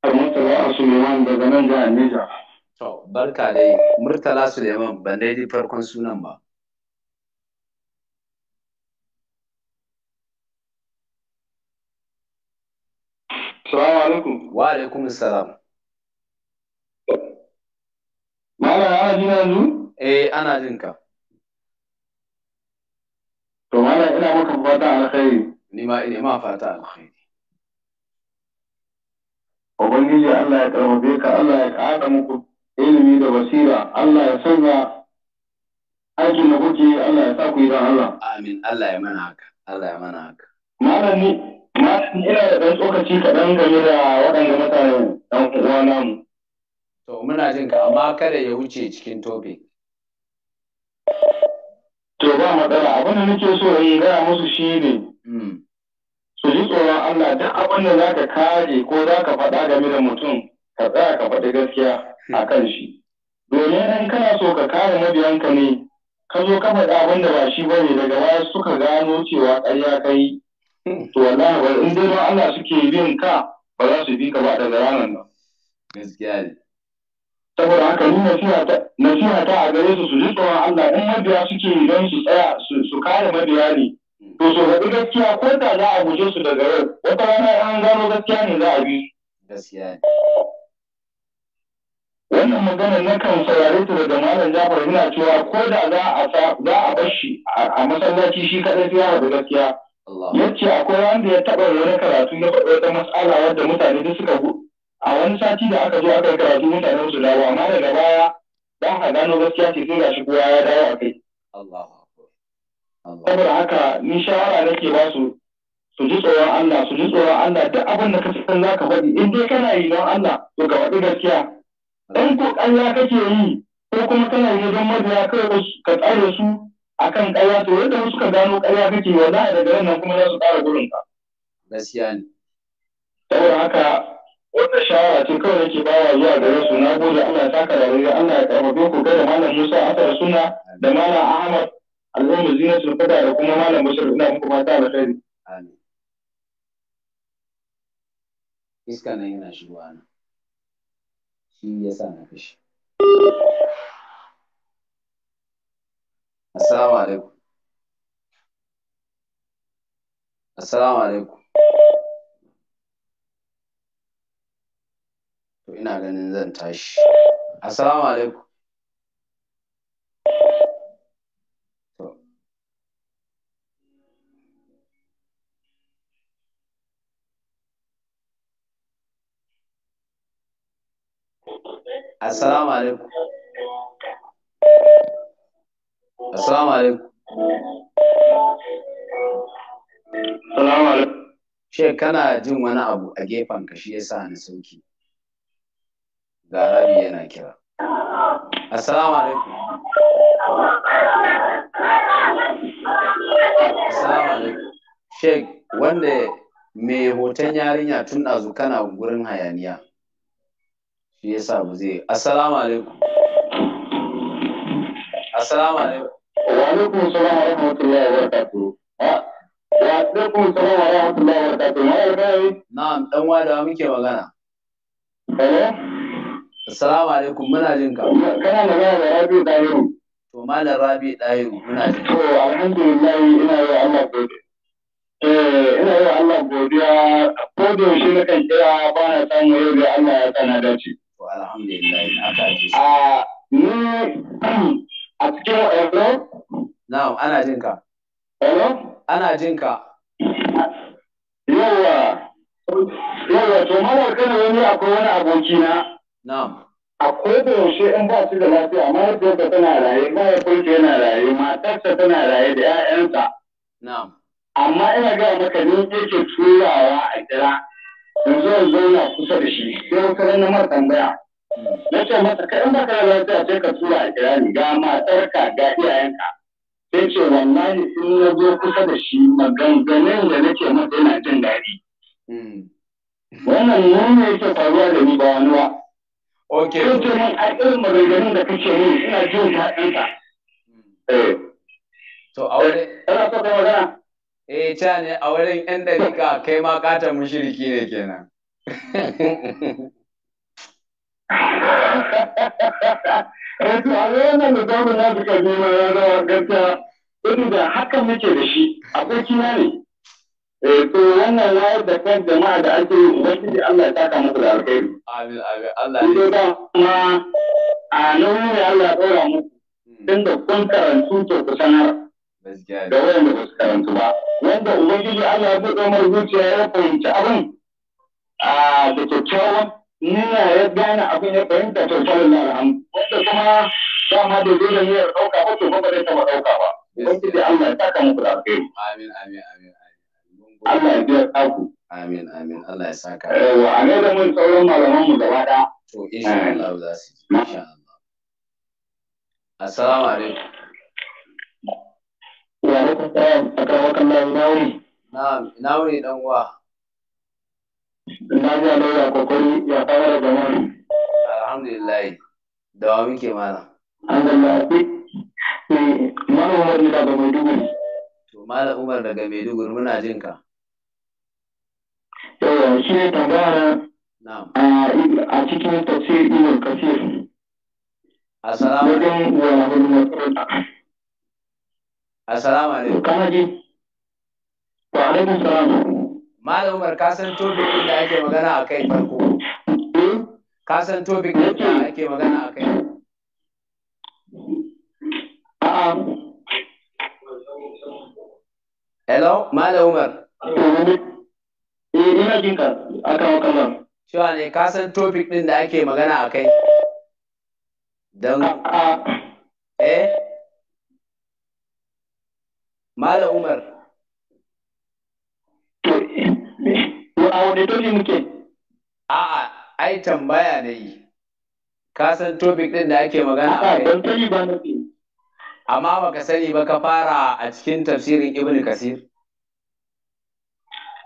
Murtala Suleiman daga nan jihar Niger. To barka dai Murtala Suleiman ban dai farkon sunan ba. Assalamu alaikum. Wa alaikum salam. Mala ana jin yanzu? Eh ana jin ka. To mala ina maka fata alkhairi. Ni ma ina ma fata alkhairi. Ubangiji Allah ya karfafe ka Allah ya ƙara muku ilimi da basira Allah ya sanya aikin da kuke Allah ya sa ku yi Allah. Amin Allah ya mana haka. Allah ya mana haka. ina da ɗan tsokaci kaɗan game da waɗanda mutane ɗan uwa namu. To muna jin ka amma kada ya wuce cikin tobe. To ba matsala abin da nake so in gaya musu shi ne. Hmm. Su ji tsoron Allah duk abin da za ka kare ko za ka faɗa game da mutum ka tsaya ka faɗi gaskiya a kan shi. Domin in kana so ka kare mabiyanka ne ka zo ka faɗi abin da ba shi ba ne daga baya suka gano cewa ƙarya kai to wallahi in dai Allah suke bin ka ba za su bi ka ba daga ranar nan gaskiya ne saboda haka ni nasiha ta a gare su su ji tsoron Allah in mabiya suke don su tsaya su kare mabiya ne to so ga gaskiya ko da za a guje su daga yau wata rana an gano gaskiya ne za a bi gaskiya wannan maganar na kan saurare ta daga malam Jafar yana cewa ko da za a za a bar shi a masallaci shi kadai sai ya gaskiya yacce akwai wanda ya taɓa wani karatu na faɗo wata matsala wadda mutane da suka gu. A wani sati da aka zo aka karatu mutane su dawo amma daga baya dan ka gano gaskiya ce sai gashi kowa ya dawo a kai. Saboda haka ni shawara nake ba su su ji tsoron Allah su ji tsoron Allah duk abin da ka san za ka faɗi in dai kana yi don Allah to ka faɗi gaskiya. Dan ko ƙarya kake yi ko kuma kana yi don mabiya kawai ka tsare su akan ƙarya to yadda suka gano ƙarya kake wa za a daga nan kuma za su ƙara gurin ka gaskiya ne saboda haka wannan shawara ce kawai nake bawa zuwa gare su na gode Allah ya saka rayuwa Allah ya karfafe ku da malam Musa Asar Suna da malam Ahmad Allahumma su fada da kuma malam Bashir ina muku fata kai. amin iska nan yana shigowa nan shi yasa na kashe. Assalamu alaikum. Assalamu alaikum. To ina ganin zan tashi. Assalamu alaikum. Assalamu alaikum. Assalamu alaikum. Assalamu alaikum. She kana jin wani abu a gefen ka shi yasa ni sauki. Ga Rabi yana kira. Assalamu alaikum. Assalamu alaikum. Sheikh wanda mai hoton yarinya tun ɗazu kana gurin hayaniya. Shi yasa ba zai. Assalamu alaikum. Assalamu alaikum. وعليكم السلام ورحمة الله وبركاته وعليكم السلام ورحمة الله وبركاته ما يبقى نعم دان وادا muke magana hello alaikum muna jin ka kana magana da Rabi to malam Rabi ɗaya muna jin to alhamdulillah ina yi Allah godiya eh ina yi Allah godiya ko da yaushe na kan kira ba na samu yau da Allah ya tsana dace to alhamdulillah a ni a cikin wa'annan na'am ana jin ka ana jin ka yawa uh, yawa uh, to mara kana wani akwai wani aboki na na'am a koda yaushe in ba su da lafiya mahaifiyarsa tana raye mahaifinka yana raye matarsa tana raye da 'ya'yansa na'am amma ina gaya maka ni yake turawa a kira yanzu yanzu na kusa da shi sai wata ranar mara tambaya na ce masa kai in baka lafiya sai ka tura a kira ni tsarka ga iyayenka sai ce wallahi in na zo kusa da shi maganganun da nake masa yana jin daɗi wannan nuna yake faruwa da ni ba wani ba Ok. Kun ce min a irin maganganun da kake yi ina jin daɗinka. Eh. To a wurin. so ka magana? Eh, ca ne a wurin 'yan dariƙa kai ma ƙaton mushiriki ne kenan. eh to a wannan da zamu na duka ne ma gaskiya zama gaskiya saboda haka muke da shi abokina ne eh to wannan wayar da kan jama'a da ake yi ubangiji Allah ya saka musu da alkhairi amin amin Allah ya da ma a nauyin ne Allah ya dora muku din hmm. da kun karantu to ku sanar da wayanda ba su karantu ba wanda ubangiji Allah ya buɗe mar zuciya ya fahimci abin a ah, da kyakkyawan nuna ya gane abin ya fahimta to sallallahu alaihi wasallam wanda kuma ma da dole ne ya dauka ba to ba ba zai taba dauka ba da Allah ya saka muku da alheri amin amin amin Allah ya biya taku amin amin Allah ya saka yawa a ne da mun sauran malaman mu gaba da to insha Allah za su insha Allah assalamu alaikum wa alaikum salam akawaka Allah nauri na'am nauri dan uwa Na ji Allah ya kokori ya fara da mu. Alhamdulillah. Da wa muke malam. Alhamdulillah. Eh, malam Umar daga Maiduguri. To Malam Umar daga Maiduguri muna jin ka. Yawa shi ne tambaya a cikin tafsir Ibn Kasir. Assalamu alaikum. Assalamu alaikum. Kana ji? Wa alaikum salam. Malam Umar ka san topic din da ake magana a kai farko. Ka san topic din da ake magana a kai. Hello, Malam Umar. Eh, ina jin ka aka waka ba. Cewa ne ka san topic din da ake magana a kai. Don Eh? Malam Umar. tobi muke? A'a, ai tambaya na yi. Ka san topic ɗin da ake magana a kai. ba na Amma ba ka sani ba ka fara a cikin tafsirin Ibn Kasir.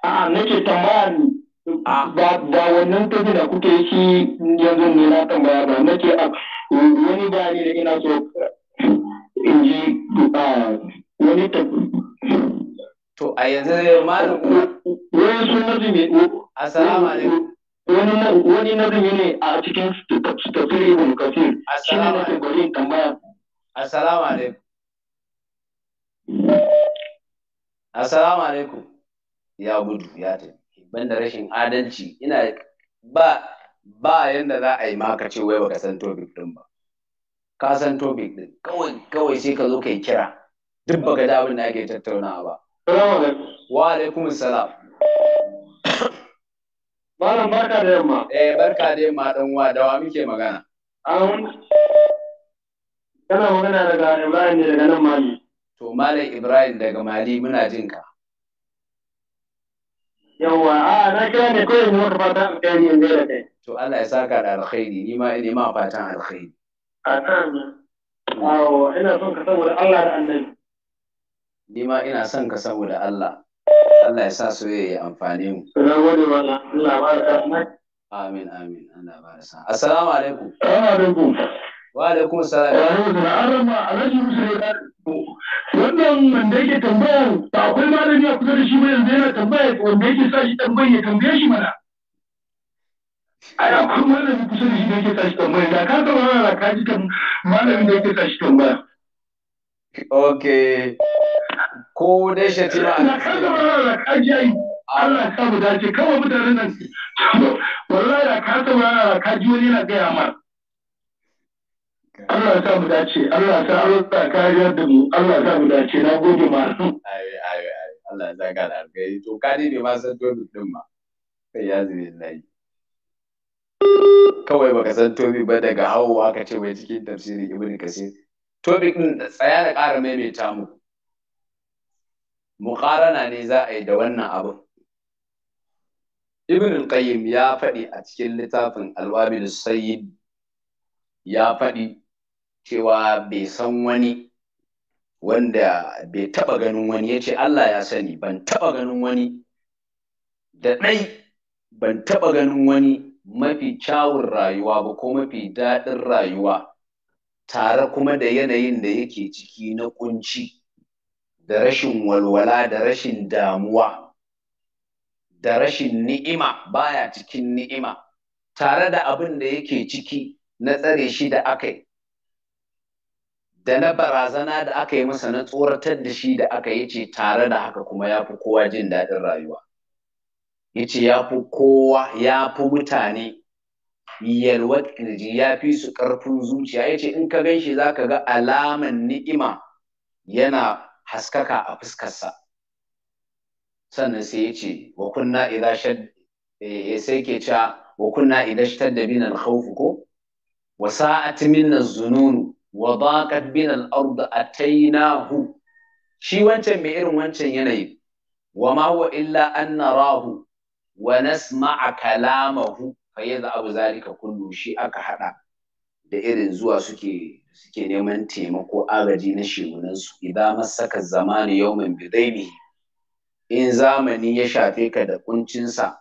A'a, nake tambaya ne. Ba wannan topic da kuke shi yanzu ne na tambaya ba. Nake ah, wani bayani da ina so in ji ah, wani tafi. To a yanzu malu wani su nazumi assalamu alaikum wani wani nazumi ne a cikin tafsir ibn kafir assalamu alaikum tambaya assalamu alaikum assalamu alaikum ya gudu ya tafi banda rashin adalci ina ba ba yanda za a yi maka ce wai baka san topic din ba ka san topic din kawai kawai sai ka zo kai kira duk baka da abin da ake tattaunawa ba Salamu Wa alaikum salam. Malam barka da yamma. Eh barka da yamma dan wa da wa muke magana. An kana magana daga Ibrahim ne daga nan Mali. To Malam Ibrahim daga Mali muna jin ka. Yawwa a na kira ne kawai mu ka fata alkhairi yanzu da kai. To Allah ya saka da alkhairi ni ma ina ma fatan alkhairi. Amin. Awo ina son ka saboda Allah da Annabi. ni ma ina son ka saboda Allah Allah ya sa soyayya ya amfani mu na gode mana Allah baraka amin amin Allah baraka assalamu alaikum alaikum wa alaikum assalam wa alaikum arma alaihi wasallam wannan wanda yake tambaya ba akwai malami a kusa da shi ba yanzu yana tambaya wanda yake sa shi tambayar ya tambaye shi mana ai akwai malami kusa da shi da yake sa shi tambaya da ka ga malami da yake sa shi tambaya okay ko dai shatima na kaga wala kaji Allah sa mu dace kawai mutanen nan wallahi da ka saurara ka ji wani na gaya ma. Allah sa mu dace Allah sa Allah kariyar da mu Allah sa mu dace na gode ma ayi ayi ayi Allah ya saka da alkai to ka ne ma san tobi din ma kai ya zube lai kawai baka san tobi ba daga hawa ka ce mai cikin tafsirin ibnu kasir tobi din tsaya da ƙara maimaita muku. muqarana ne za a yi da wannan abin ibn al-qayyim ya faɗi a cikin littafin al-wabil sayyid ya faɗi cewa bai san wani wanda bai taɓa ganin wani ya ce Allah ya sani ban taɓa ganin wani da ɗai ban taɓa ganin wani mafi kyawun rayuwa ba ko mafi daɗin rayuwa tare kuma da yanayin da yake ciki na kunci da rashin walwala da rashin damuwa da rashin ni'ima baya cikin ni'ima tare da abin da yake ciki na tsare shi da aka yi da na barazana da aka yi masa na tsoratar da shi da aka yi ce tare da haka kuma ya fi kowa jin daɗin rayuwa ya ce ya fi kowa ya fi mutane yalwar ƙirji ya fi su ƙarfin zuciya ya ce in ka gan shi za ka ga alaman ni'ima yana haskaka a fuskarsa sannan sai ya ce wa kunna idza shad eh, sai ke cewa wa kunna idza shad da khawf ko wa sa'at min az-zunun wa daqat bin al-ard atainahu shi wancan mai irin wancan yanayi wa ma huwa illa an narahu wa nasma'a kalamahu fa yadhabu abu zalika kullu shi aka hada da irin zuwa suke suke neman taimako agaji na shegunansu idan masaka zamani yawmin bidaini in zamani ya shafe ka da kuncinsa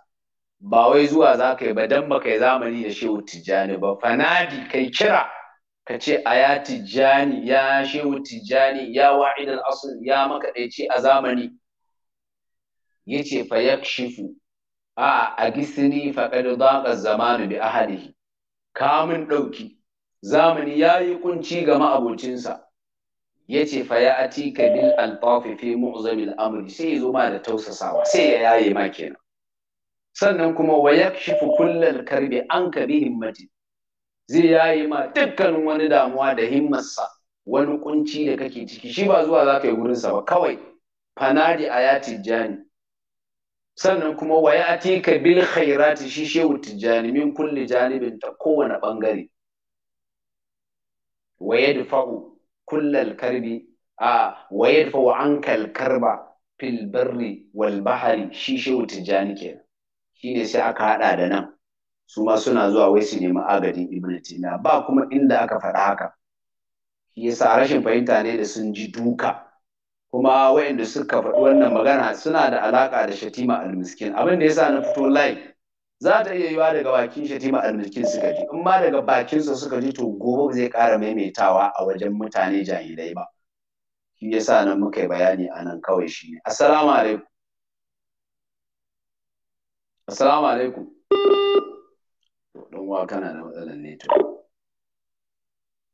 ba wai zuwa zakai ba dan baka yi zamani ya shehu tijjani ba fanadi kai kira ka ce a ya tijjani ya shehu tijjani ya wa'id al-asl ya makaɗaici a zamani ya ce fa yakshifu a a gisini faqad daqa zamanu bi ahadihi kamun ɗauki zamani ya yi kunci ga ma'abocinsa ya ce fa ya ati ka bil alfafi fi mu'zamil amri sai ya zo ma da tausasawa sai ya yaye ma kenan sannan kuma wa yakshifu kullal karbi an ka bi himmati zai yaye ma dukkanin wani damuwa da himmarsa wani kunci da kake ciki shi ba zuwa za ka yi gurinsa ba kawai fanadi aya tijjani sannan kuma wa ya ati ka bil khairati shi shehu tijjani min kulli janibin ta kowane bangare wa yadfa'u kullal karbi a wa yadfa'u ankal karba fil barri wal bahari shi shehu tijjani shi ne sai aka hada da nan su ma suna zuwa wai su nemi agadin ibn ba kuma inda aka faɗa haka shi yasa rashin fahimta ne da sun ji duka kuma waɗanda suka faɗi wannan magana suna da alaka da shatima al-miskin abin da yasa na fito live za ta iya yiwa daga bakin shatima almikin suka ji in ma daga su suka ji to gobe zai ƙara maimaitawa a wajen mutane jahilai ba shi yasa nan muka yi bayani a nan kawai shi ne assalamu alaikum assalamu alaikum to dan wa kana da matsalar ne to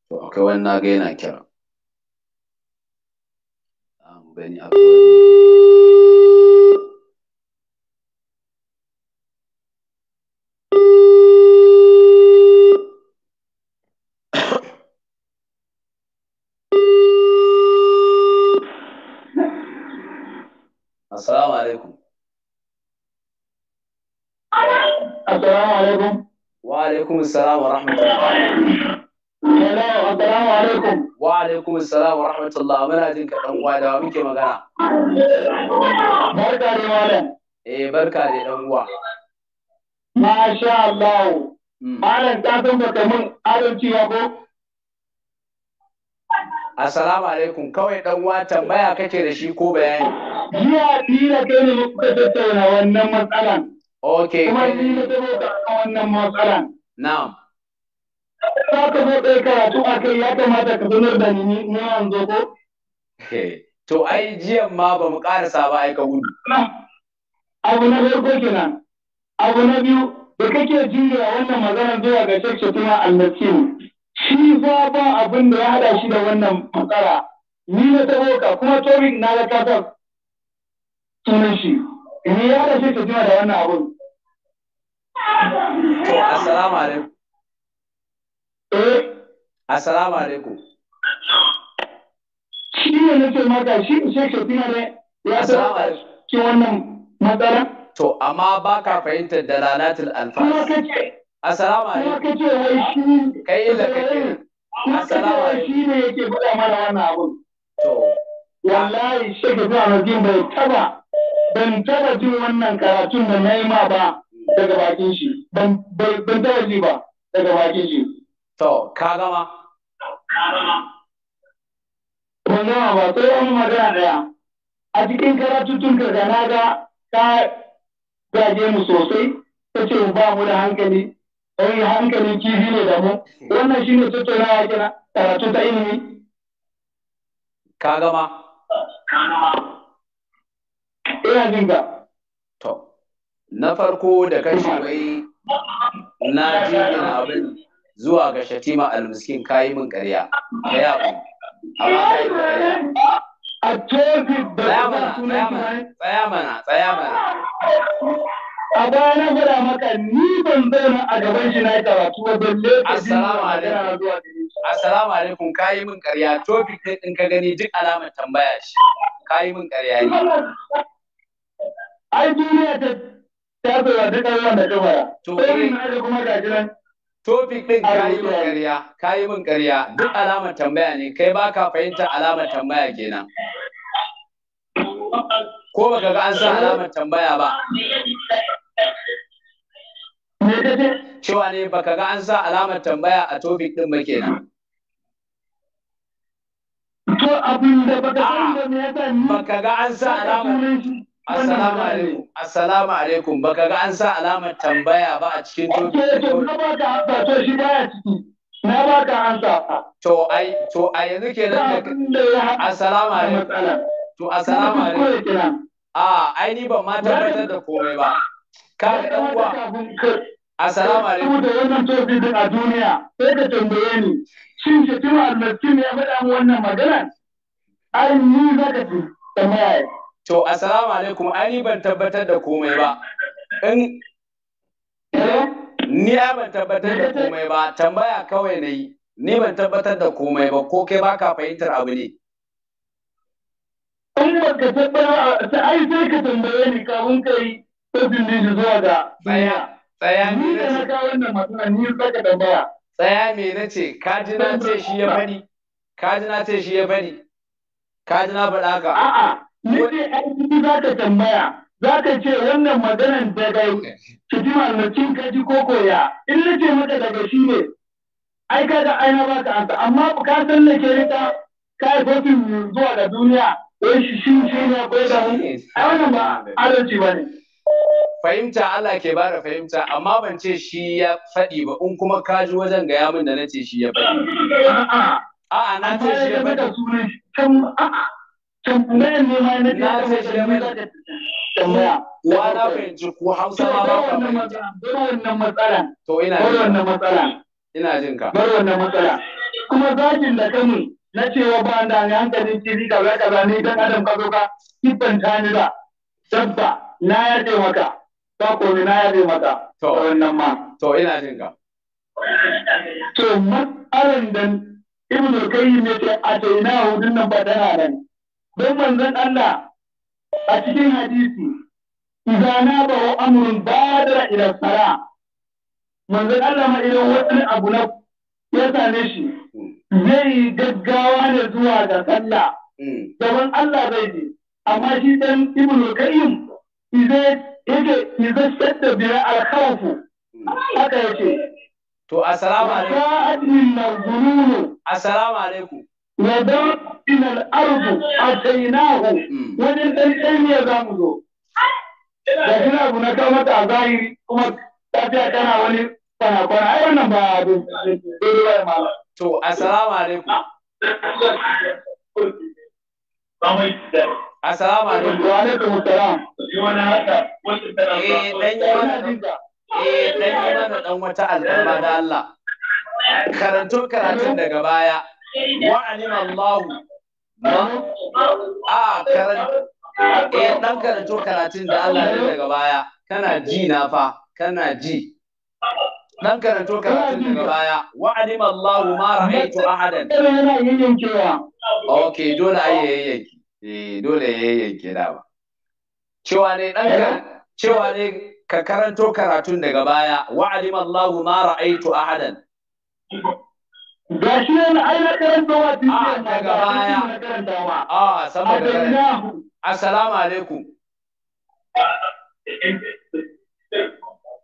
to akwai wani na ga yana kira mu bani akwai Assalamu alaikum. Assalamu alaikum. Wa alaikum assalam wa rahmatullahi. Hello, assalamu alaikum. Wa alaikum wa rahmatullahi. Muna jin ka dan uwa da magana. Barka da malam. Eh barka da dan uwa. Masha Allah. Hmm. Malam ta san mun Assalamu alaikum kawai dan wa tambaya kake da shi ko bayani. Jiya ni da kai ne muka tattauna wannan matsalan. Okay. Kuma ni da ke muka wannan matsalan. Na'am. Za ka zo ɗaya karatu a kai ya kamata ka sanar da ni ni an zo ko? To ai jiyan ma ba mu karasa ba ai ka gudu. Abu na farko kenan. Abu na biyu da kake jiya wannan maganar zuwa ga shakshatunan annabci shi ba ba abin da ya hada shi da wannan matsala ni na taho ka kuma tobin na ga kasar sunan shi ni ya hada shi tafiya da wannan abin assalamu alaikum eh assalamu alaikum shi ne na ce maka shi shi tafiya ne ya san ki wannan matsala to amma baka fahimtar dalalatul alfas kuma kace Assalamu alaikum. Kuma kace wai shi kai illa kake. Assalamu alaikum. Shi ne yake faɗa mana wannan abun. To. Wallahi Sheikh Ibrahim Azim bai taba ban taba jin wannan karatun da na yi ma ba daga bakin shi. Ban ban taba ji ba daga bakin shi. To, ka gama. Ban gama ba sai an magana daya. A cikin karatutun ka na ga ka gaje mu sosai. Ta ce ba mu da hankali ɗan eh, hankali kifi ne da mu wannan tattauna ya kira karatu ta ilimi ka gama ina jin ka to na farko da kashi wai na jirgin abin zuwa ga shatima almiskin kayi min ƙarya ka yaɓu amma yi ƙarya a tofi da tsaya mana tsaya mana a baya na gwada maka ni ban zauna a gaban shi na karatu ba balle assalamu alaikum assalamu alaikum kayi min ƙarya topic din in ka gani duk alamar tambaya shi kayi min karya ne ai duniya ta ta tsaya duk alamar da ta fara to eh. na da kuma gajiran Topic ɗin kayi min ƙarya, kayi min ƙarya, duk alamar tambaya ne, kai ba ka fahimtar alamar tambaya kenan. Ko baka ga an san alamar tambaya ba. Cewa ne baka ga an sa alamar tambaya a topic ɗin ba kenan. To abin da baka san da me baka ga an sa alamar Assalamu alaikum. Assalamu alaikum. Baka ga an sa alamar tambaya ba a cikin topic. na ba ka to shi baya ciki. Na ba ka amsa. To ai to a yanzu kenan da Assalamu alaikum. To assalamu alaikum. A ai ni ban ma tabbatar da komai ba. ka ga dan uwa assalamu alaikum da wannan tofi din a duniya sai ka tambaye ni shin ke shatima almaskin ya faɗa mu wannan magana ai ni zaka ka ci tambaya to assalamu alaikum ai ni ban tabbatar da komai ba in ni ban tabbatar da komai ba tambaya kawai na yi ni ban tabbatar da komai ba ko kai baka fahimtar abu ne in ba ka tabbata ai sai ka tambaye ni kafin ka yi Sabin zuwa da tsaya. Tsaya na ce. Ni da na kawo wannan matsala ni saka da baya. Tsaya me na ce ji na ce shi ya bari. ji na ce shi ya bari. ji na faɗa haka. A'a ni ne aiki za ka tambaya. Za ka ce wannan maganan daga cikin mallacin ji ko koya. In na ce maka daga shi ne. Ai ga ai na baka ansa amma ka san da ke rika kai kofin zuwa da duniya. Wai shi shi ne akwai da mu. Ai wannan ba adalci ba ne. fahimta Allah ke bada fahimta amma ban ce shi ya faɗi ba in kuma ka ji wajen gaya min da na ce shi ya faɗi. A'a na ce shi ya faɗi. Na ce shi ya faɗi. Wa na fahimci ko Hausa ma ba ka fahimta. wannan matsala. To ina jin wannan matsala. Ina jin ka. Bar wannan matsala. Kuma zakin da kamun na cewa ba da ni hankalin kiri kaza kaza ni dan adam ka zo ka kibban tani ba. Dabba na yarda maka ta komi na yarda maka to wannan ma to ina jin ka to matsalan da ibn al-qayyim ce a taina hudun nan ba tana nan don manzon Allah a cikin hadisi idza na ba wa amrun da ila sala manzon Allah ma idan wani abu na ya same shi zai yi gaggawa da zuwa ga sallah gaban mm. Allah zai je amma shi ɗan ibn al Ize yake idan sadda biya alkhawfu haka hmm. yace to assalamu alaikum sa'atin nazununu assalamu alaikum wa dawin al-ardu a hmm. wani dan dan ya zamu zo da kina abu na kawo mata a kuma tafiya kana wani kwana kwana ai wannan Assalamu alaikum. Wa alaikum assalam. Yi wani haka wacce tana zuwa. Eh dan yi mana eh dan wata albarma da Allah. Karanto karatun daga baya. Wa alima Allah. A karatu. Eh dan karanto karatun da Allah daga baya. Kana ji na fa, kana ji. dan karanto karatun daga baya wa alima Allahu ma ra'aytu ahadan okay dole ayi yayi Eh, dole ya yanke ba. cewa ne ɗanka eh? cewa ne ka karanto karatun daga baya wa'alim Allahu ma ra'aitu a hadan. Gashi ne ai na karantawa dinka ah, daga baya a ah, sama da assalamu alaikum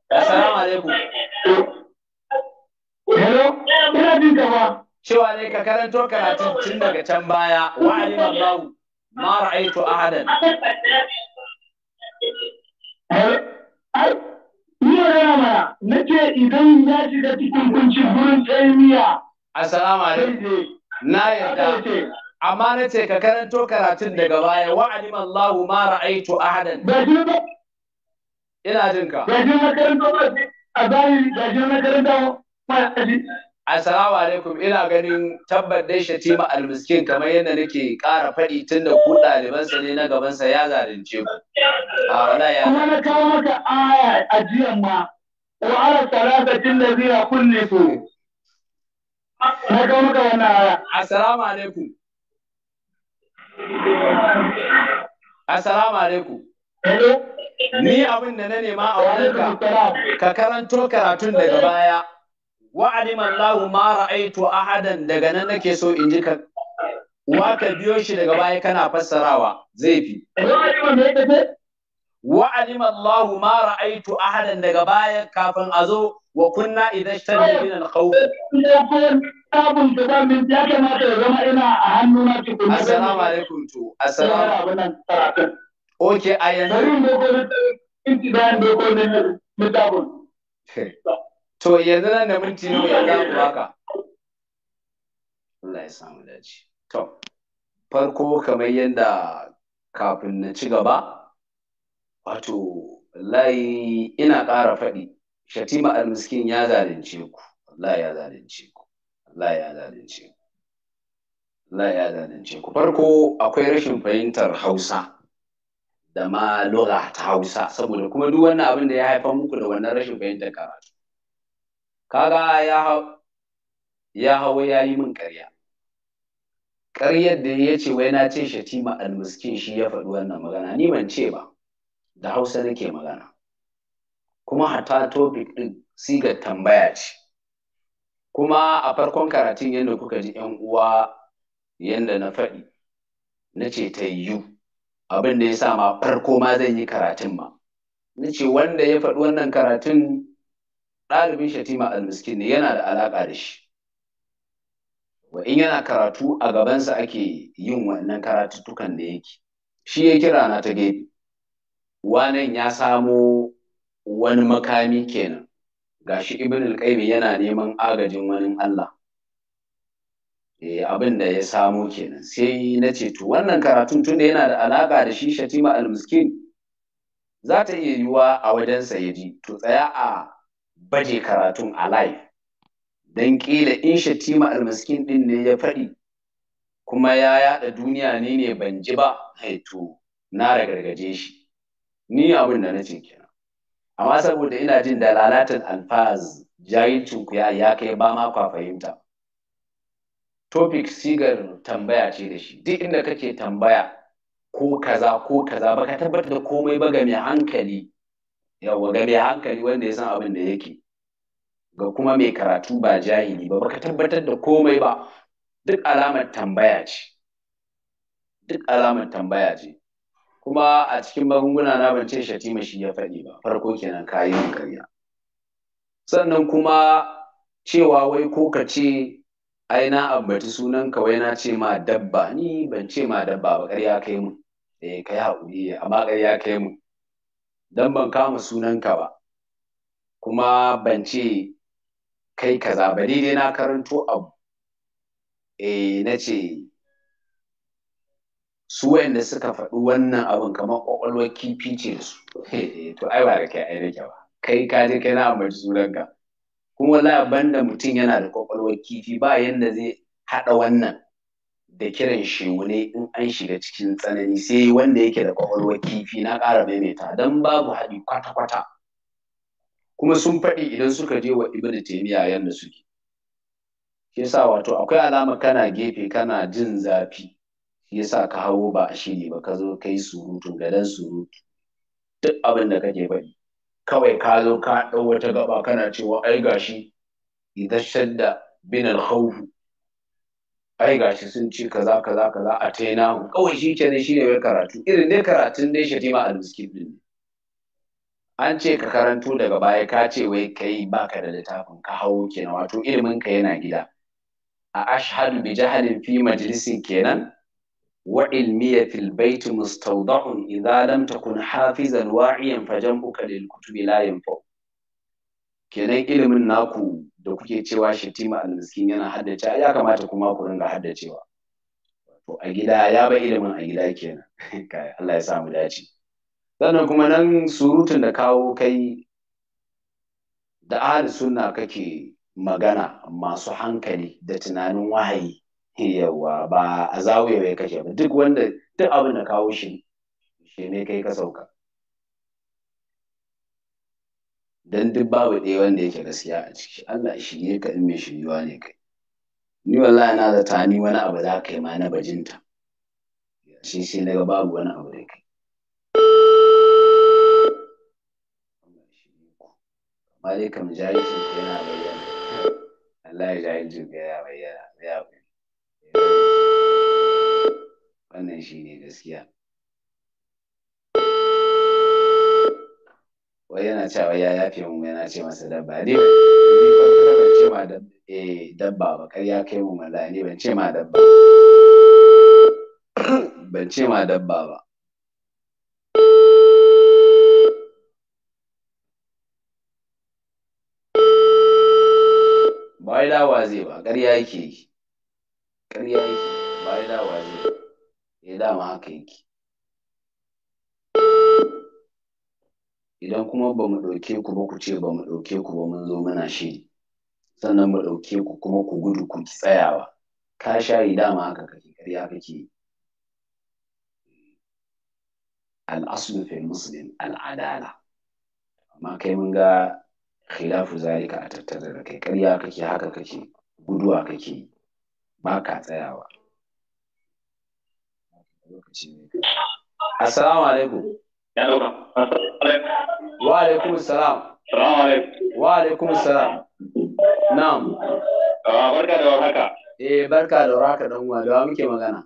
assalamu alaikum hello ina jin gaba. cewa ne ka karanto karatun tun daga can baya wa'alim Allahu ما رأيت أحدا nake idan ya shiga cikin kunci gurin tsaimiya. Assalamu alaikum. Na yarda. Amma na ce ka karanto karatun daga baya wa Allahu ma ra'aitu Ina ba a ba Assalamu alaikum ina ganin tabbar dai shatima almiskin kamar yadda nake ƙara faɗi tun da ku ɗalibansa ne na gabansa ya zalunce ku. A wala ya. Kuma na kawo maka aya a jiyan ma wa ala talatin da zira kulli su. Na kawo maka wannan aya. Assalamu alaikum. Assalamu alaikum. Ni abin da na nema a wajenka ka karanto karatun daga baya. wa alimallahu ma ra'aitu ahadan daga nan nake so in ji ka wa ka biyo shi daga baya kana fassarawa zai fi wa alimallahu ma ra'aitu ahadan daga baya kafin a zo wa kunna idan shtadda min al-khawf tabun da zan min ya kamata ya zama ina a hannuna tukun assalamu alaikum to assalamu okay a yanzu bari mu go da intidan da ko ne mutabun To yanzu nan da minti nawa ya ga ku haka. Allah ya samu dace. To farko kamar yadda kafin na ci gaba wato wallahi ina ƙara faɗi Shatima al-Miskin ya zalunce ku wallahi ya zalunce ku wallahi ya zalunce ku wallahi ya zalunce ku farko akwai rashin fahimtar Hausa da ma lura ta Hausa saboda kuma duk wannan abin da ya haifar muku da wannan rashin fahimtar karatu kaga ya hau ya ya yi min ƙarya ƙaryar da ya ce wai na ce shatima almiskin shi ya faɗi wannan magana ni ban ce ba da hausa nake magana kuma hata topic ɗin sigar tambaya ce kuma a farkon karatun yadda kuka ji yan uwa yadda na faɗi na ce ta yiwu abin da ya sa ma farko ma zan yi karatun ma na ce wanda ya faɗi wannan karatun ɗalibin shatima al al-miskin ne yana da alaƙa da shi wa in yana karatu a gabansa ake yin wannan karatuttukan da yake shi ya kira na ta gefe wanan ya samo wani makami kenan gashi ibn al qaymi yana neman agajin wani Allah E, abin da ya samo kenan sai na ce to wannan karatun tunda yana da alaƙa da shi shatima al-miskin za ta iya yiwuwa a wajensa ya ji to tsaya a baje karatun a live don ƙila in shatima almaskin ɗin ne ya faɗi kuma ya yaɗa duniya ne ne ban ji ba haito eh na ragargaje shi ni abin da na ce kenan amma saboda ina jin da lalatar alfaz jahilcin ku ya kai ba ma kwa fahimta topic sigar tambaya ce da shi duk inda kake tambaya ko kaza ko kaza baka tabbatar da komai ba ga mai hankali yawa ga mai hankali wanda ya san abin da yake ga kuma mai karatu ba jahili ba baka tabbatar da komai ba duk alamar tambaya ce duk alamar tambaya ce kuma a cikin magunguna na ban ce shatima shi ya faɗi ba farko kenan kayan karya sannan kuma cewa wai ko ka ce ai na ambaci sunan ka wai na ce ma dabba ni ban ce ma dabba ba ƙarya kai mu eh kai hakuri amma ƙarya kai mu don ban kama sunanka ba kuma ban ce kai kaza ba daidai na karanto abu eh na ce su wayanda suka faɗi wannan abin kamar ƙwaƙwalwar kifi ce su to ai ba da kai ai nake ba kai ka kai na ambaci sunanka kuma wallahi banda mutum yana da ƙwaƙwalwar kifi ba yanda zai haɗa wannan da kiran shimune in an shiga cikin tsanani sai wanda yake da kwakwalwar kifi na ƙara maimaita don babu haɗi kwata-kwata kuma sun faɗi idan suka je wa ibnu taymiya yanda suke shi yasa wato akwai alama kana gefe kana jin zafi shi yasa ka hau ba a shiri ba ka zo kai surutu gadan surutu duk abin da kake faɗi kawai ka zo ka ɗau wata gaba kana cewa ai gashi idan shadda binal khawfu ai gashi sun ci kaza kaza kaza a tainahu kawai shi kenan shi ne karatu irin dai karatun dai shatima al-miskin din an ce ka karantu daga baya ka ce wai kai baka da littafin ka hawo kenan wato ilimin ka yana gida a ashhadu bi jahalin fi majlisin kenan wa ilmiya fil baiti mustawda'un idza lam takun hafizan wa'iyan fa jam'uka lil kutubi la yanfa'u kenan ilimin naku da kuke cewa shatima al-miskin yana haddace ya kamata kuma ku ringa haddacewa to a gida ya ba ilimin a gida kenan kai Allah ya sa mu dace sannan kuma nan surutun da kawo kai da ahli sunna kake magana masu hankali da tunanin wahayi yawa ba a zawiya kake ba duk wanda duk abin da kawo shi shi ne kai ka sauka Don duk babu ɗaya wanda yake gaskiya a ciki Allah shirye ka in mai shiryuwa ne kai ni wallahi na zata ni wani abu za ka yi ma na bajinta shi sai na ga babu wani abu da kai amma dai kam jahilcin ka yana bayyana Allah ya jahilcin ka yana bayyana wannan shi ne gaskiya wai yana cewa ya yafe mu yana ce masa dabba ne eh, ban ce ma dabba ba kar ya kai mu malla ne ban ce ma dabba ban ce ma dabba ba bai da waze ba ƙarya yake yi ƙarya yake bai da dawa ba ya eh, dama haka yake idan kuma ba mu ɗauke ku ba ku ce ba mu ɗauke ku ba mun zo muna shiri sannan mu ɗauke ku kuma ku gudu ku tsayawa ka shari dama haka kake ƙarya kake al'aslu fi muslim al'adala amma kai mun ga khilafu zalika a tattare da kai ƙarya kake haka kake guduwa kake ba ka tsayawa assalamu alaikum wa alaikum salam wa alaikum salam na'am barka da warhaka eh barka da warhaka dan uwa da muke magana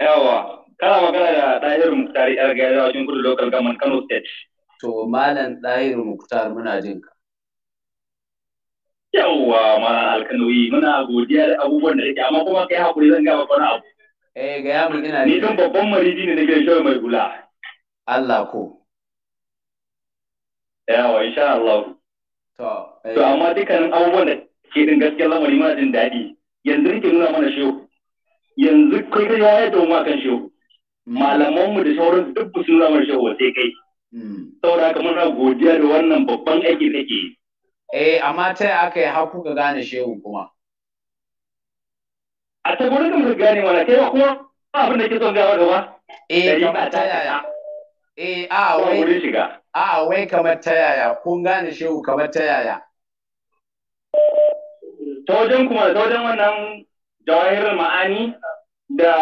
yawa kana magana da Tahir Muktar yar gaza wajen kudu local government Kano state to malam Tahir Muktar muna jin ka yawa malam Alkanoyi muna godiya da abubuwan da kake amma kuma kai hakuri zan ga wani abu eh ga yamin ina ni dan babban maridi ne na nake shawar mai gula Allah ko. Yawa, insha Allah. To, eh, amma dukkanin abubuwan da ke din gaskiya lamari ma jin daɗi. Yanzu nake nuna mana shehu. Yanzu kai kai ya yadda mu akan shehu. Malamanmu da shawarar duk sun nuna mana shehu sai kai. Hmm. Saboda haka muna godiya da wannan babban aiki da ke. Eh, amma ta yi aka yi haku ga gane shehu kuma? A ta gurin da muka gane mana kai kuma abin da ke son gawa gaba. Eh, kamar ta yaya. eh a ah, wai shiga a ah, wai kamar ta yaya kun gane shehu kamar ta yaya ta wajen kuma ta wajen wannan jawahirul ma'ani da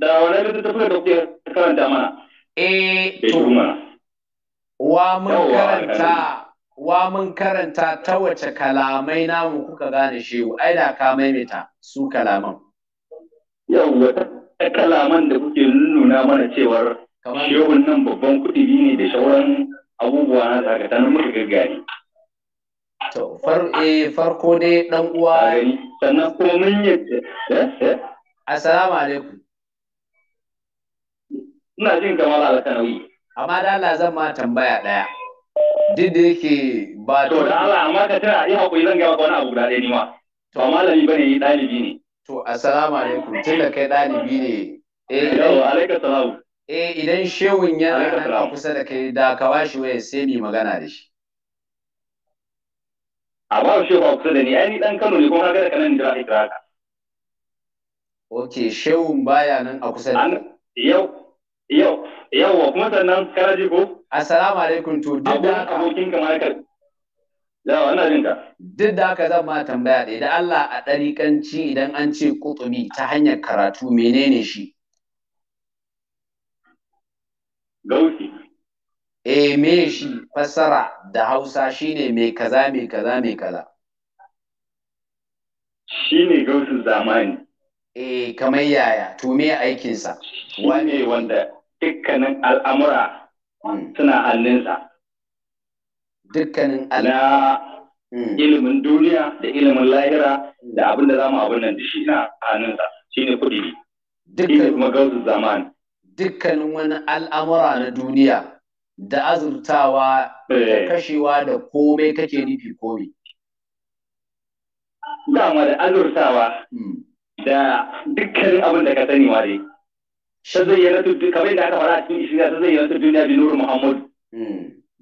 da wannan littattafin da ta karanta mana eh wa mun karanta wa mun karanta ta wace kalamai namu kuka gane shehu ai da ka maimaita su kalaman yawwa kalaman da kuke nuna mana cewar shehun nan babban kuɗi ne da shauran abubuwa na na muka gaggari. To, eh, farko dai ɗan uwa. Sannan kuma mun yadda. Eh, eh. Assalamu alaikum. Ina jin kamar alkanawi. Amma da Allah zan ma tambaya ɗaya. Duk da yake ba To, da Allah amma ka tana yi haƙuri zan gaba wani abu guda ɗaya ni ma. To, amma bane ni ɗalibi ne. to assalamu alaikum tun da kai ɗalibi ne eh yawa alaika salam eh idan shehun yana nan kusa da kai da ka bashi waya sai mu magana da shi a ba shi ba kusa da ni ai ni dan Kano ne kuma ga da kanan jira ikra ka okay shehun baya nan a kusa da yau yau yau kuma sannan kana ji ko assalamu alaikum to duk da abokin kamar Yawa, ina jin ka. Duk da haka zan ma tambaya ɗaya, da Allah a ɗariƙanci idan an ce ƙutubi ta hanyar karatu menene shi? Gauti. E me shi fassara da Hausa shine mai kaza mai kaza mai kaza. Shi ne gautin zamani. E kamar yaya, to me aikinsa? Wane wanda dukkanin al'amura hmm. suna hannunsa. dukkanin ala hmm. ilimin duniya da ilimin lahira hmm. da abin da zama abin nan shi na hannunsa shine ne kudi. kuma gauzu zaman dukkanin wani al'amura na duniya da azurtawa da eh. kashewa da komai kake nufi komai dama da azurtawa hmm. da dukkanin abin da ka sani ma dai ta zayyana kamar yadda aka fara a cikin ishirya ta zayyana duniya bi nur muhammadu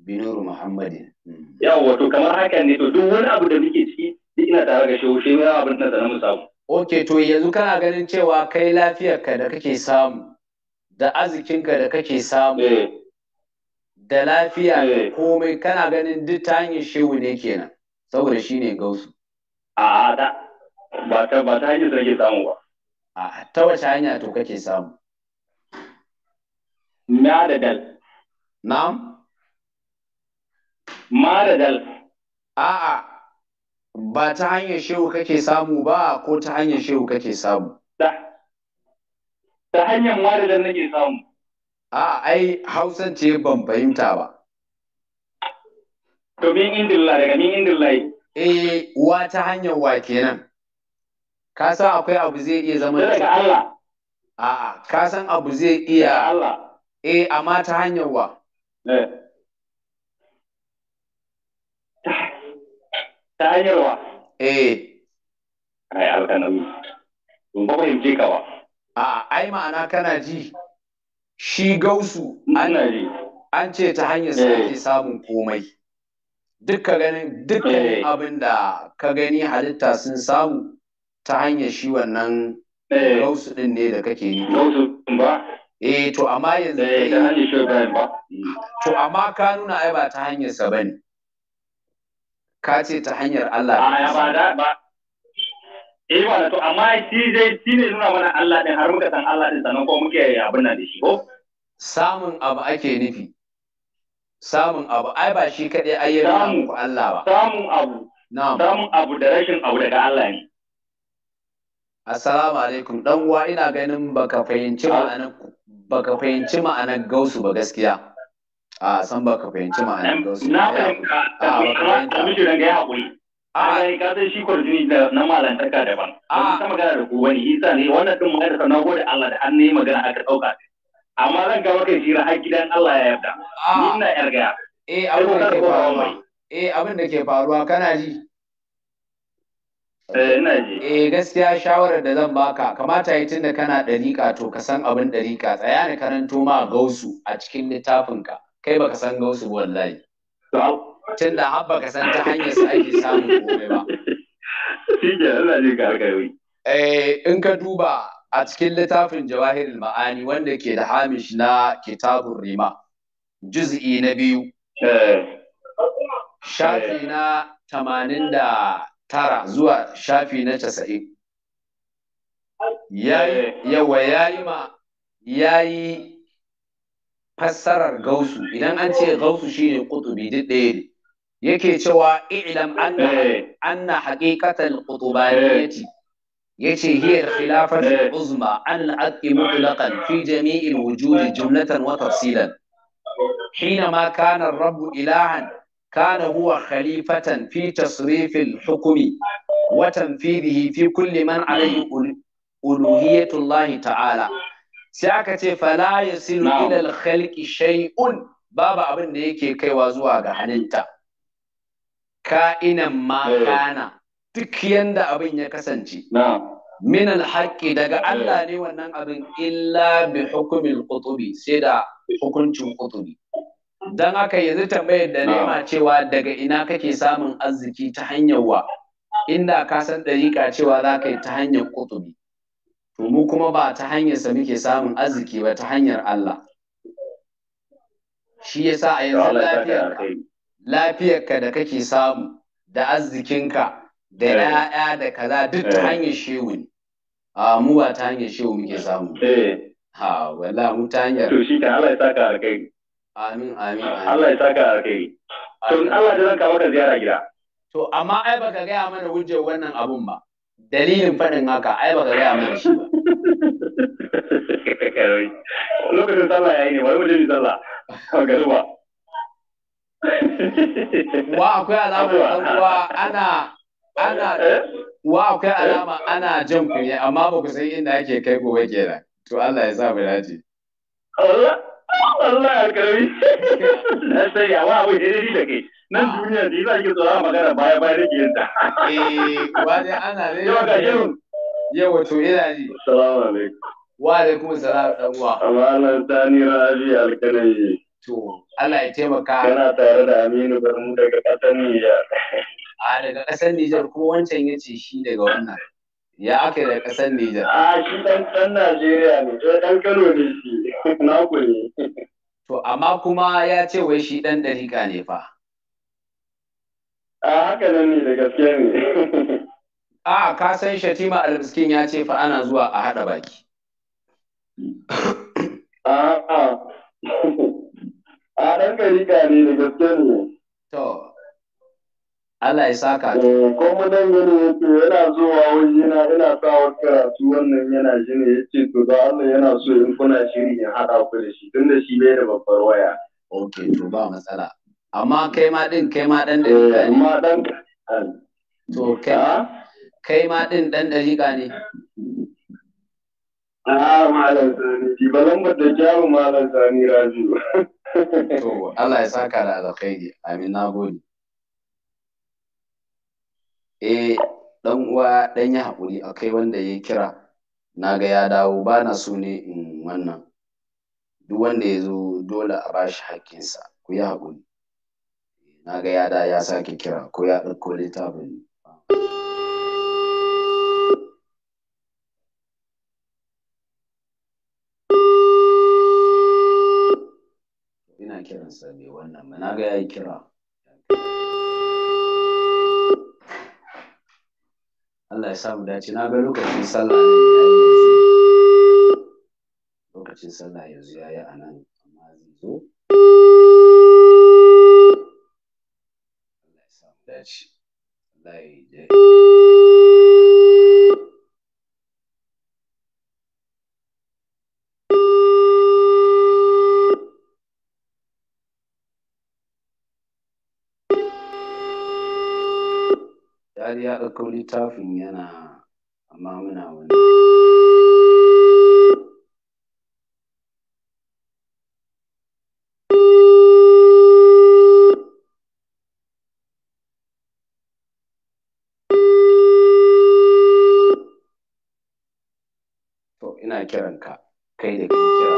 binuru muhammadin mm. Yawon wato kamar hakan ne to duk wani abu da muke ciki duk ina tare da shehu shehu yana abin da na samu ok to yanzu kana ganin cewa kai lafiyarka da kake samu da arzikinka da kake samu eh. da lafiya da eh. komai kana ganin duk ta hanyar shehu ne kenan saboda shi ne gausu a da ba ta ba ta hanyar da kake samu ba a ta wace hanya to kake samu na da dal na'am dal. A'a, ba ta hanyar shehu kake samu ba ko ta hanyar shehu kake samu? Da. Ta hanyar madadal nake samu. A'a, ai Hausan ce ban fahimta ba. To min Indilla daga min indillah. Eh, wa ta hanyar wa kenan. Ka san akwai abu zai iya zama daga Allah. A'a, ka san abu zai iya. Allah. Eh, amma ta hanyar wa. Eh. ta hanyar eh. wa ba a ai ma'ana kana ji shi gausu an an ce ta hanyar sa ake eh. samun komai duk ganin eh. abin da ka gani halitta sun samu ta hanyar shi wannan gausu din ne da kake yi gausu ba eh to amma yanzu ta hanyar ba to amma ka nuna ai ba ta hanyar sa bane ka ce ta hanyar Allah a ba da ba eh ba to amma shi dai shi ne nuna mana Allah din har muka san Allah din sannan ko muke abin nan da shi ko samun abu ake nufi samun abu ai ba shi kadai ayyana muku Allah ba samun abu samun abu da rashin abu daga Allah ne Assalamu alaikum dan uwa ina ganin baka fahimci ma'anar baka fahimci ma'anar gausu ba gaskiya a san ba ka fahimci ma'anar don su na fahimta a ba mijin ga ya haƙuri a ka san shi kwarjini da na malantaka daban a ta magana da kowa ne isa ne wannan din magana ta nago gode Allah da an ne magana aka ɗauka amma zan ga maka shi har gidan Allah ya yarda ni ina yarga eh abin da ke faruwa eh abin da ke faruwa kana ji Eh, eh gaskiya shawarar da zan baka kamata yi da kana ɗariƙa to ka san abin ɗariƙa tsaya ni karanto ma gausu a cikin littafinka kai baka san gausu wallahi tun da har baka san ta hanyar sa ake samun komai ba shi ke ka kai eh in ka duba a cikin littafin jawahirin ma'ani wanda ke da hamish na kitabun rima juz'i na biyu eh. shafi eh. na tamanin da tara zuwa shafi na casa'in eh. yawa yayi ma yayi fassarar gausu idan an ce gausu shine kutubi duk ɗaya ne yake cewa i'lam anna eh. anna haqiqatal qutubaniyyati eh. yace hiya khilafatu eh. uzma an al-aqi mutlaqan fi jami'il wujudi jumlatan wa tafsilan حينما كان الرب إلها كان هو خليفة في تصريف الحكم وتنفيذه في كل من عليه ألوهية الله تعالى sai aka ce fala yasilu ila al-khalqi shay'un babu abin da yake kaiwa zuwa ga halitta ka'inan ma eh. kana duk yanda abin ya kasance min al-haqqi daga eh. Allah ne wannan abin illa bi hukumil qutubi sai da hukuncin qutubi dan haka yanzu tambayar da nema cewa daga ina kake samun arziki ta hanyar wa inda ka san dariƙa cewa za ka yi ta hanyar ƙutubi to mu kuma ba ta hanyarsa muke samun arziki ba ta hanyar Allah shi yasa a yanzu lafiyarka ka da kake samu da arzikinka da eh. ya'ya da kaza duk ta eh. hanyar shehu ne a mu ba ta hanyar shehu muke samu eh. ha wala mu ta hanyar to shi ka Allah ya saka alkai amin amin Allah ya saka alkai to Allah ya zaka maka ziyara gida to amma ai baka gaya mana hujjar wannan abun ba dalilin faɗin haka ai baka gaya mana shi ba lokacin sallah yayi ne wani mutum sallah ga zuwa wa akwai alama ɗan uwa ana ana wa akwai alama ana jan kunya amma ba ku san inda ake kai gobe kenan to Allah ya sa mu dace Allah Allah alkarami. Na sai ya wa abu daidai da kai. Nan duniya da yasa ke tsoron magana baya baya da ke yanta. Eh, ba dai ana ne. Yau ga yau. Yau wato ina ji. Assalamu alaikum. Wa alaikum salam dan uwa. Amalan tani rabi alkarami. To, Allah ya taimaka. Kana tare da Aminu Barmu daga ƙasar Nijar. A daga ƙasar Nijar kuma wancan ya ce shi daga wannan. ya aka da kasar Nijar. A shi ɗan ɗan Najeriya ne, to ɗan Kano ne shi, na ne. To amma kuma ya ce wai shi ɗan dariƙa ne fa. A haka nan ne da gaskiya ne. A ka san Shatima Almiskin ya ce fa ana zuwa a haɗa baki. A a. A dan dariƙa ne da gaskiya ne. To Allah ya saka. Kuma dan eh, gani ya ce yana zuwa wajena ina sawa karatu wannan yana shi ne ya ce to da Allah yana so in kuna shiri in haɗa ku da shi tun shi bai da babbar waya. Ok to ba matsala. Amma kai ma din kai ma ɗan ɗariƙa eh, ne. Amma ɗan To kai ah? kai ma ɗin ɗan ɗariƙa ne. A'a ah, malam Sani, ki balan da kyawun malam Sani Rabiu. To Allah ya saka da alkhairi. Amin na eh dan uwa dan ya haƙuri akai wanda ya kira na ga ya dawo ba na so ne in wannan duk wanda ya zo dole a ba shi haƙƙinsa ku yi haƙuri na ga ya da ya sake kira ko ya ɗauko littafin ina kiransa ne wannan na ga ya kira Allah ya sa mu dace na ga lokacin sallah ne yayi lokacin sallah yanzu yayi a nan amma zai zo Allah ya sa mu dace Allah ya har ya ɗauko littafin yana amma muna wani ina kiran ka kai da kai kira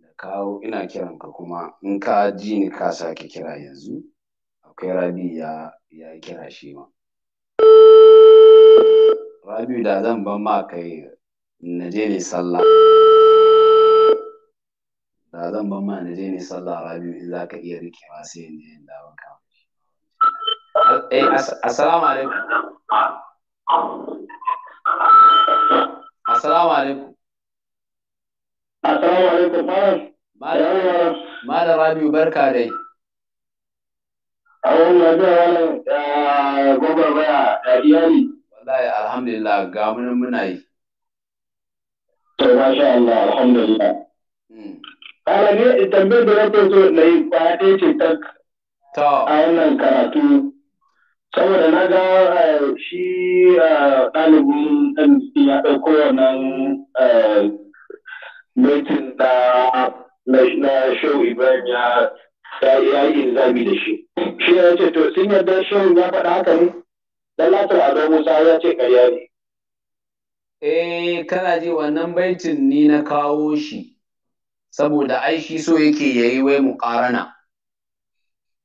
da kawo ina kiranka kuma in ka ji ni ka sake kira yanzu akwai Rabi ya ya kira shi ma. Rabi da zan ban ma kai na je ne sallah. Da zan ban ma na je ne sallah Rabi in za ka iya rikewa sai in je in dawo ka. Eh, assalamu alaikum. Assalamu alaikum. Assalamu alaikum, Malam. Malam Rabiu barka dai. a wani lafiya wani baya da iyali. Wallahi alhamdulillah ga munan muna yi. To masha Allah alhamdulillah. Kala hmm. ne tambayar da nake so na yi kwaya ɗaya ce tak a wannan karatu. Saboda na ga eh, shi dalibin eh, ɗan ya ɗauko wannan eh, metin na Shehu Ibrahim ya yi zami da shi. shi ya ce to sun yarda shehu ya faɗa haka ne a ado musa ya ce karya ne eh kana ji wannan baitin ni na kawo shi saboda ai shi so yake yayi wai mu muqarana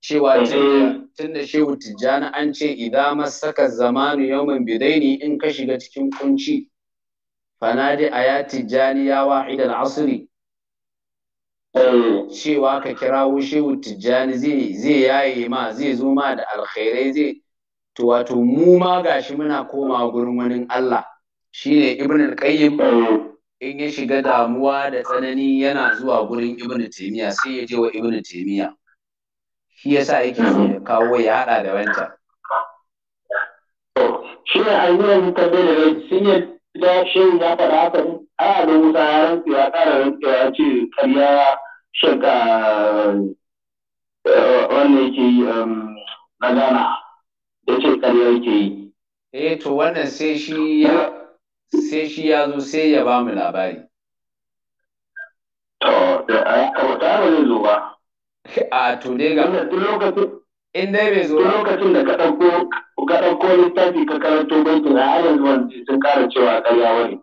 cewa mm-hmm. tun da shehu tijjani an ce idan masaka zamanu yawmin bidaini in ka shiga cikin kunci fanadi aya tijjani ya wahid asri cewa ka kirawo shehu tijjani zai yaye ma zai zo ma da alkhairai zai to wato mu ma gashi muna koma gurin wani Allah shine ibn al-qayyim in ya shiga damuwa da tsanani yana zuwa gurin ibn taymiya sai ya je wa ibn taymiya shi yasa yake so kawo ya hada da wancan shi ne ayyukan da da sun yi da shehu ya faɗa haka a Musa ya rantsa ya ƙara rantsa ya ce ƙarya shaka eh, wannan yake yi um, na gana ya ce ƙarya yake yi eh to wannan sai shi ya zo sai ya ba mu labari to da ai kawata ba zai zo ba a to dai ga duk lokacin in dai bai zo ba. lokacin da ka ɗauko ka ɗauko littafi ka karanto bankin a yanzu wanda sun ƙara cewa ƙarya wani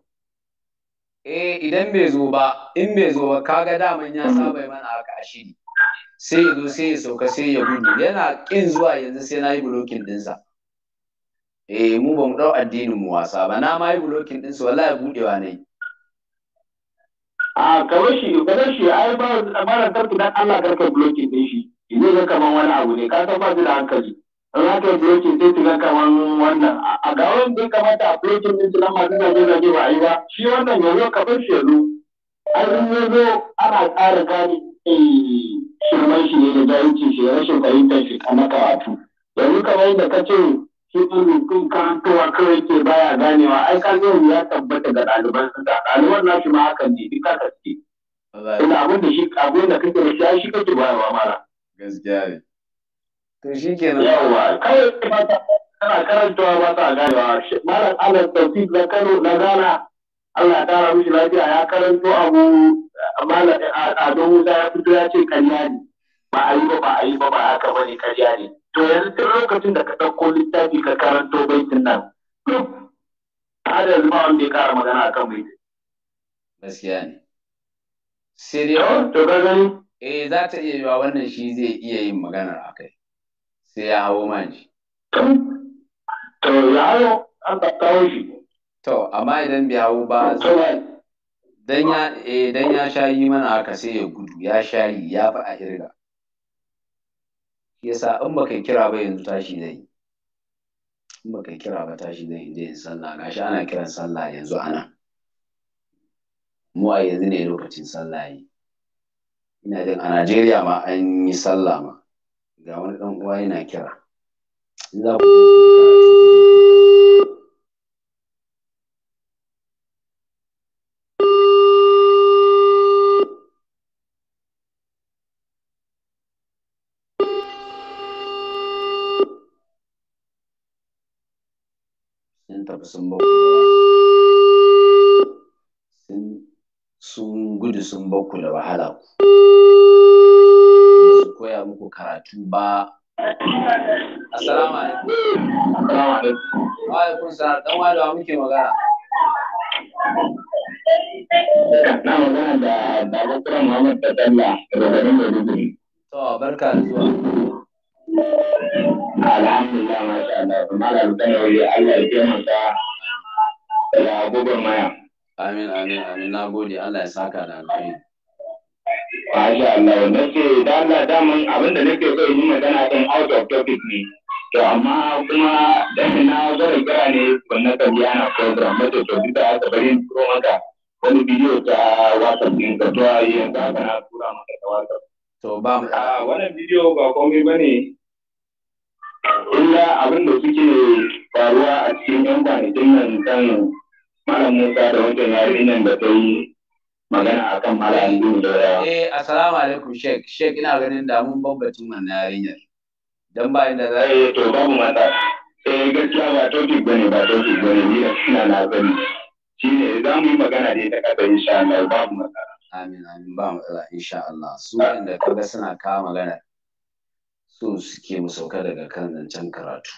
eh idan bai zo ba in bai zo ba kaga daman ya saba mana haka a sai ya zo sai ya sauka sai ya gudu yana kin zuwa yanzu sai na yi bulokin dinsa eh mu ba mu dau addinin mu wasa ba na ma yi bulokin dinsa wallahi budewa ne a kawai shi kawai shi ai ba mara tarku dan Allah karka bulokin din shi idan man wani abu ne ka san ba da hankali za ka yi breaking sai ga kamar wannan a ga wanda ya kamata a breaking din na masu zage zage ba a yi ba shi wannan ya zo kafin shi ya zo an ya zo ana tsara gani eh, shirman shi ne da jahilcin shi rashin fahimtar shi a na karatu yanzu kamar yadda ka ce shi rubutun karantowa kawai ke baya ganewa ai ka zo ya tabbata ga ɗaliban su da ɗaliban shi ma hakan ne duka kaske. Ina abin da shi abin da kake da shi shi kake bayarwa mara. Gaskiya ne. to shi ke nan yawa kawai ba ta ana karantawa ba ta ganewa malam alas tafsir na kano na Ghana, Allah ya tara mishi lafiya ya karanto abu malam eh, ah, ado musa ya fito ya ce karya ne ba a yi ba ba a yi ba ba haka ba ne karya ne to yanzu tun lokacin da ka ɗauko littafi ka karanto baitin nan duk har yanzu ba wanda ya ƙara magana akan baitin gaskiya ne sai dai to ka gani eh za ta iya yiwa wannan shi zai iya yin maganar akai sai ya hawo man To amma idan bai hawo ba dan ya eh dan ya sha yi mana aka sai ya gudu ya sha yi ya fi a Ya Yasa in baka kira ba yanzu tashi zai yi. in baka kira ba tashi sallah gashi ana kiran sallah yanzu ana mu a yanzu ne lokacin sallah yi ina jin a Najeriya ma an yi sallah ma ga wani ɗan uwa yana kira za ku sun gudu sun bakku da wahala ku su koya muku karatu ba assalamu alaikum wa alaikum salam dan wa muke magana da muhammad to barka da zuwa alhamdulillah masha Allah malam Allah ya maya amin amin amin na gode Allah ya saka da Masha Allah, na ce da Allah daman abin da nake so yi magana kan out of topic ne. To amma kuma dan na zara gara ne wannan tabiya na program mace to duk da ta bari turo maka wani bidiyo ta WhatsApp din ka to yanzu haka na tura maka ta WhatsApp. To ba mu wannan bidiyo ba komai bane illa abin da suke faruwa a cikin yan kwanakin nan kan Malam Musa da wancan yarinyar da ta yi magana akan malamin bin jaurawa eh asalamu alaikum sheik sheik ina ganin da mun bambancin wannan yarinyar Don ba inda za eh to babu mata eh gaskiya ba topic bane ba topic bane ni a suna na gani ne. za mu yi magana ne ta kada insha Allah babu matsala amin amin ba matsala insha Allah su inda kaga suna kawo magana Su suke mu sauka daga kan zancen karatu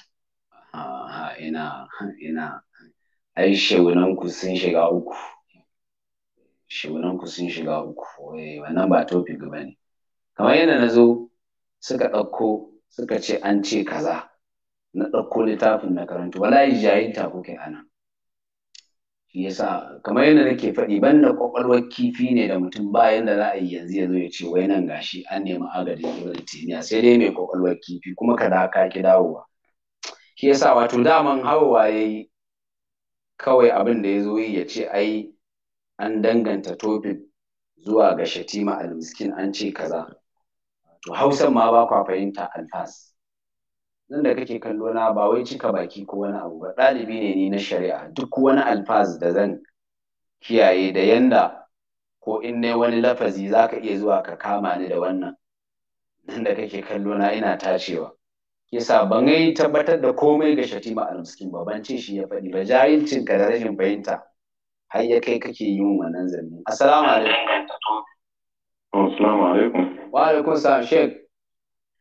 ha ina ina ai shewunan ku sun shiga uku shehunanku sun shiga uku eh, wannan ba topic ba ne kamar yadda na zo suka ɗauko suka ce an ce kaza na ɗauko littafin na karantu wallahi jahilta kuke ana shi yasa kamar yadda nake faɗi da kwakwalwar kifi ne da mutum ba yadda za a yi yanzu ya zo ya ce wai nan gashi an nemi agajin ibn taymiya sai dai mai kwakwalwar kifi kuma ka da ka ki dawowa shi yasa wato daman hawa yayi kawai abin da ya zo yi ya ce ai an danganta topic zuwa ga shatima al-miskin an ce kaza to hausan ma ba kwa fahimta alfas nan da kake kallo na ba wai cika baki ko wani abu ba dalibi ne ni na shari'a duk wani alfas da zan kiyaye da yanda ko in ne wani lafazi zaka iya zuwa ka kama ni da wannan nan da kake kallo na ina tacewa kisa ban yi tabbatar da komai ga shatima al-miskin ba ban ce shi ya faɗi ba jahilcin ka da rashin fahimta har ya kai kake yin wannan zanne assalamu alaikum assalamu alaikum wa alaikum salam sheik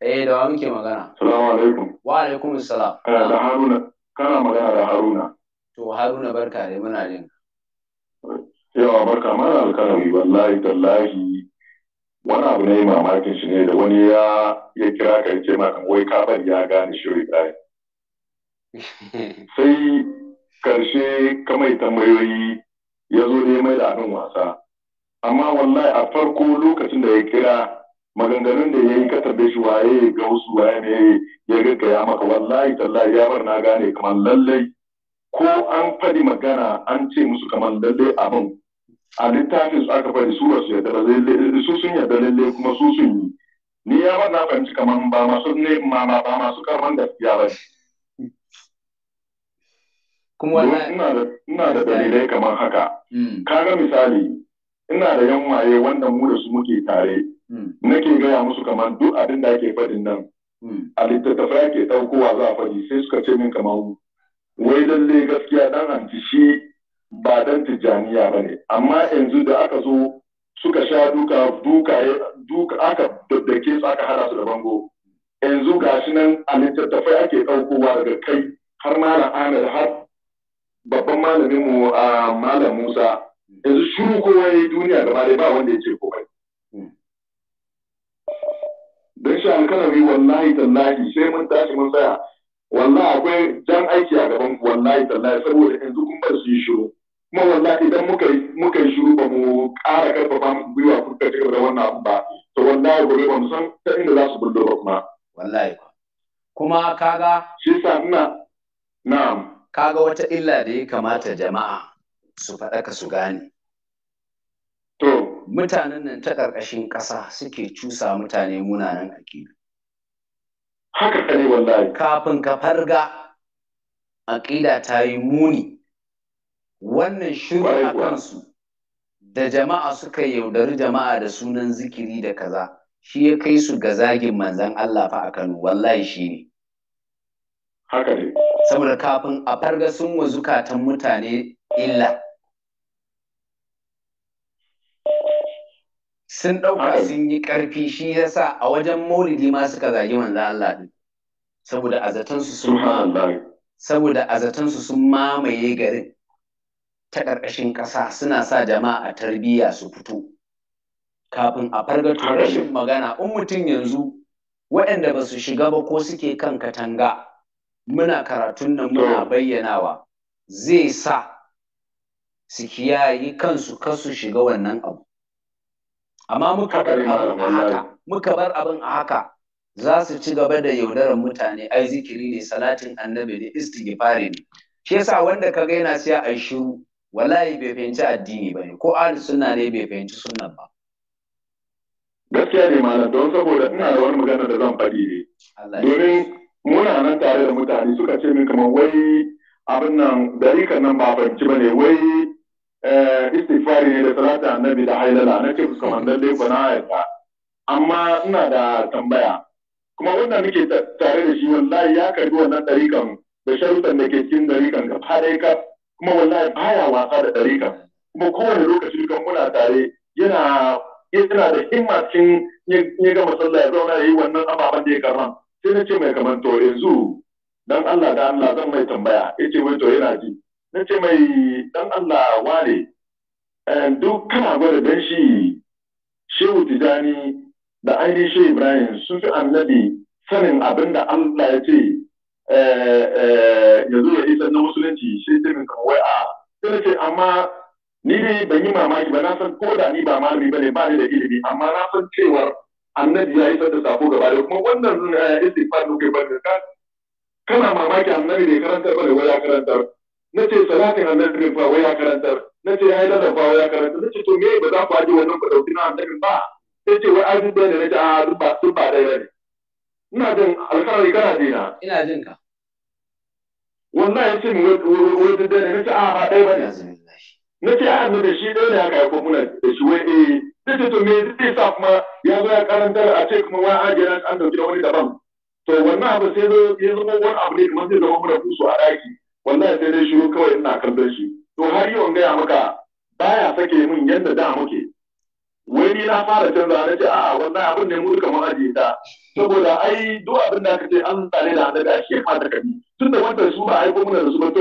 eh da wa muke magana assalamu alaikum wa alaikum assalam kana da haruna kana magana da haruna to haruna barka dai muna jin yawa barka mana alkalami wallahi tallahi wani abu ne mamakin shi ne da wani ya ya kira ka ce maka wai kafar ya gane shi dai. sai karshe kamai tambayoyi ya zo da ya mai da abin wasa amma wallahi a farko lokacin da ya kira maganganun da ya yi ka tambaye shi waye ga wasu waye ne ya ganka ya maka wallahi tallahi ya bar na gane kamar lallai ko an faɗi magana an ce musu kamar lallai abin a littafin su aka faɗi su su yarda su sun yarda lallai kuma su sun yi ni ya bar na fahimci kamar ba masu ne ma ba masu karban gaskiya ba ne kuma ina da dalilai kamar haka hmm. kaga misali ina da yan waye wanda mu da su muke tare hmm. nake gaya musu kamar duk abin da ake faɗin nan hmm. a littattafai ake ɗaukowa za a faɗi sai suka ce min kamar wai lallai gaskiya dan hanci shi ba dan tijjaniya ba ne amma yanzu da aka zo suka sha duka duka duka aka daddake su aka hada su da bango yanzu gashi nan a littattafai ake ɗaukowa daga kai har malam Ahmed har babban malamin mu a malam Musa yanzu shiru kowa ya yi duniya gaba dai ba wanda ya ce kowa hmm. don shi bi wallahi tallahi sai mun tashi mun tsaya wallahi akwai jan aiki a gaban wallahi tallahi saboda yanzu kun bar su yi shiru kuma wallahi idan muka muka yi shiru ba mu ƙara karfafa mu gwiwa kuka ci da wannan abu ba to wallahi gobe ba mu san ta inda za su bullo ba kuma wallahi kuma kaga shi sa ina na'am kaga wata illa da ya kamata jama'a su faɗaka su gane to mutanen nan ta ƙarƙashin ƙasa suke cusa mutane munanan ake. haka ne wallahi kafin ka farga aƙida ta yi muni wannan shiru a kansu da jama'a suka yaudari jama'a da sunan zikiri da kaza shi ya kai su ga zagin manzan Allah fa a Kano wallahi shi ne haka ne saboda kafin a farga sun wa zukatan mutane illa sun ɗauka sun yi ƙarfi shi ya sa a wajen maulidi ma suka zagi manzo Allah ɗin. saboda azatansu sun saboda azatansu sun mamaye garin ta ƙarƙashin ƙasa suna sa jama'a a tarbiyya su fito kafin a tun rashin magana in mutum yanzu waɗanda ba su shiga ba ko suke kan katanga muna karatun nan muna bayyanawa zai sa su kiyaye kansu kasu shiga wannan abu amma muka bar abin a haka muka bar abin a haka za su ci gaba da yaudarar mutane ai zikiri ne salatin annabi ne istighfari ne shi yasa wanda ga yana siya a shiru wallahi bai fahimci addini ba ne, ko ahlus sunna ne bai fahimci sunnan ba gaskiya ne malam don saboda ina da wani magana da zan faɗi ne domin muna nan tare da mutane suka ce min kamar wai abin nan kan nan ba fahimci ba ne wai eh, istifari ne da salata annabi da hailala na ce su kamar dai ba na yarda amma ina da tambaya kuma wannan nake tare da shi wallahi ya karbi wannan dariƙan da sharuɗan da ke cikin dariƙan ga fara ka kuma wallahi baya wasa da dariƙan kuma kowane lokaci kan muna tare yana yana da himma cikin ya gama sallah ya zauna ya yi wannan ababen da ya karɓa sai na ce mai kamar to yanzu dan Allah da Allah zan mai tambaya ya ce wai to yana ji na ce mai dan Allah ware eh, duk kana gwada dan shi shehu tijani da ainihin shehu ibrahim sun fi annabi sanin abin da Allah ya ce yanzu eh, eh, ya isa na musulunci shi ce min wai a sai na ce amma ni ne ban yi mamaki ba na san ko da ni ba malami ba ne ba ni da ilimi amma na san cewar annabi ya isar da sako gaba da kuma wannan zuwa eh, ya istighfar da kai barka ka kana mamaki annabi ne karantar bane wai ya karantar nace salatin annabi fa wai ya karantar nace ya yi da fa wai ya karantar nace to me ba za ku aje wannan ku dauki na annabi ba sai ce wai azu da ne nace a ah, ruba su ba da ne ina jin alƙalari kana dina ina jin ka wannan yace mu wai da ah, ne nace a ba dai bane nace a annabi shi dole ne aka yi ko muna da shi wai eh Nake to me zai sa kuma ya zo ya karantar a ce kuma wani ajiyar an dauki da wani daban. To wannan abu sai ya zama wani abu ne kamar zai zama mana kusu a ɗaki. Wallahi sai dai shiru kawai ina kallon shi. To har yau gaya maka baya sake min yadda da muke. Wai ni na fara canza na ce a'a wannan abin ne mu duka ajiye ta. Saboda ai duk abin da aka ce an tsare da annabi a shi ya kamata ka Tun da wannan su ba aiko mana da su ba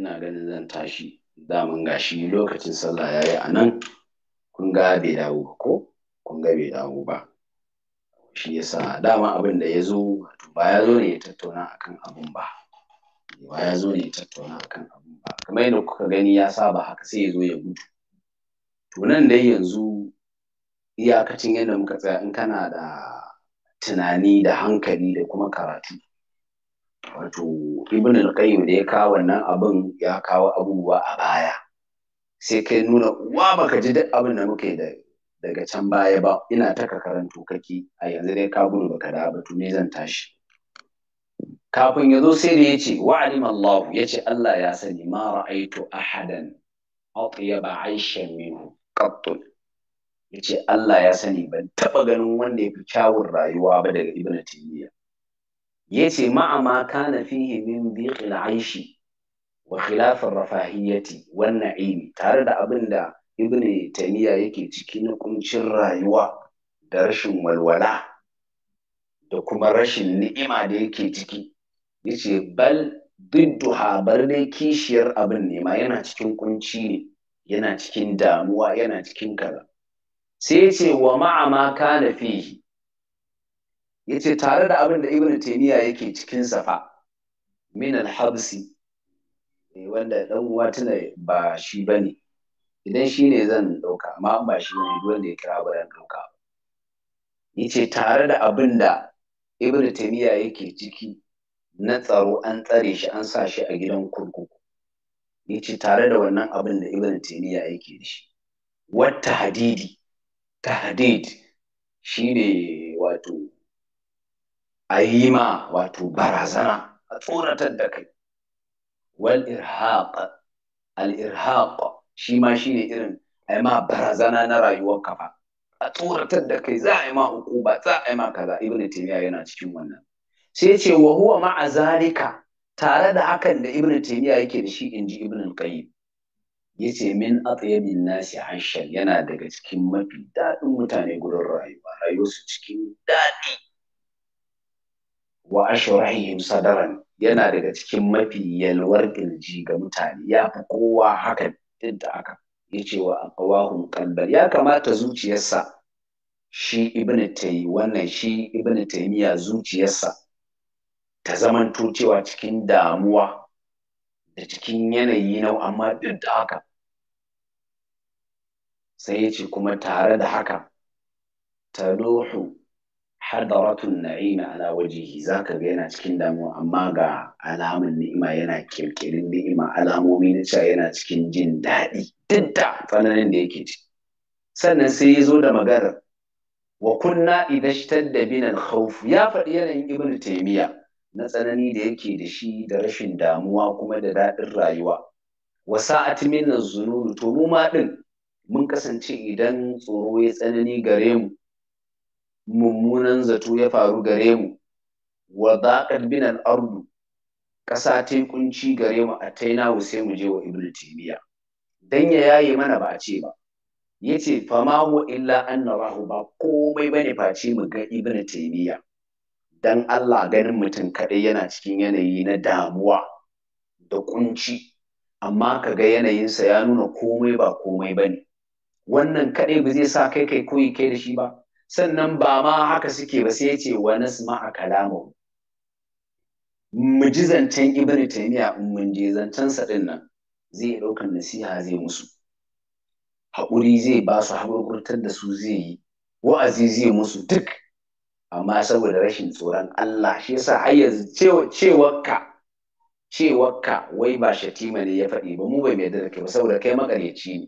ina ganin zan tashi daman gashi lokacin sallah yayi a nan kun ga bai dawo ba ko kun ga bai dawo ba shi sa dama abin da ya zo ba ya zo ne ya tattauna akan abin ba ba ya zo ne ya tattauna akan abin ba kamar yadda kuka gani ya saba haka sai ya zo ya gudu to nan dai yanzu iyakacin yadda muka tsaya in kana da tunani da hankali da kuma karatu wato ibn al-qayyim da ya kawo wannan abin ya kawo abubuwa a baya sai kai nuna wa baka ji duk abin da muke da daga can baya ba ina ta karantu karanto kake a yanzu dai ka gudu baka da ba to me zan tashi kafin ya zo sai da ya ce wa alim Allah ya ce Allah ya sani ma ra'aitu ahadan atyaba aishan minhu qattu ya ce Allah ya sani ban taba ganin wanda ya fi kyawun rayuwa ba daga ibn taymiyyah yace ma'a ma kana fihi min dhiqil aishi wa khilafin rafahiyyati wan na'imi tare da abin da ibn taymiya yake ciki na kuncin rayuwa da rashin walwala da kuma rashin ni'ima da yake ciki yace bal didduha bar ne kishiyar abin nema yana cikin kunci ne yana cikin damuwa yana cikin kaza sai yace wa ma'a ma kana fihi yace tare da abin da ibn taymiya yake cikin safa min al-habsi eh, wanda dan uwa tuna ba shi bane idan shi ne zan dauka amma ba shi ne, duk wanda ya kira ba zan dauka yace tare da abin da ibn taymiya yake ciki na tsaro an tsare shi an sa shi a gidan kurkuku yace tare da wannan abin da ibn taymiya yake da shi wata hadidi tahdid ne wato a yi ma wato barazana a tsoratar da kai wal irhaq al irhaq shi ma ne irin a barazana na rayuwar kafa a tsoratar da kai za a yi ma ba za a yi ma kaza ibnu taymiya yana cikin wannan sai ce wa huwa ma'a zalika tare da hakan da ibnu taymiya yake da shi inji ibnu qayyim yace min atyabin nasi hashal yana daga cikin mafi dadin mutane gurin rayuwa rayuwarsu cikin daɗi wa ashurahihim sadaran yana daga cikin mafi yalwar kirji ga mutane ya fi kowa haka duk da haka ya ce wa aqwahum ya kamata zuciyarsa shi ibnu tayyi wannan shi ibnu taymiya zuciyarsa ta zaman cewa cikin damuwa da cikin yanayi na amma duk da haka sai ya ce kuma tare da haka taluhu Har da hadaratun na'ima ala wajihi zaka ga yana cikin damuwa amma ga alamun ni'ima yana kirkirin ni'ima alamomi na cewa yana cikin jin daɗi duk da tsananin da yake ci sannan sai ya zo da maganar wa kunna idashtar da binan khawf ya faɗi yanayin ibnu taymiya na tsanani da yake da shi da rashin damuwa kuma da daɗin rayuwa wa sa'ati min zununu to mu ma din mun kasance idan tsoro ya tsanani gare mu mummunan zato ya faru gare mu wa daqat bina al-ardu ƙasa ta ƙunci gare mu a ataina sai mu je wa Ibn Timiya. dan ya yaye mana ba a ce ba yace fama mu illa an narahu ba komai bane face mu ga Ibn Timiya. dan Allah ganin mutum kaɗai yana cikin yanayi na damuwa da kunci amma kaga ga yanayinsa ya nuna komai ba komai bane wannan kaɗai ba zai sa kai kai koyi kai da shi ba sannan ba ma haka suke ba sai ce wa nasma a kalamu mu ji zancen ibnu taymiya in mun je zancensa sa din nan zai ɗaukan nasiha zai musu haƙuri zai ba su haƙurƙurtar da su zai yi wa'azi zai musu duk amma saboda rashin tsoron Allah shi yasa har yanzu cewa cewarka wai ba shatima ne ya faɗi ba mu bai mai da kai ba saboda kai makareci ne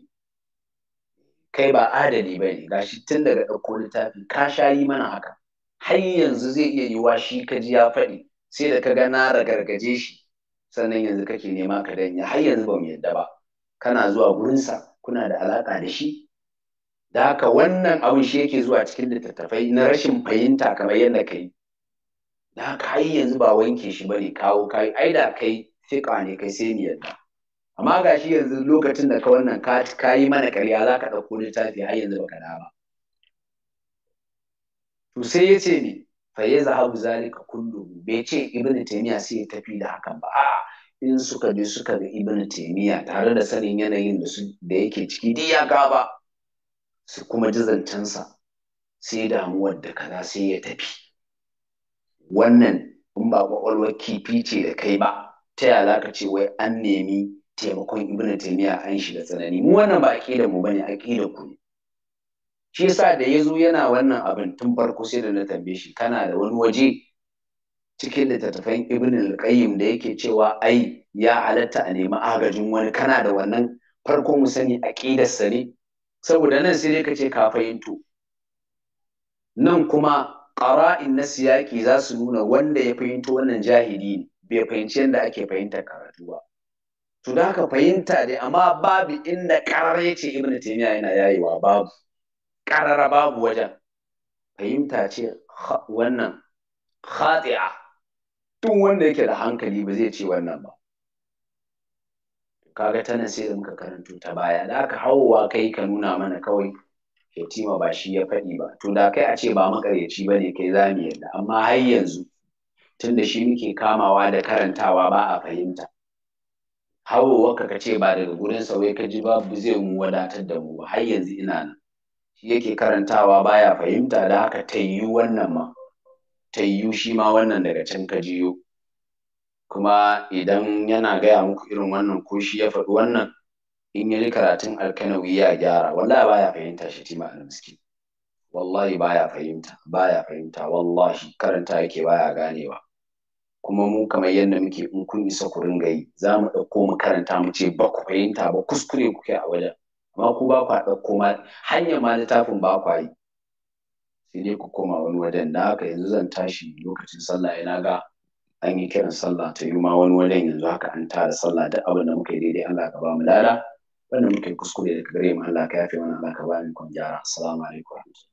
kai ba adali ba ne gashi tun daga ɗauko littafi ka sha yi mana haka har yanzu zai iya yiwa shi ka ji ya faɗi sai da ka ga na ragargaje shi sannan yanzu kake nema ka danya har yanzu ba mu yadda ba kana zuwa gurinsa kuna da alaƙa da shi da haka wannan abin shi yake zuwa cikin littattafai na rashin fahimta kamar yadda ka yi da haka har yanzu ba wanke shi ba ne kawo kai ai da kai fiƙa ne kai sai mu yadda amma ga shi yanzu lokacin da ka wannan ka yi mana karya za ka ɗauko littafi har yanzu baka da ba to sai ya ce ne fa ya zahabu zalika kullu bai ce Ibn taymiya sai ya tafi da hakan ba a'a in suka je suka ga Ibn taymiya tare da sanin yanayin da da yake ciki duk ya ka ba su kuma ji zancensa sai damuwar da kaza sai ya tafi wannan in ba kwakwalwar kifi ce da kai ba ta yaya za ka ce wai an nemi taimakon ibn taimiya an da tsanani mu wannan ba da mu bane akida ku ne shi yasa da yazo yana wannan abin tun farko sai da na tambaye shi kana da wani waje cikin littattafan ibn al-qayyim da yake cewa ai ya halatta a nemi agajin wani kana da wannan farko mu sani sa ne saboda nan sai dai ka ce ka fahimto nan kuma ƙara'in na siyaki za su nuna wanda ya fahimto wannan jahili ne bai fahimci yadda ake fahimtar karatu ba to da haka fahimta dai amma babu inda ƙarare ce ibn taymiya yana yayewa babu ƙarara babu wajen fahimta ce wannan khati'a tun wanda yake da hankali ba zai ce wannan ba kaga tana sai da muka karanto ta baya da aka hawowa kai ka nuna mana kawai yatima ba shi ya faɗi ba to da kai a ce ba makaryaci ba ne kai za mu yadda amma har yanzu tunda shi muke kamawa da karantawa ba a fahimta hawowarka ka ce ba daga gurin sa wai ka ji babu zai mu wadatar da mu har yanzu ina nan shi yake karantawa baya fahimta da haka tayyu wannan ma tayyu shi ma wannan daga can ka jiyo kuma idan yana gaya muku irin wannan ko shi ya faɗi wannan in yi karatun alkanawi ya gyara wallahi baya fahimta shi tima almiskin wallahi baya fahimta baya fahimta wallahi karanta yake baya ganewa kuma mu kamar yadda muke in kun isa ku ringa yi za mu ɗauko mu karanta mu ce ba ku fahimta ba kuskure ku kai a wajen amma ku ba kwa ɗauko ma hanyar ma littafin ba kwa yi sai dai ku koma wani wajen na haka yanzu zan tashi lokacin sallah yana ga an yi kiran sallah ta yi ma wani wajen yanzu haka an tara sallah da abin da muka yi daidai Allah ka ba mu lada wanda muke kuskure daga gare mu Allah ka yafe mana Allah ka ba mu gyara assalamu alaikum